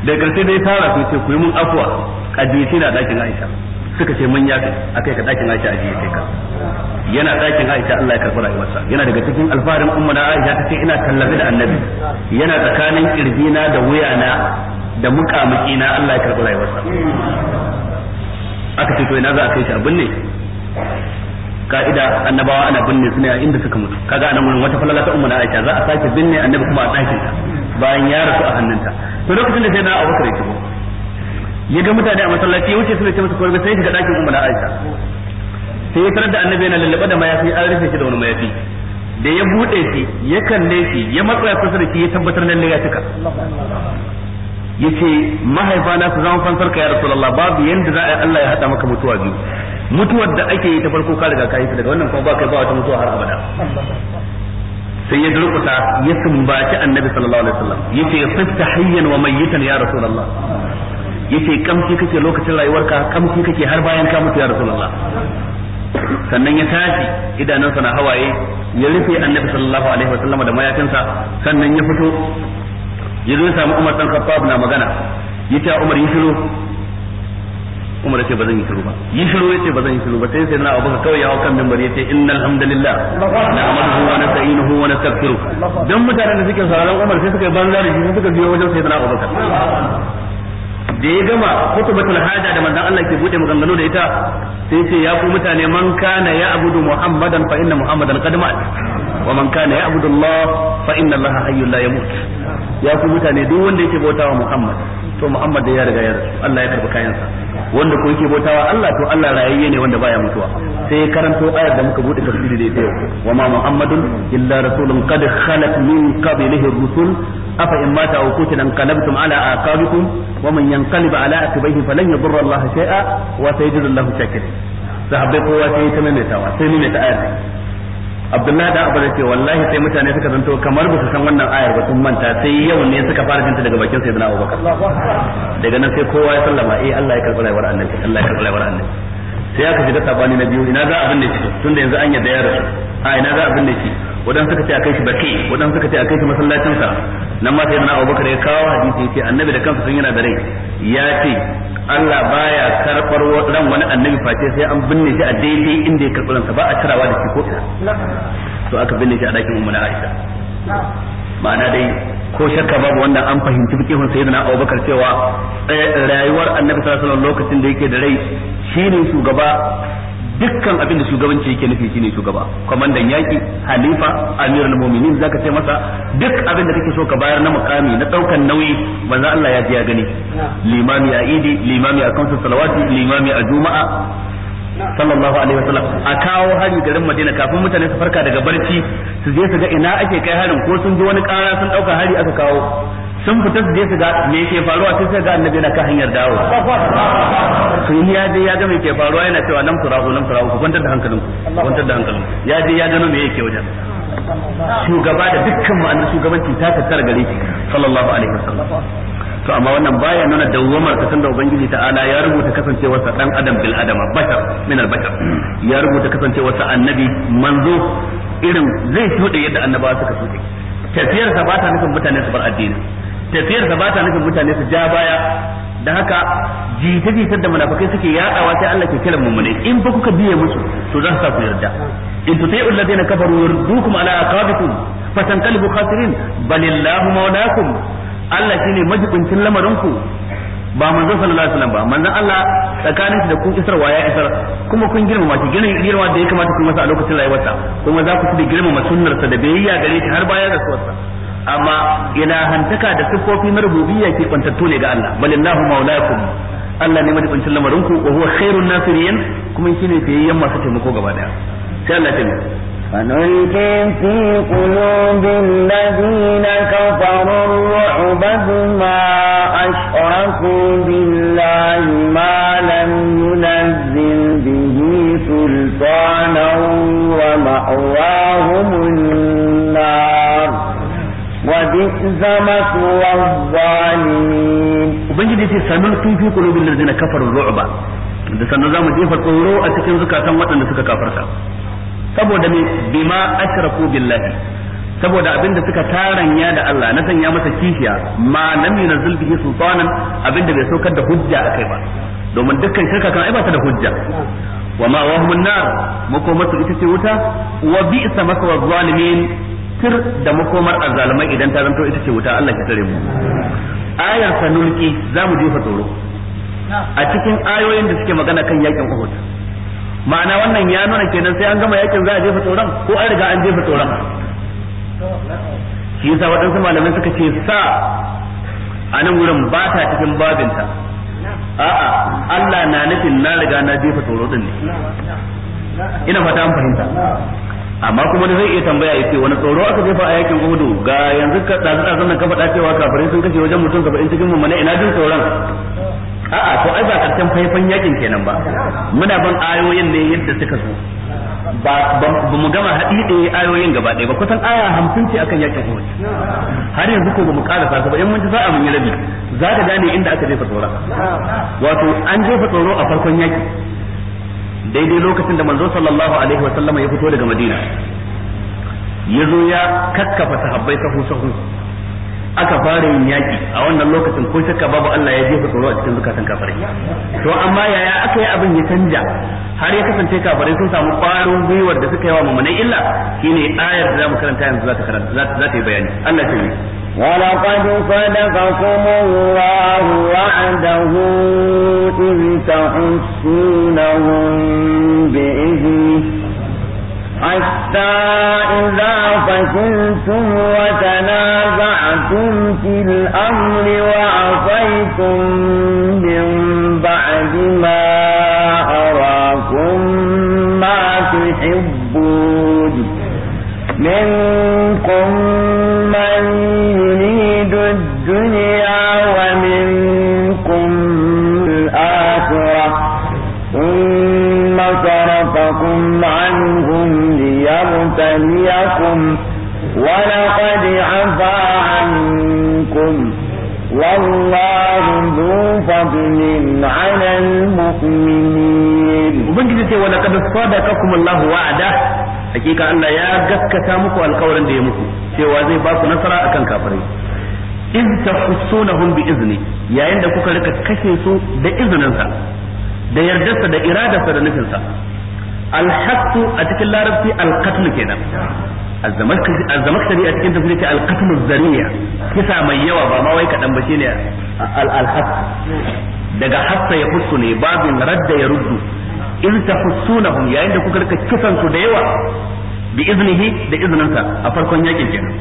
da karshe dai tara su ce ku yi mun afwa ajiye shi na dakin Aisha suka ce mun yafi akai ka dakin Aisha ajiye kai ka yana dakin Aisha Allah ya karbi rayuwarsa yana daga cikin alfarin ummu da Aisha ta ce ina tallafi da annabi yana tsakanin kirjina da wuyana da mukamuki na Allah ya karbi rayuwarsa aka ce to ina za a kai shi abin ne ka'ida annabawa ana binne su ne a inda suka mutu kaga anan wurin wata falala ta ummu na Aisha za a sake binne annabi kuma a ɗakin ta bayan ya rasu a hannunta to lokacin da sai na Abubakar ya shigo ya ga mutane a masallaci ya wuce suna ce masa kwarbe sai shiga ɗakin ummu na Aisha sai ya tarar da annabi yana lallaɓa da mayafi an rufe shi da wani mayafi da ya bude shi ya kalle shi ya matsa kusa da shi ya tabbatar lalle ya cika yace mahaifa na su zama fansar ka ya rasulullah babu yanda za a Allah ya hada maka mutuwa biyu mutuwar da ake yi ta farko ka riga kai daga wannan kuma ba kai ba wata mutuwa har abada sai ya durkuta ya sumbaci annabi sallallahu alaihi wasallam yace sitta hayyan wa mayyitan ya rasulullah yace kamshi kake lokacin rayuwarka kamshi kake har bayan ka mutu ya rasulullah sannan ya tashi idanunsa na hawaye ya rufe annabi sallallahu alaihi wasallam da mayakinsa sannan ya fito ya zo samu Umar dan Khattab na magana yace Umar yi shiru umar yace ba zan yi shiru ba yi shiru yace ba zan yi shiru ba sai sai na abu kawai ya hau kan mimbar yace innal hamdalillah na'maduhu wa nasta'inuhu wa nastaghfiruh dan mutanen da suke sauraron umar sai suka yi banza da shi suka biyo wajen sayyidina abubakar da ya gama khutbatul hada da manzon Allah ke bude maganganu da ita sai ce ya ku mutane man kana ya abudu muhammadan fa inna muhammadan qad mat wa man kana ya abudu allah fa inna allaha hayyul la yamut ya ku mutane duk wanda yake bautawa muhammad to Muhammad ya riga ya rasu Allah ya karbi kayansa wanda ko yake bautawa Allah to Allah rayayye ne wanda baya mutuwa sai ya karanto ayar da muka bude tafsiri da ita yau wa ma Muhammadun illa rasulun qad khalat min qablihi rusul afa in mata aw qutila anqalabtum ala aqabikum wa man yanqalib ala aqibihi falan yadurra Allah shay'a wa sayajidu Allahu shakir sahabbai kowa sai ta maimaitawa sai maimaita ayar abdullahi da da ce wallahi sai mutane suka zanto kamar ba su san wannan ayar ba sun manta sai yau ne suka fara jinta daga bakin sai zina abubakar daga nan sai kowa ya sallama eh Allah ya karɓi rayuwar annabi Allah ya karɓi rayuwar annabi sai aka shiga sabani na biyu ina za abin da tun tunda yanzu an yadda ya rasu a ina za abin da shi wadan suka ce akai shi baki wadan suka ce akai shi masallacin sa nan ma sai na Bakar ya kawo hadisi yace annabi da kansa sun yana da rai ya ce Allah baya karɓar ran wani annabi face sai an binne shi a daidai inda ya karɓi ba a tarawa da shi ko to aka binne shi a dakin ummu Aisha ma'ana dai ko shakka babu wanda an fahimci fikihun sayyidina Abubakar cewa eh, rayuwar Annabi sallallahu alaihi wasallam lokacin da yake da rai shine shugaba dukkan abin da shugabanci yake nufi shine shugaba kwamandan yaki halifa amirul mu'minin zaka ce masa duk abin da kake so ka bayar na mukami na daukan nauyi manzo Allah ya ji ya gani limami a idi limami a kansu salawati limami a juma'a sallallahu alaihi wasallam a kawo hari garin Madina kafin mutane su farka daga barci su je su ga ina ake kai harin ko sun ji wani ƙara sun dauka hari aka kawo sun fita su je su ga me ke faruwa sai sai ga annabi na ka hanyar dawo ni ya je ya ga me yake faruwa yana cewa nan kurawo nan kurawo ku kwantar da hankalinku kwantar da hankalinku ya je ya gano me yake wajen shugaba da dukkan ma'anar shugabanci ta tattara gare shi sallallahu alaihi wasallam to amma wannan baya nuna dawwamar ka tunda ubangiji ta'ala ya rubuta kasancewarsa dan adam bil adama bashar min al bashar ya rubuta kasancewarsa annabi manzo irin zai shuɗe yadda annabawa suka shuɗe tafiyarsa ba ta nufin mutane su bar addini tafiyarsa ba ta nufin mutane su ja baya da haka jita-jitar da munafikai suke yadawa sai Allah ke kira mummune in ba kuka biye musu to za su sa ku yarda in tuti'u alladhina kafaru yurdukum ala aqabikum fatanqalibu khasirin balillahu mawlakum Allah shine majibincin lamarin ku ba manzon sallallahu alaihi wasallam ba manzon Allah tsakanin shi da kun isarwa ya isar kuma kun girmama shi girmama girma da ya kamata kun masa a lokacin rayuwarsa kuma za ku ci da girmama sunnarsa da biyayya gare shi har bayan rasuwarsa amma hantaka da siffofi na rububiyya ke kwantattu ne ga Allah balillahu maulakum Allah ne majibincin lamarinku wa huwa khairun nasirin kuma shine fiyayyen masu taimako gaba daya sai Allah ya taimaka فنلقي في قلوب الذين كفروا الرعب بما أشركوا بالله ما لم ينزل به سلطانا ومأواهم النار وبئس مثوى الظالمين وبنجد سنلقي في قلوب الذين كفروا الرعب da sannan za mu jefa tsoro a cikin zukatan waɗanda suka kafarta saboda me bima ashraku billahi saboda abinda suka taranya da Allah na sanya masa kishiya ma lam yunzil bihi sultanan abinda bai saukar da hujja akai ba domin dukkan shirka kan ai ba ta da hujja wa ma wa humun nar ita ce wuta wa bi'sa maswa zalimin tir da makomar azzalimai idan ta zanto ita ce wuta Allah ya tare mu ayar sanulki zamu jefa tsoro a cikin ayoyin da suke magana kan yakin Uhud ma'ana wannan ya nuna kenan sai an gama yakin za a jefa tsoron ko an riga an jefa tsoron shi yasa waɗansu malamai suka ce sa a nan wurin ba ta cikin babinta a'a Allah na nufin na riga na jefa tsoro din ne ina fata an fahimta amma kuma da zai iya tambaya ce wani tsoro aka jefa a yakin Uhud ga yanzu ka tsazu tsazu nan ka faɗa cewa kafirai sun kashe wajen mutum 70 cikin mu ina jin tsoron a'a to ai ba karshen faifan yakin kenan ba muna ban ayoyin ne yadda suka zo. ba ba mu gama haɗi da ayoyin gaba ɗaya ba kusan aya hamsin ce akan yakin Uhud har yanzu ko ba mu sa ba in mun ji a mun yi rabi za ka gane inda aka jefa tsora wato an jefa tsoro a farkon yaki daidai lokacin da manzo sallallahu alaihi wa sallama ya fito daga Madina ya zo ya kakkafa sahabbai sahu sahu aka fara yin yaki a wannan lokacin ko shakka babu Allah ya jefa tsoro a cikin zukatan kafirai to amma yaya aka yi abin ya canja har ya kasance kafirai sun samu ƙwarin gwiwar da suka yi wa mummunai illa shine ayar da zamu karanta yanzu za ta karanta za ta yi bayani Allah ya ce ولقد da الله suna in تحسونهم bi'izni حتى إذا فشلتم وتنازعتم في الأمر وعصيتم عليكم والله ذو فضل على da وبنجد تي ولقد صدقكم الله وعده hakika Allah ya gaskata muku alkawarin da ya mutu cewa zai ba ku nasara akan kafirai iz tahussunahum bi izni yayin da kuka rika kashe su da izininsa da yardarsa da iradarsa da nufinsa alhaqu a cikin larabci alqatl kenan الزمخشري أتكين تفسير القتل الذريع كسا من يوى بما ويكا تنبشين الحق daga hassa ya husu ne babin radda ya ruddu in ta husunahum yayin da kuka rika kisan su da yawa bi iznihi da izninsa a farkon yakin kenan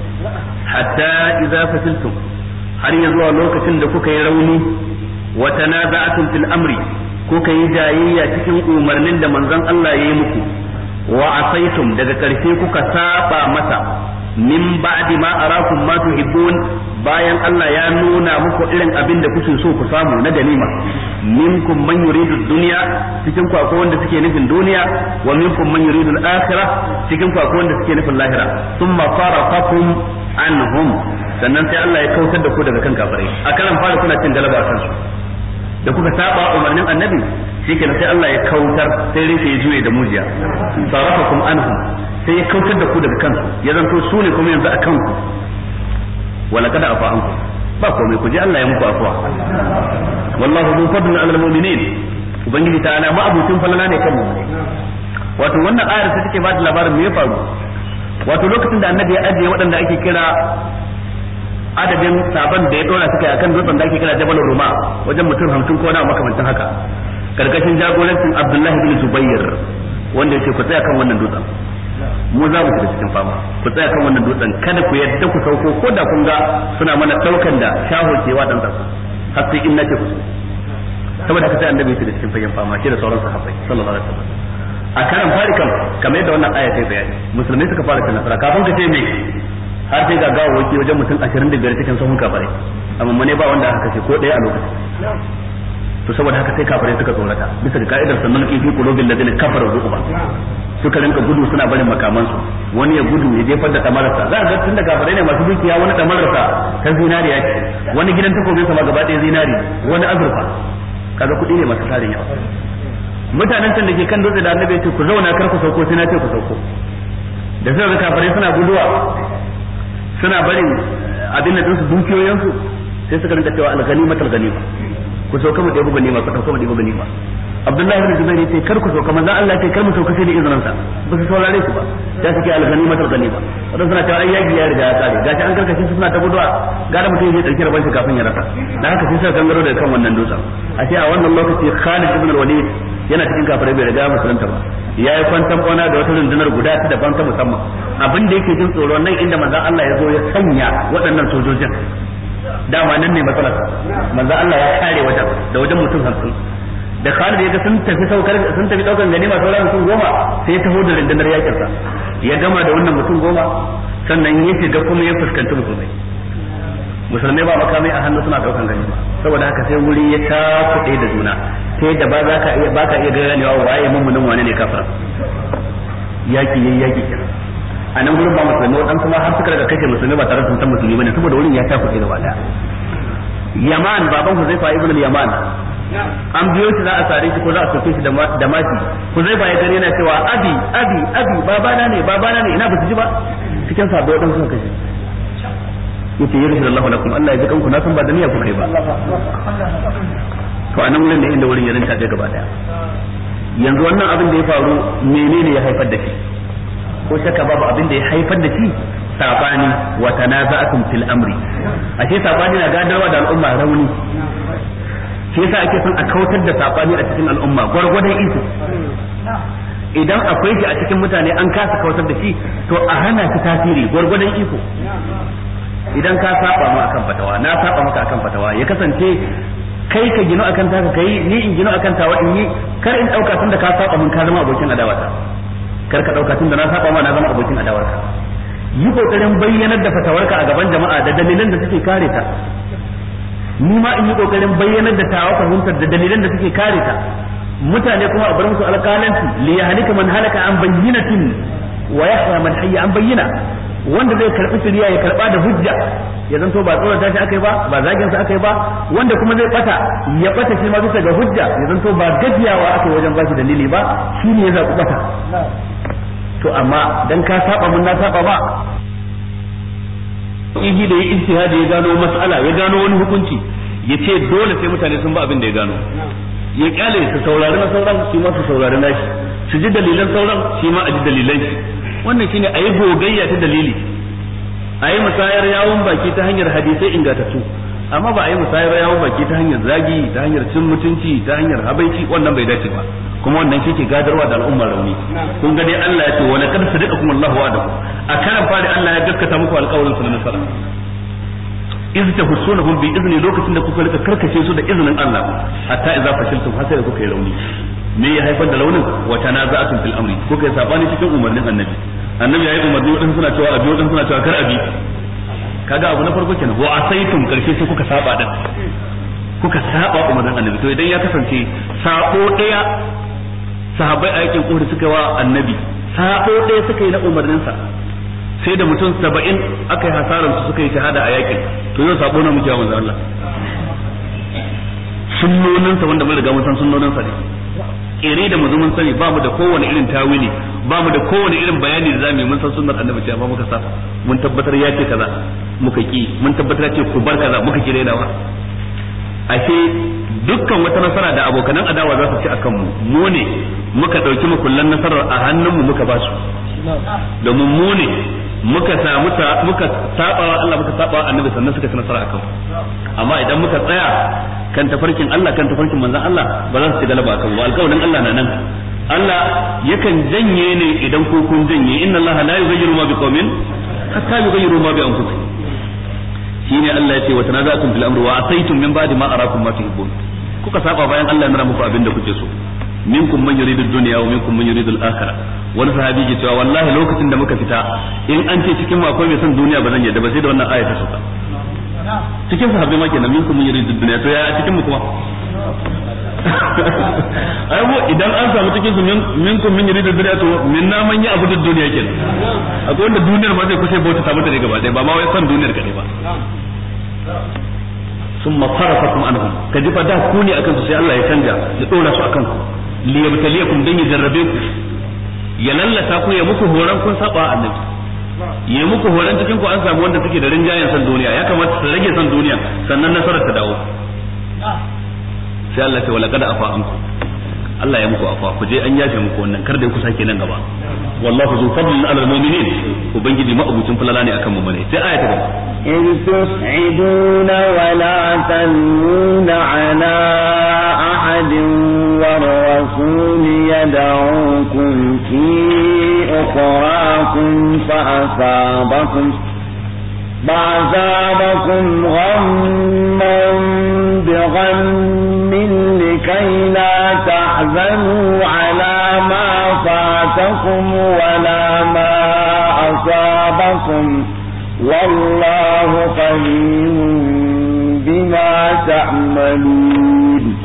hatta idza fasiltum har ya zuwa lokacin da kuka yi rauni wa tanaza'atum fil amri kuka yi jayayya cikin umarnin da manzon Allah ya yi muku wa asaitum daga karfe kuka saba masa min ba'di ma arakum ma tuhibbun bayan Allah ya nuna muku irin abin da kuke so ku samu na ganima minkum man yuridu dunya cikin ku akwai wanda suke nufin duniya wa minkum man yuridu al-akhirah cikin ku akwai wanda suke nufin lahira thumma faraqakum anhum sannan sai Allah ya kautar da ku daga kan kafirai a karan fara kuna cin galaba kansu da kuka saba umarnin annabi shikenan sai Allah ya kautar sai rinsa ya juye da mujiya kuma anhum sai ya kautar da ku daga kansu ya zanto su ne kuma yanzu a kanku wala kada afa anku ba komai ku je Allah ya muku afwa wallahu dhu fadlin 'alal mu'minin ubangiji ana ma abutin falala ne kan mu'mini wato wannan ayar sai take ba da labarin me ya faru wato lokacin da annabi ya ajiye waɗanda ake kira adadin saban da ya dora suka akan dutsen da ake kira Jabal Ruma wajen mutum hamsin ko na makamantan haka karkashin jagorancin Abdullahi bin Zubair wanda yake ku tsaya kan wannan dutsen mu za mu cikin fama ku tsaya kan wannan dutsen kada ku yadda ku sauko ko da kun ga suna mana daukan da shaho wa dan tsaka har sai in nace ku saboda haka sai annabi yake da cikin fagen fama shi da sauran sahabbai sallallahu alaihi wasallam a karan fari kam kamar yadda wannan aya ta bayani musulmai suka fara cin nasara kafin ka ce me har sai ga gawo wajen mutum 25 cikin sahun kafare amma ne ba wanda aka kashe ko ɗaya a lokacin to saboda haka sai kafirai suka tsorata bisa ga ka'idar sannan kifi fi qulubil ladina kafaru ruba suka rinka gudu suna barin makamansu wani ya gudu ya jefar da tamararsa za a ga tun da kafirai ne masu dukiya wani tamararsa ta zinariya ce wani gidan takobin sama gaba ɗaya zinari wani azurfa kaga kuɗi ne masu tarin yawa mutanen can da ke kan dutse da annabi ya ce ku zauna kar ku sauko sai na ce ku sauko da sai ga kafirai suna guduwa suna barin abin da dinsu dukiyoyinsu sai suka rinka cewa alganima talganima ku sauka mu ɗebi ganima ku sauka mu ɗebi ganima Abdullahi bin zubairu yace kar ku sauka manzon Allah yace kar mu sauka sai da izinin sa ba su saurare ku ba da suke alganima ta ganima wadan suna cewa yaki ya riga ya kare gashi an karkashin su suna ta guduwa gara mutum zai dauki rabon shi kafin ya rasa da haka sai suka gangaro daga kan wannan dutsen a ce a wannan lokaci Khalid ibn al-Walid yana cikin kafirai bai riga musulunta ba ya yi kwantan kwana da wata rundunar guda ta daban ta musamman abin da yake jin tsoro nan inda manzon Allah ya zo ya sanya waɗannan sojojin dama nan ne matsalar manzo Allah ya kare wajen da wajen mutum hamsin da Khalid ya ga sun tafi saukar sun tafi daukan masu sauran mutum goma sai ya taho da rundunar yakin sa ya gama da wannan mutum goma sannan ya shiga kuma ya fuskanci musulmai musulmai ba makami a hannu suna daukan ba saboda haka sai wuri ya takuɗe da juna ta yadda ba za ka iya ba ka iya ganewa waye mummunin wane ne kafara yaki yayi yaki kenan a nan gurin ba musulmi waɗansu ma har suka daga kashe musulmi ba tare da tuntun musulmi ba ne saboda wurin ya tafi gaba daya yaman baban huzaifa ibn al-yaman an biyo shi za a sare shi ko za a soke shi da mati huzaifa ya gani yana cewa abi abi abi babana ne babana ne ina ba su ji ba cikin sabo dan suka kashe yace yarshi Allah lakum Allah ya ji kanku na san ba da niyya ku kai ba to anan wurin ne inda wurin ya rinta gaba daya yanzu wannan abin da ya faru menene ya haifar da shi ko shakka babu abin da ya haifar da shi sabani wa tanaza'atum fil amri ashe sabani na gadarwa da al'umma rauni shi yasa ake son a kautar da sabani a cikin al'umma gwargwadon isu idan akwai shi a cikin mutane an kasa kautar da shi to a hana shi tasiri gwargwadon iko idan ka saba mu akan fatawa na saba maka akan fatawa ya kasance kai ka gino akan taka kai ni in gino akan tawa in yi kar in dauka tunda ka saba mun ka zama abokin adawa ta kar ka dauka tunda na saba ma na zama abokin adawarka yi kokarin bayyanar da fatawarka a gaban jama'a da dalilan da suke kare ta ni ma in yi kokarin bayyanar da tawa fahimtar da dalilan da suke kare ta mutane kuma a bar musu alƙalanci li yahlika man halaka an bayyinatin wa yahya man hayya an bayyina wanda zai karbi shirya ya karba da hujja ya zanto ba tsoron tashi akai ba ba zagin sa akai ba wanda kuma zai bata ya bata shi ma bisa ga hujja ya zanto ba gajiyawa akai wajen bashi dalili ba shine ya zaku bata to amma dan ka saba mun na saba ba ihi da ya ijtihadi ya gano mas'ala ya gano wani hukunci ya ce dole sai mutane sun ba abin da ya gano ya kyale su saurari na sauran shi ma su saurari na shi su ji dalilan sauran shi ma a ji dalilan shi wannan shine ayi gogayya ta dalili ayi musayar yawon baki ta hanyar hadisai ingantattu amma ba a yi musayar yawon baki ta hanyar zagi ta hanyar cin mutunci ta hanyar habaici wannan bai dace ba kuma wannan shi ke gadarwa da al'ummar rauni kun ga dai Allah ya ce wa laqad sadaqakum Allahu wa'adahu a karan fari Allah ya gaskata muku alƙawarin sa na nasara iz tahussunahum bi izni lokacin da kuka rika karkace su da izinin Allah hatta idza fashiltum har sai da kuka yi rauni me ya haifar da raunin wa tanaza'atum fil amri kuka yi sabani cikin umarnin annabi annabi ya yi umarni wadansu suna cewa abi wadansu suna cewa kar abi kaga abu na farko kenan wa asaitum karshe sai kuka saba din kuka saba umarnin annabi to idan ya kasance sako daya sahabbai a yakin suka wa annabi sako daya suka yi na sa sai da mutum 70 aka yi hasaran su suka yi shahada a yakin to yau sako na muke wa manzo Allah sunnoninsa wanda mun riga mun san sa ne kere da mu mun sani ba mu da kowane irin tawili ba mu da kowane irin bayani da zamu yi mun san sunnar annabi ce muka sa mun tabbatar ya ce kaza muka ki mun tabbatar ce ku bar kaza muka ki A ashe dukkan wata nasara da abokanan adawa za su ci akan mu mu ne muka dauki makullan nasarar a hannun mu muka ba su domin mu ne muka samu muka saba wa Allah muka saba wa annabi sannan suka ci nasara akan amma idan muka tsaya kan tafarkin Allah kan tafarkin manzon Allah ba za su ci galaba akan ba alƙawarin Allah na nan Allah yakan janye ne idan ko kun janye inna Allah la yughayyiru ma biqawmin hatta yughayyiru ma bi anfusihim shine Allah ya ce wa tanaza'tum fil amri wa asaytum min ba'di ma arakum ma tuhibbun kuka saba bayan Allah ya nuna muku abin da kuke so minkum man yuridu dunya wa minkum man yuridu al-akhirah wani sahabi ke cewa wallahi lokacin da muka fita in an ce cikin mu akwai mai son duniya ba zan yadda ba sai da wannan aya ta sauka cikin sahabbai ma kenan minkum man yuridu dunya to ya cikin mu kuma ai mu idan an samu cikin su minkum min yuridu dunya to minna man ya abudu dunya kenan akwai wanda duniyar ma zai kusa bauta ta mata ne gaba ɗaya ba ma wai son duniyar kadai ba summa sarafakum anhum kaji fa da ku ne akan su sai Allah ya canja ya dora su akan ku liyabtaliyakum dan ya jarrabe ku ya lallata ku ya muku horan kun saba annabi ya muku horan cikin ku an samu wanda suke da rinjayen san duniya ya kamata su rage san duniya sannan nasarar ta dawo sai Allah ta walaqad afa anku Allah ya muku afa ku je an yafe muku wannan kar da ku sake nan gaba wallahu zu fadlin alal mu'minin ubangiji ma'abucin fulala ne akan mu'mini sai ayata ta gaba in tus'iduna wa la tanuna ala ahadin والرسول يدعوكم في أخراكم فأصابكم فأصابكم غما بغم لكي لا تحزنوا على ما فاتكم ولا ما أصابكم والله قدير بما تعملون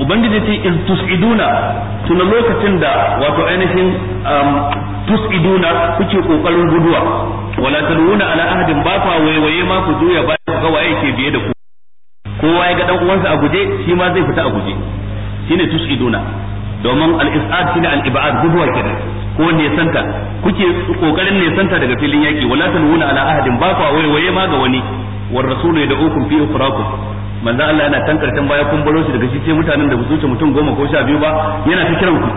ubangiji ce in tusiduna tuna lokacin da wato ainihin tusiduna kuke kokarin guduwa wala taruna ala ahadin ba fa waiwaye ma ku juya ba ku ga waye ke biye da ku kowa ya ga dan uwansa a guje shi ma zai fita a guje shine tusiduna domin al-is'ad shine al-ib'ad guduwa kenan ko nesanta kuke kokarin nesanta daga filin yaki wala taruna ala ahadin ba fa waiwaye ma ga wani war rasulu ukun fi ufrakum manzo Allah yana kan karshen baya kun baro shi daga shi ce mutanen da su mutum goma ko sha biyu ba yana ta kiran ku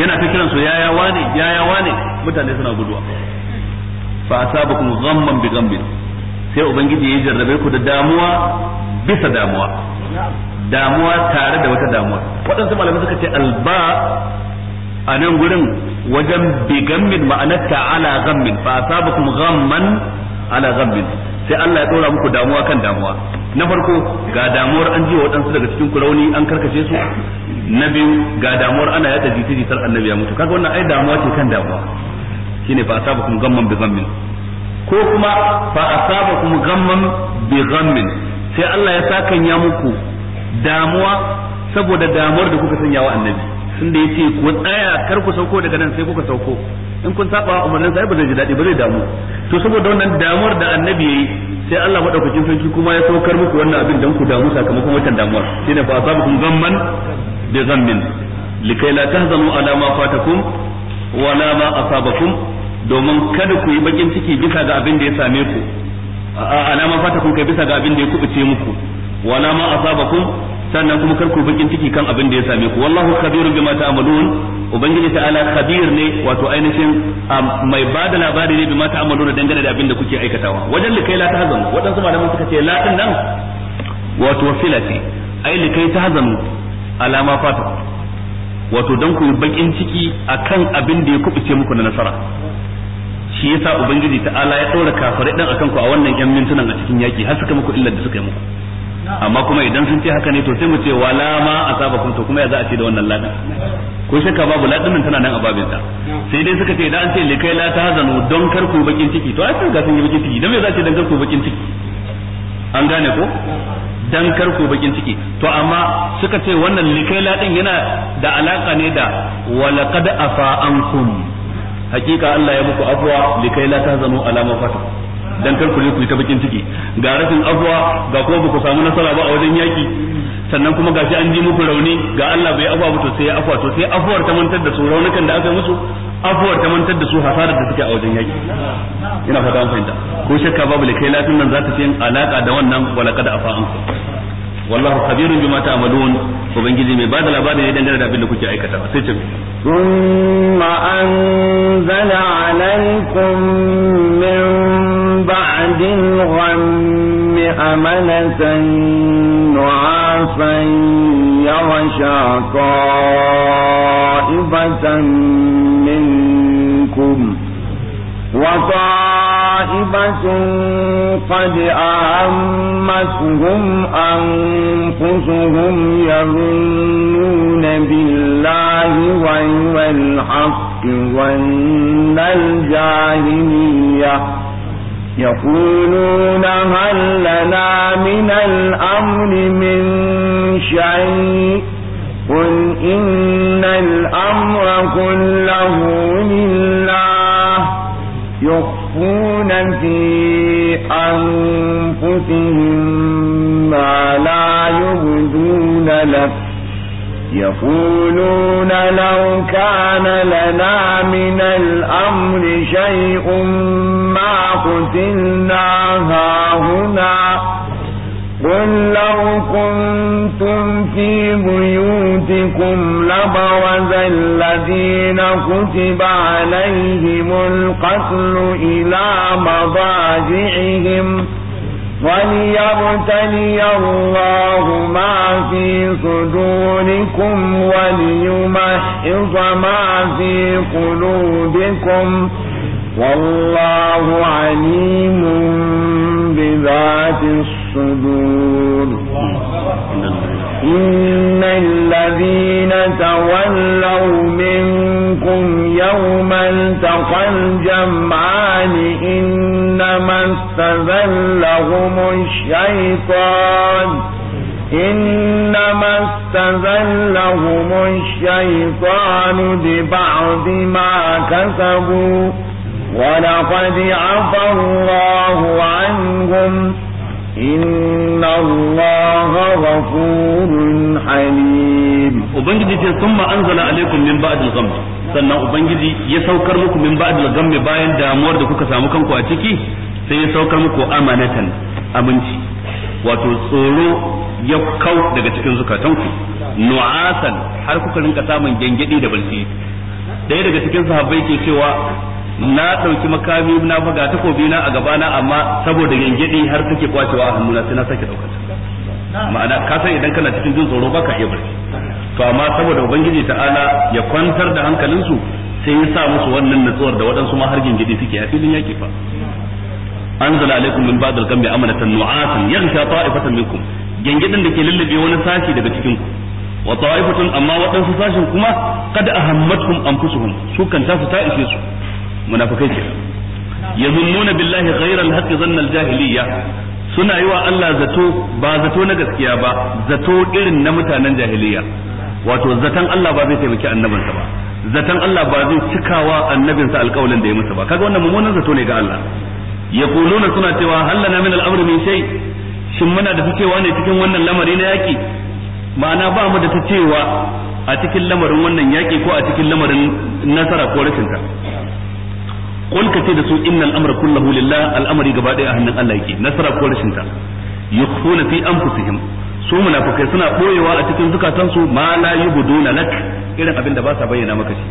yana ta kiran su yaya wane yaya wane mutane suna guduwa fa asabakum ghamman bi ghambin sai ubangiji ya jarrabe ku da damuwa bisa damuwa damuwa tare da wata damuwa waɗansu malamai suka ce alba a nan gurin wajen bi gammin ma'anar ta ala gammin fa asabakum ghamman ala gammin sai Allah ya dora muku damuwa kan damuwa na farko ga damuwar an ji waɗansu daga cikin rauni an karkace su na biyu ga damuwar ana yata jita jitar annabi ya mutu kaga wannan ai damuwa ce kan damuwa shine fa asabakum gammam bi ghammin ko kuma fa asabakum gammam bi ghammin sai Allah ya sakanya muku damuwa saboda damuwar da kuka sanya wa annabi tunda yace ku tsaya kar ku sauko daga nan sai kuka sauko in kun saba umarnin sa ba zai ji daɗi ba zai damu to saboda wannan damuwar da annabi yayi sai Allah madaukakin sarki kuma ya saukar muku wannan abin dan ku damu sakamakon wannan damuwar shine fa asabukum ghamman bi zammin likai la tahzanu ala ma fatakum wa la ma asabakum domin kada ku yi bakin ciki bisa ga abin da ya same ku ala ma fatakum kai bisa ga abin da ya kubuce muku wa la ma asabakum sannan kuma kar ku bakin ciki kan abin da ya same ku wallahu khabirun bima ta'malun ubangiji ta'ala khabir ne wato ainihin mai bada labari ne bima ta'malun dangane da abin da kuke aikatawa wajen likai la tahzan su malaman suka ce la din nan wato filati ai likai tahzan alama fata wato dan ku bakin ciki akan abin da ya kubuce muku na nasara shi yasa ubangiji ta'ala ya daura kafirai dan akan ku a wannan yan mintunan a cikin yaki har suka muku illar da suka yi muku amma kuma idan sun ce haka ne to sai mu ce wala ma asabakum to kuma ya za a ce da wannan ladan ko shakka babu ladan nan tana nan a babin ta sai dai suka ce idan an ce likai la ta hazanu don kar ku bakin ciki to ai sun ga sun yi bakin ciki dan me za a ce dan kar ku bakin ciki an gane ko dan kar ku bakin ciki to amma suka ce wannan likai ladan yana da alaka ne da qad afa ankum hakika Allah ya muku afwa likai la ta hazanu alama fatakum dan kar ku je ku yi ta bakin ciki ga rashin azwa ga kuma ku samu nasara ba a wajen yaki sannan kuma gashi an ji muku rauni ga Allah bai afwa to sai afwa to sai afwar ta mantar da su raunukan da aka musu afwar ta mantar da su hasarar da suke a wajen yaki ina fata an fahimta ko shakka babu da lafin nan za ta yin alaka da wannan walaqad afa an wallahu khabirun bima ta'malun ubangiji mai bada labarin ne dangane da abin da kuke aikata sai ce أمنة نعافا يغشى طائفة منكم وطائفة قد أهمتهم أنفسهم يظنون بالله غير الحق ظن الجاهلية يقولون هل لنا من الأمر من شيء قل إن الأمر كله لله يخفون في أنفسهم ما لا يبدون لك يقولون لو كان لنا من الأمر شيء قتلنا هاهنا قل لو كنتم في بيوتكم لبرز الذين كتب عليهم القتل إلى مضاجعهم وليبتلي الله ما في صدوركم وليمحص ما في قلوبكم والله عليم بذات الصدور إن الذين تولوا منكم يوم التقى الجمعان إنما استذلهم الشيطان إنما استذلهم الشيطان ببعض ما كسبوا ولقد عفى الله عنهم إن الله غفور حليم وبنجد ثم أنزل عليكم من بعد الغم sannan ubangiji ya saukar muku min ba'dal gamme bayan damuwar da kuka samu kanku a ciki sai ya saukar muku amanatan aminci wato tsoro ya kau daga cikin zukatanku nu'asan har kuka rinka samun gengedi da barci daya daga cikin sahabbai ke cewa na ɗauki makami na buga takobi na a gabana amma saboda gengedi har take kwacewa a hannuna sai na sake ɗaukar ma'ana ka san idan kana cikin jin tsoro baka iya barci to amma saboda ubangiji ta'ala ya kwantar da hankalinsu sai ya sa musu wannan natsuwar da waɗansu ma har gengedi suke a filin yaƙi fa anzala alaikum min ba'd al-gammi amanatan nu'asan yaghsha ta'ifatan minkum gengedin da ke lullube wani sashi daga cikin ku wa ta'ifatan amma waɗansu sashin kuma kada ahammatkum anfusuhum su kan tasu ta ishe su munafikai ya yazunnuna billahi ghayra al-haqqi dhanna jahiliyya suna yi wa Allah zato ba zato na gaskiya ba zato irin na mutanen jahiliya wato zatan Allah ba zai taimaki annabinsa ba zatan Allah ba zai cikawa annabinsa alƙawalin da ya musu ba kaga wannan mummunan zato ne ga Allah yaquluna suna cewa hallana min al-amri min shay shin muna da cewa ne cikin wannan lamari na yaki ma'ana ba mu da ta cewa a cikin lamarin wannan yaki ko a cikin lamarin nasara ko rashin ta qul ka ce da su innal amra kullahu lillah al'amari gaba daya a hannun Allah yake nasara ko rashin ta fi anfusihim su munafikai suna boyewa a cikin zukatansu ma la yubduna lak irin abin da ba sa bayyana maka shi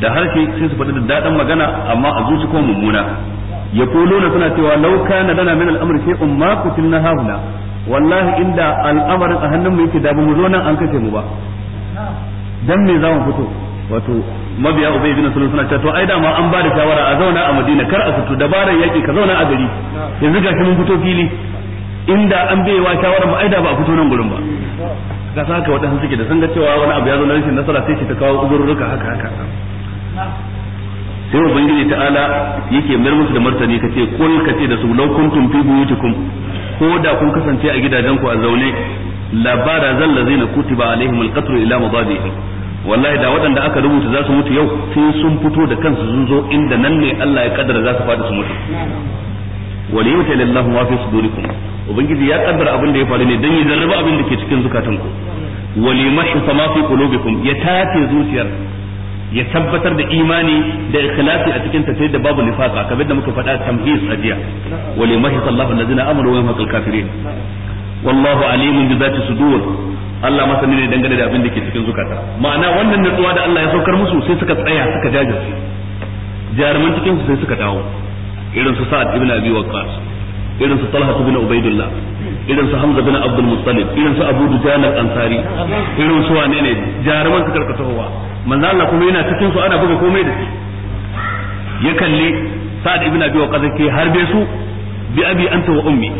da harshe sai su faɗi da daɗin magana amma a zuci ko mummuna na suna cewa law kana lana min al-amri shay'un ma qutilna hauna wallahi inda al'amarin a hannun mu yake da mu zo nan an kace mu ba dan me za mu fito wato mabiya ubay bin sulul suna cewa to ai da ma an ba da shawara a zauna a madina kar a fito dabarar yaki ka zauna a gari yanzu gashi mun fito fili inda an bai wa shawara mu ai da ba a fito nan gurin ba ga saka wadansu suke da san ga cewa wani abu ya zo na rashin nasara sai shi ta kawo uzurruka haka haka sai ubangiji ta'ala yake mayar musu da martani kace kul kace da su law kuntum fi buyutikum ko da kun kasance a gidajen ku a zaune labara zallazina kutiba alaihimul qatl ila mabadihim wallahi da waɗanda aka rubuta za su mutu yau sai sun fito da kansu sun zo inda nan ne Allah ya kaddara za su faɗi su mutu wali yuta lillahi ma fi sudurikum ubangiji ya kaddara abin da ya faru ne dan yi zarraba abin da ke cikin zukatanku wali mashi ma fi qulubikum ya tace zuciyar ya tabbatar da imani da ikhlasi a cikin tafiyar da babu nifaka kamar da muka faɗa tamhis a jiya wali mashi sallahu allazina amaru wa yamhaqul kafirin wallahu alimun bi dhati sudur Allah masa ne dangane da abin da ke cikin zukata ma'ana wannan natsuwa da Allah ya saukar musu sai suka tsaya suka jajirce jaruman cikin su sai suka dawo irin su Sa'ad ibn Abi Waqqas irin su Talha ibn Ubaidullah irin su Hamza ibn Abdul Muttalib irin su Abu Dujan al-Ansari irin su wane ne jaruman su karkatowa manzo Allah kuma yana cikin su ana buga komai da shi ya kalli Sa'ad ibn Abi Waqqas ke harbe su bi abi anta wa ummi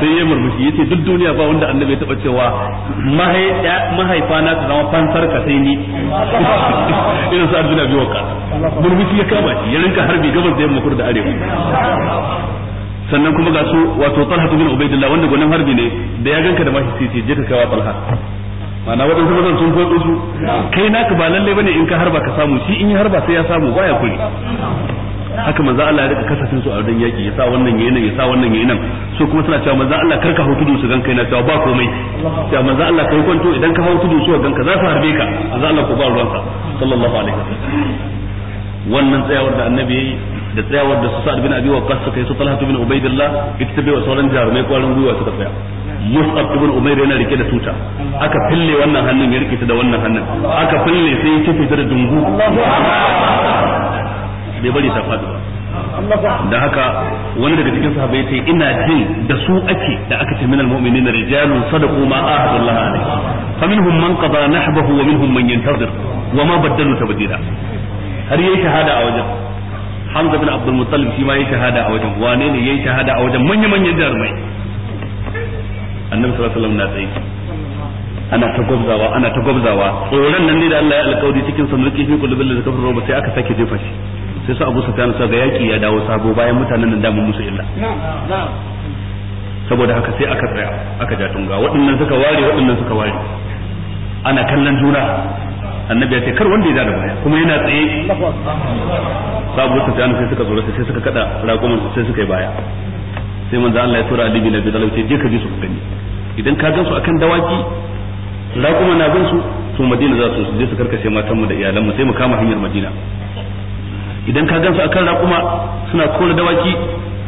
sai ya murmushi yace duk duniya ba wanda annabi ya taba cewa mahaifa na ta zama fansar ka sai ni irin sa Abdullah bi waka murmushi ya kama shi ya rinka harbi gabas da yamma kur da arewa sannan kuma ga su wato Talha bin Ubaidillah wanda gonan harbi ne da ya ganka da mashi sisi je ka kawa Talha ma'ana waɗansu mazan sun kwaɗo su kai naka ba lallai bane in ka harba ka samu shi in ya harba sai ya samu baya kuri haka manzo Allah ya rika kasafin su a wurin yaki yasa wannan yayin nan yasa wannan yayin nan so kuma suna cewa manzo Allah karka hau tudu su ganka kai na cewa ba komai cewa manzo Allah kai kwanto idan ka hau tudu su ganka ka za su harbe ka manzo Allah ko ba ruwanka sallallahu alaihi wasallam wannan tsayawar da annabi yayi da tsayawar da su sa'ad bin abi waqqas suka kai su talha bin ubaidillah ita ta wa sauran jarumai kwarin gwiwa suka tsaya mus'ab ibn umair yana rike da tuta aka fille wannan hannun ya rike ta da wannan hannun aka fille sai ya kife da dungu bai bari ta faɗi ba da haka wani daga cikin sahabbai ya ce ina jin da su ake da aka ce minal mu'minina rijalun sadaqu ma ahadullah alayhi faminhum man qada nahbahu wa minhum man yantazir wa ma baddalu tabdila har yayi shahada a wajen Hamza bin Abdul Muttalib shi ma yayi shahada a wajen wane ne yayi shahada a wajen manya manyan jarumai Annabi sallallahu alaihi wasallam na tsaye ana ta gwabzawa ana ta gwabzawa tsoron nan ne da Allah ya alƙawari cikin sanuki fi kullubil ladzi roba sai aka sake jefa shi sai su abu tana sa ga yaki ya dawo sabo bayan mutanen nan damun musu illa saboda haka sai aka tsaya aka ja tunga waɗannan suka ware waɗannan suka ware ana kallon juna annabi ya ce kar wanda ya da baya kuma yana tsaye su tana sai suka zo sai suka kada raƙuman sai suka yi baya sai manzo Allah ya tura Ali na Abi Talib sai je ka ji su gani idan ka gan su akan dawaki raƙuman na gan su to Madina za su je su karkashe matanmu mu da iyalan mu sai mu kama hanyar Madina idan ka gansu akan raƙuma suna kora dawaki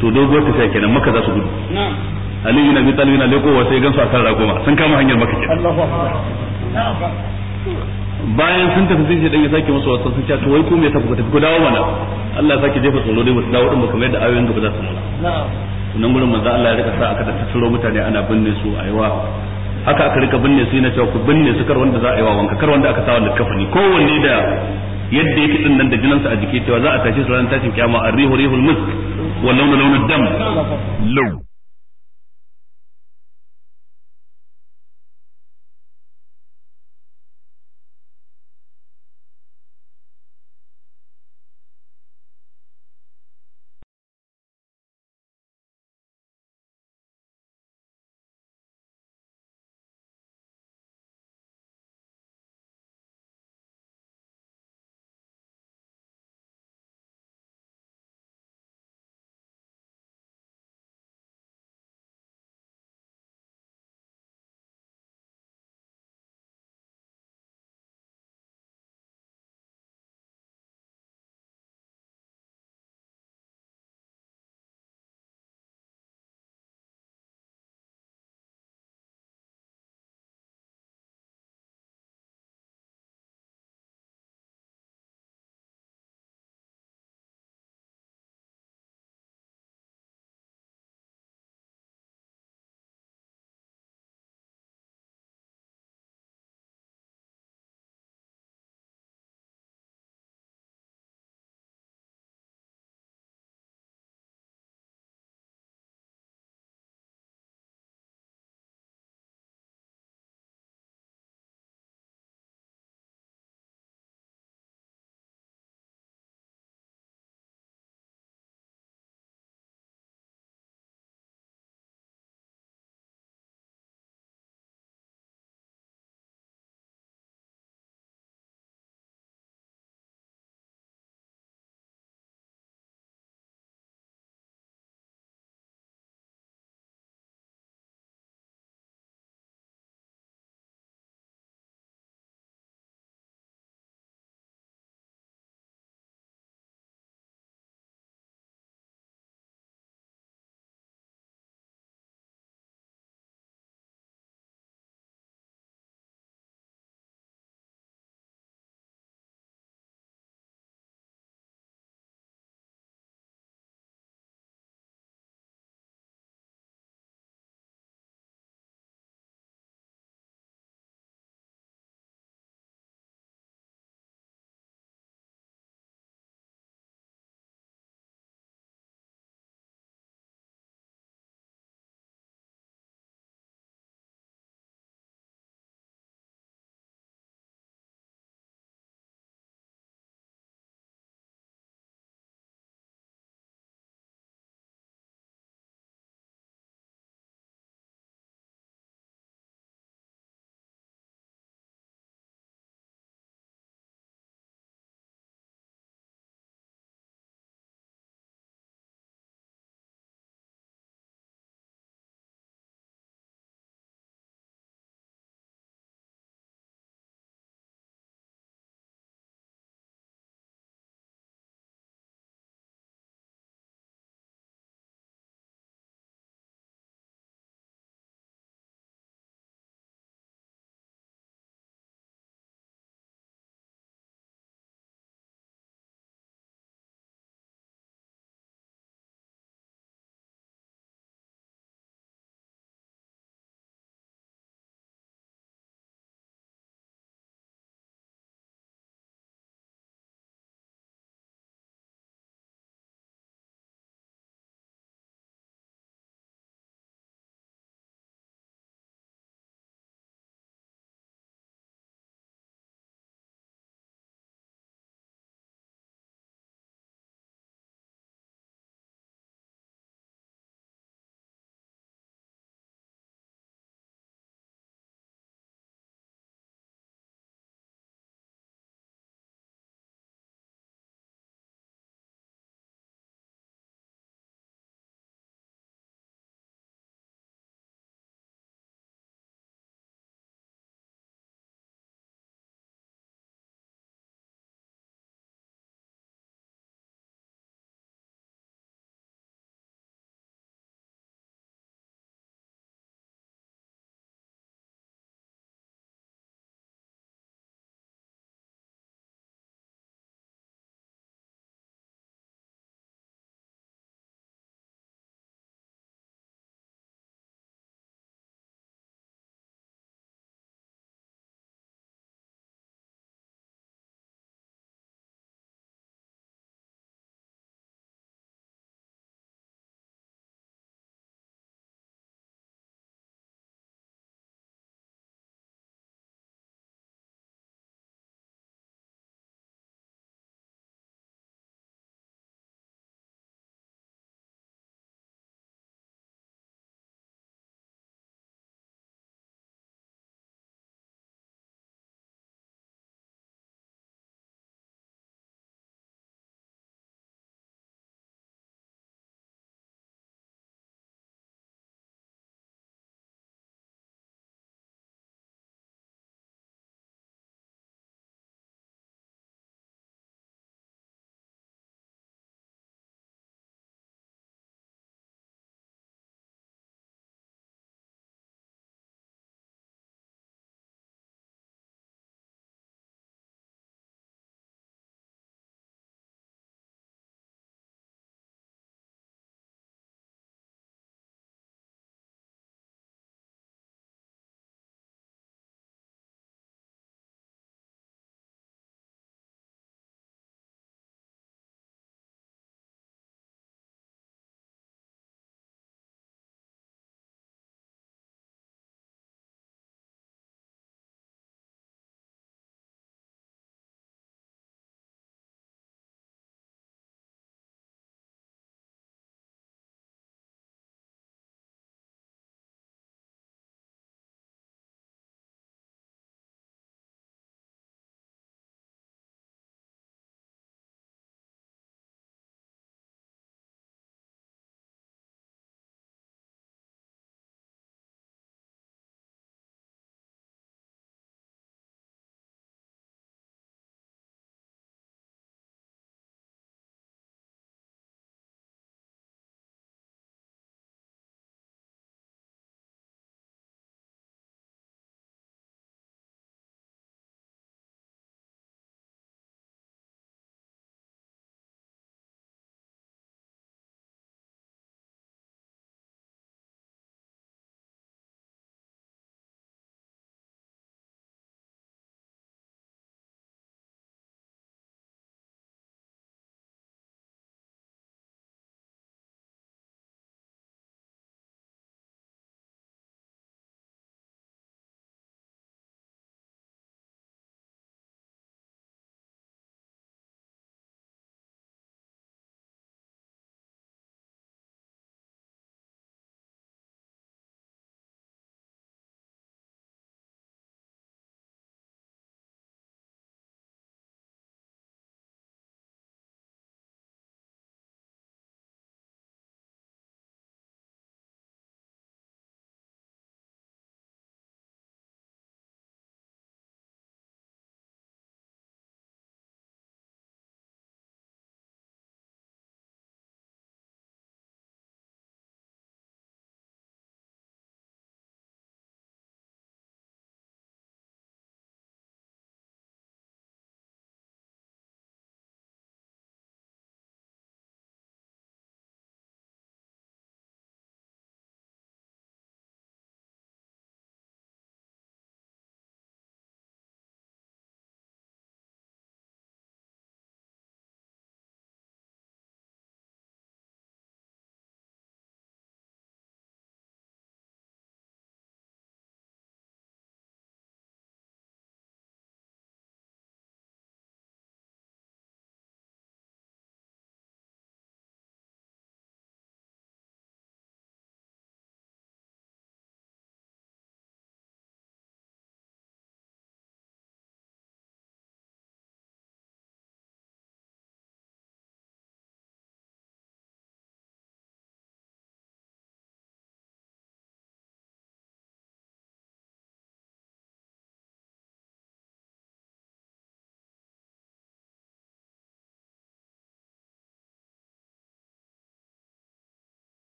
to doguwar tafiya kenan maka za su gudu aliyu na bi talib na lekowa sai gansu akan raƙuma sun kama hanyar maka kenan bayan sun tafi sai dan ya sake musu wasan sun ce to wai ko me tafi tafi ku dawo mana Allah ya sake jefa tsoro dai wasu dawo din ba kamar yadda ayoyin gaba za su nuna nan gurin manzo Allah ya rika sa aka da tattaro mutane ana binne su a yawa haka aka rika binne su yana cewa ku binne su kar wanda za a yi wa wanka kar wanda aka sa wa likafani kowanne da yadda yake din nan da jinansa a jiki cewa za a tashi su ran tashin kiyama arrihu rihul musk wa launu launu dam law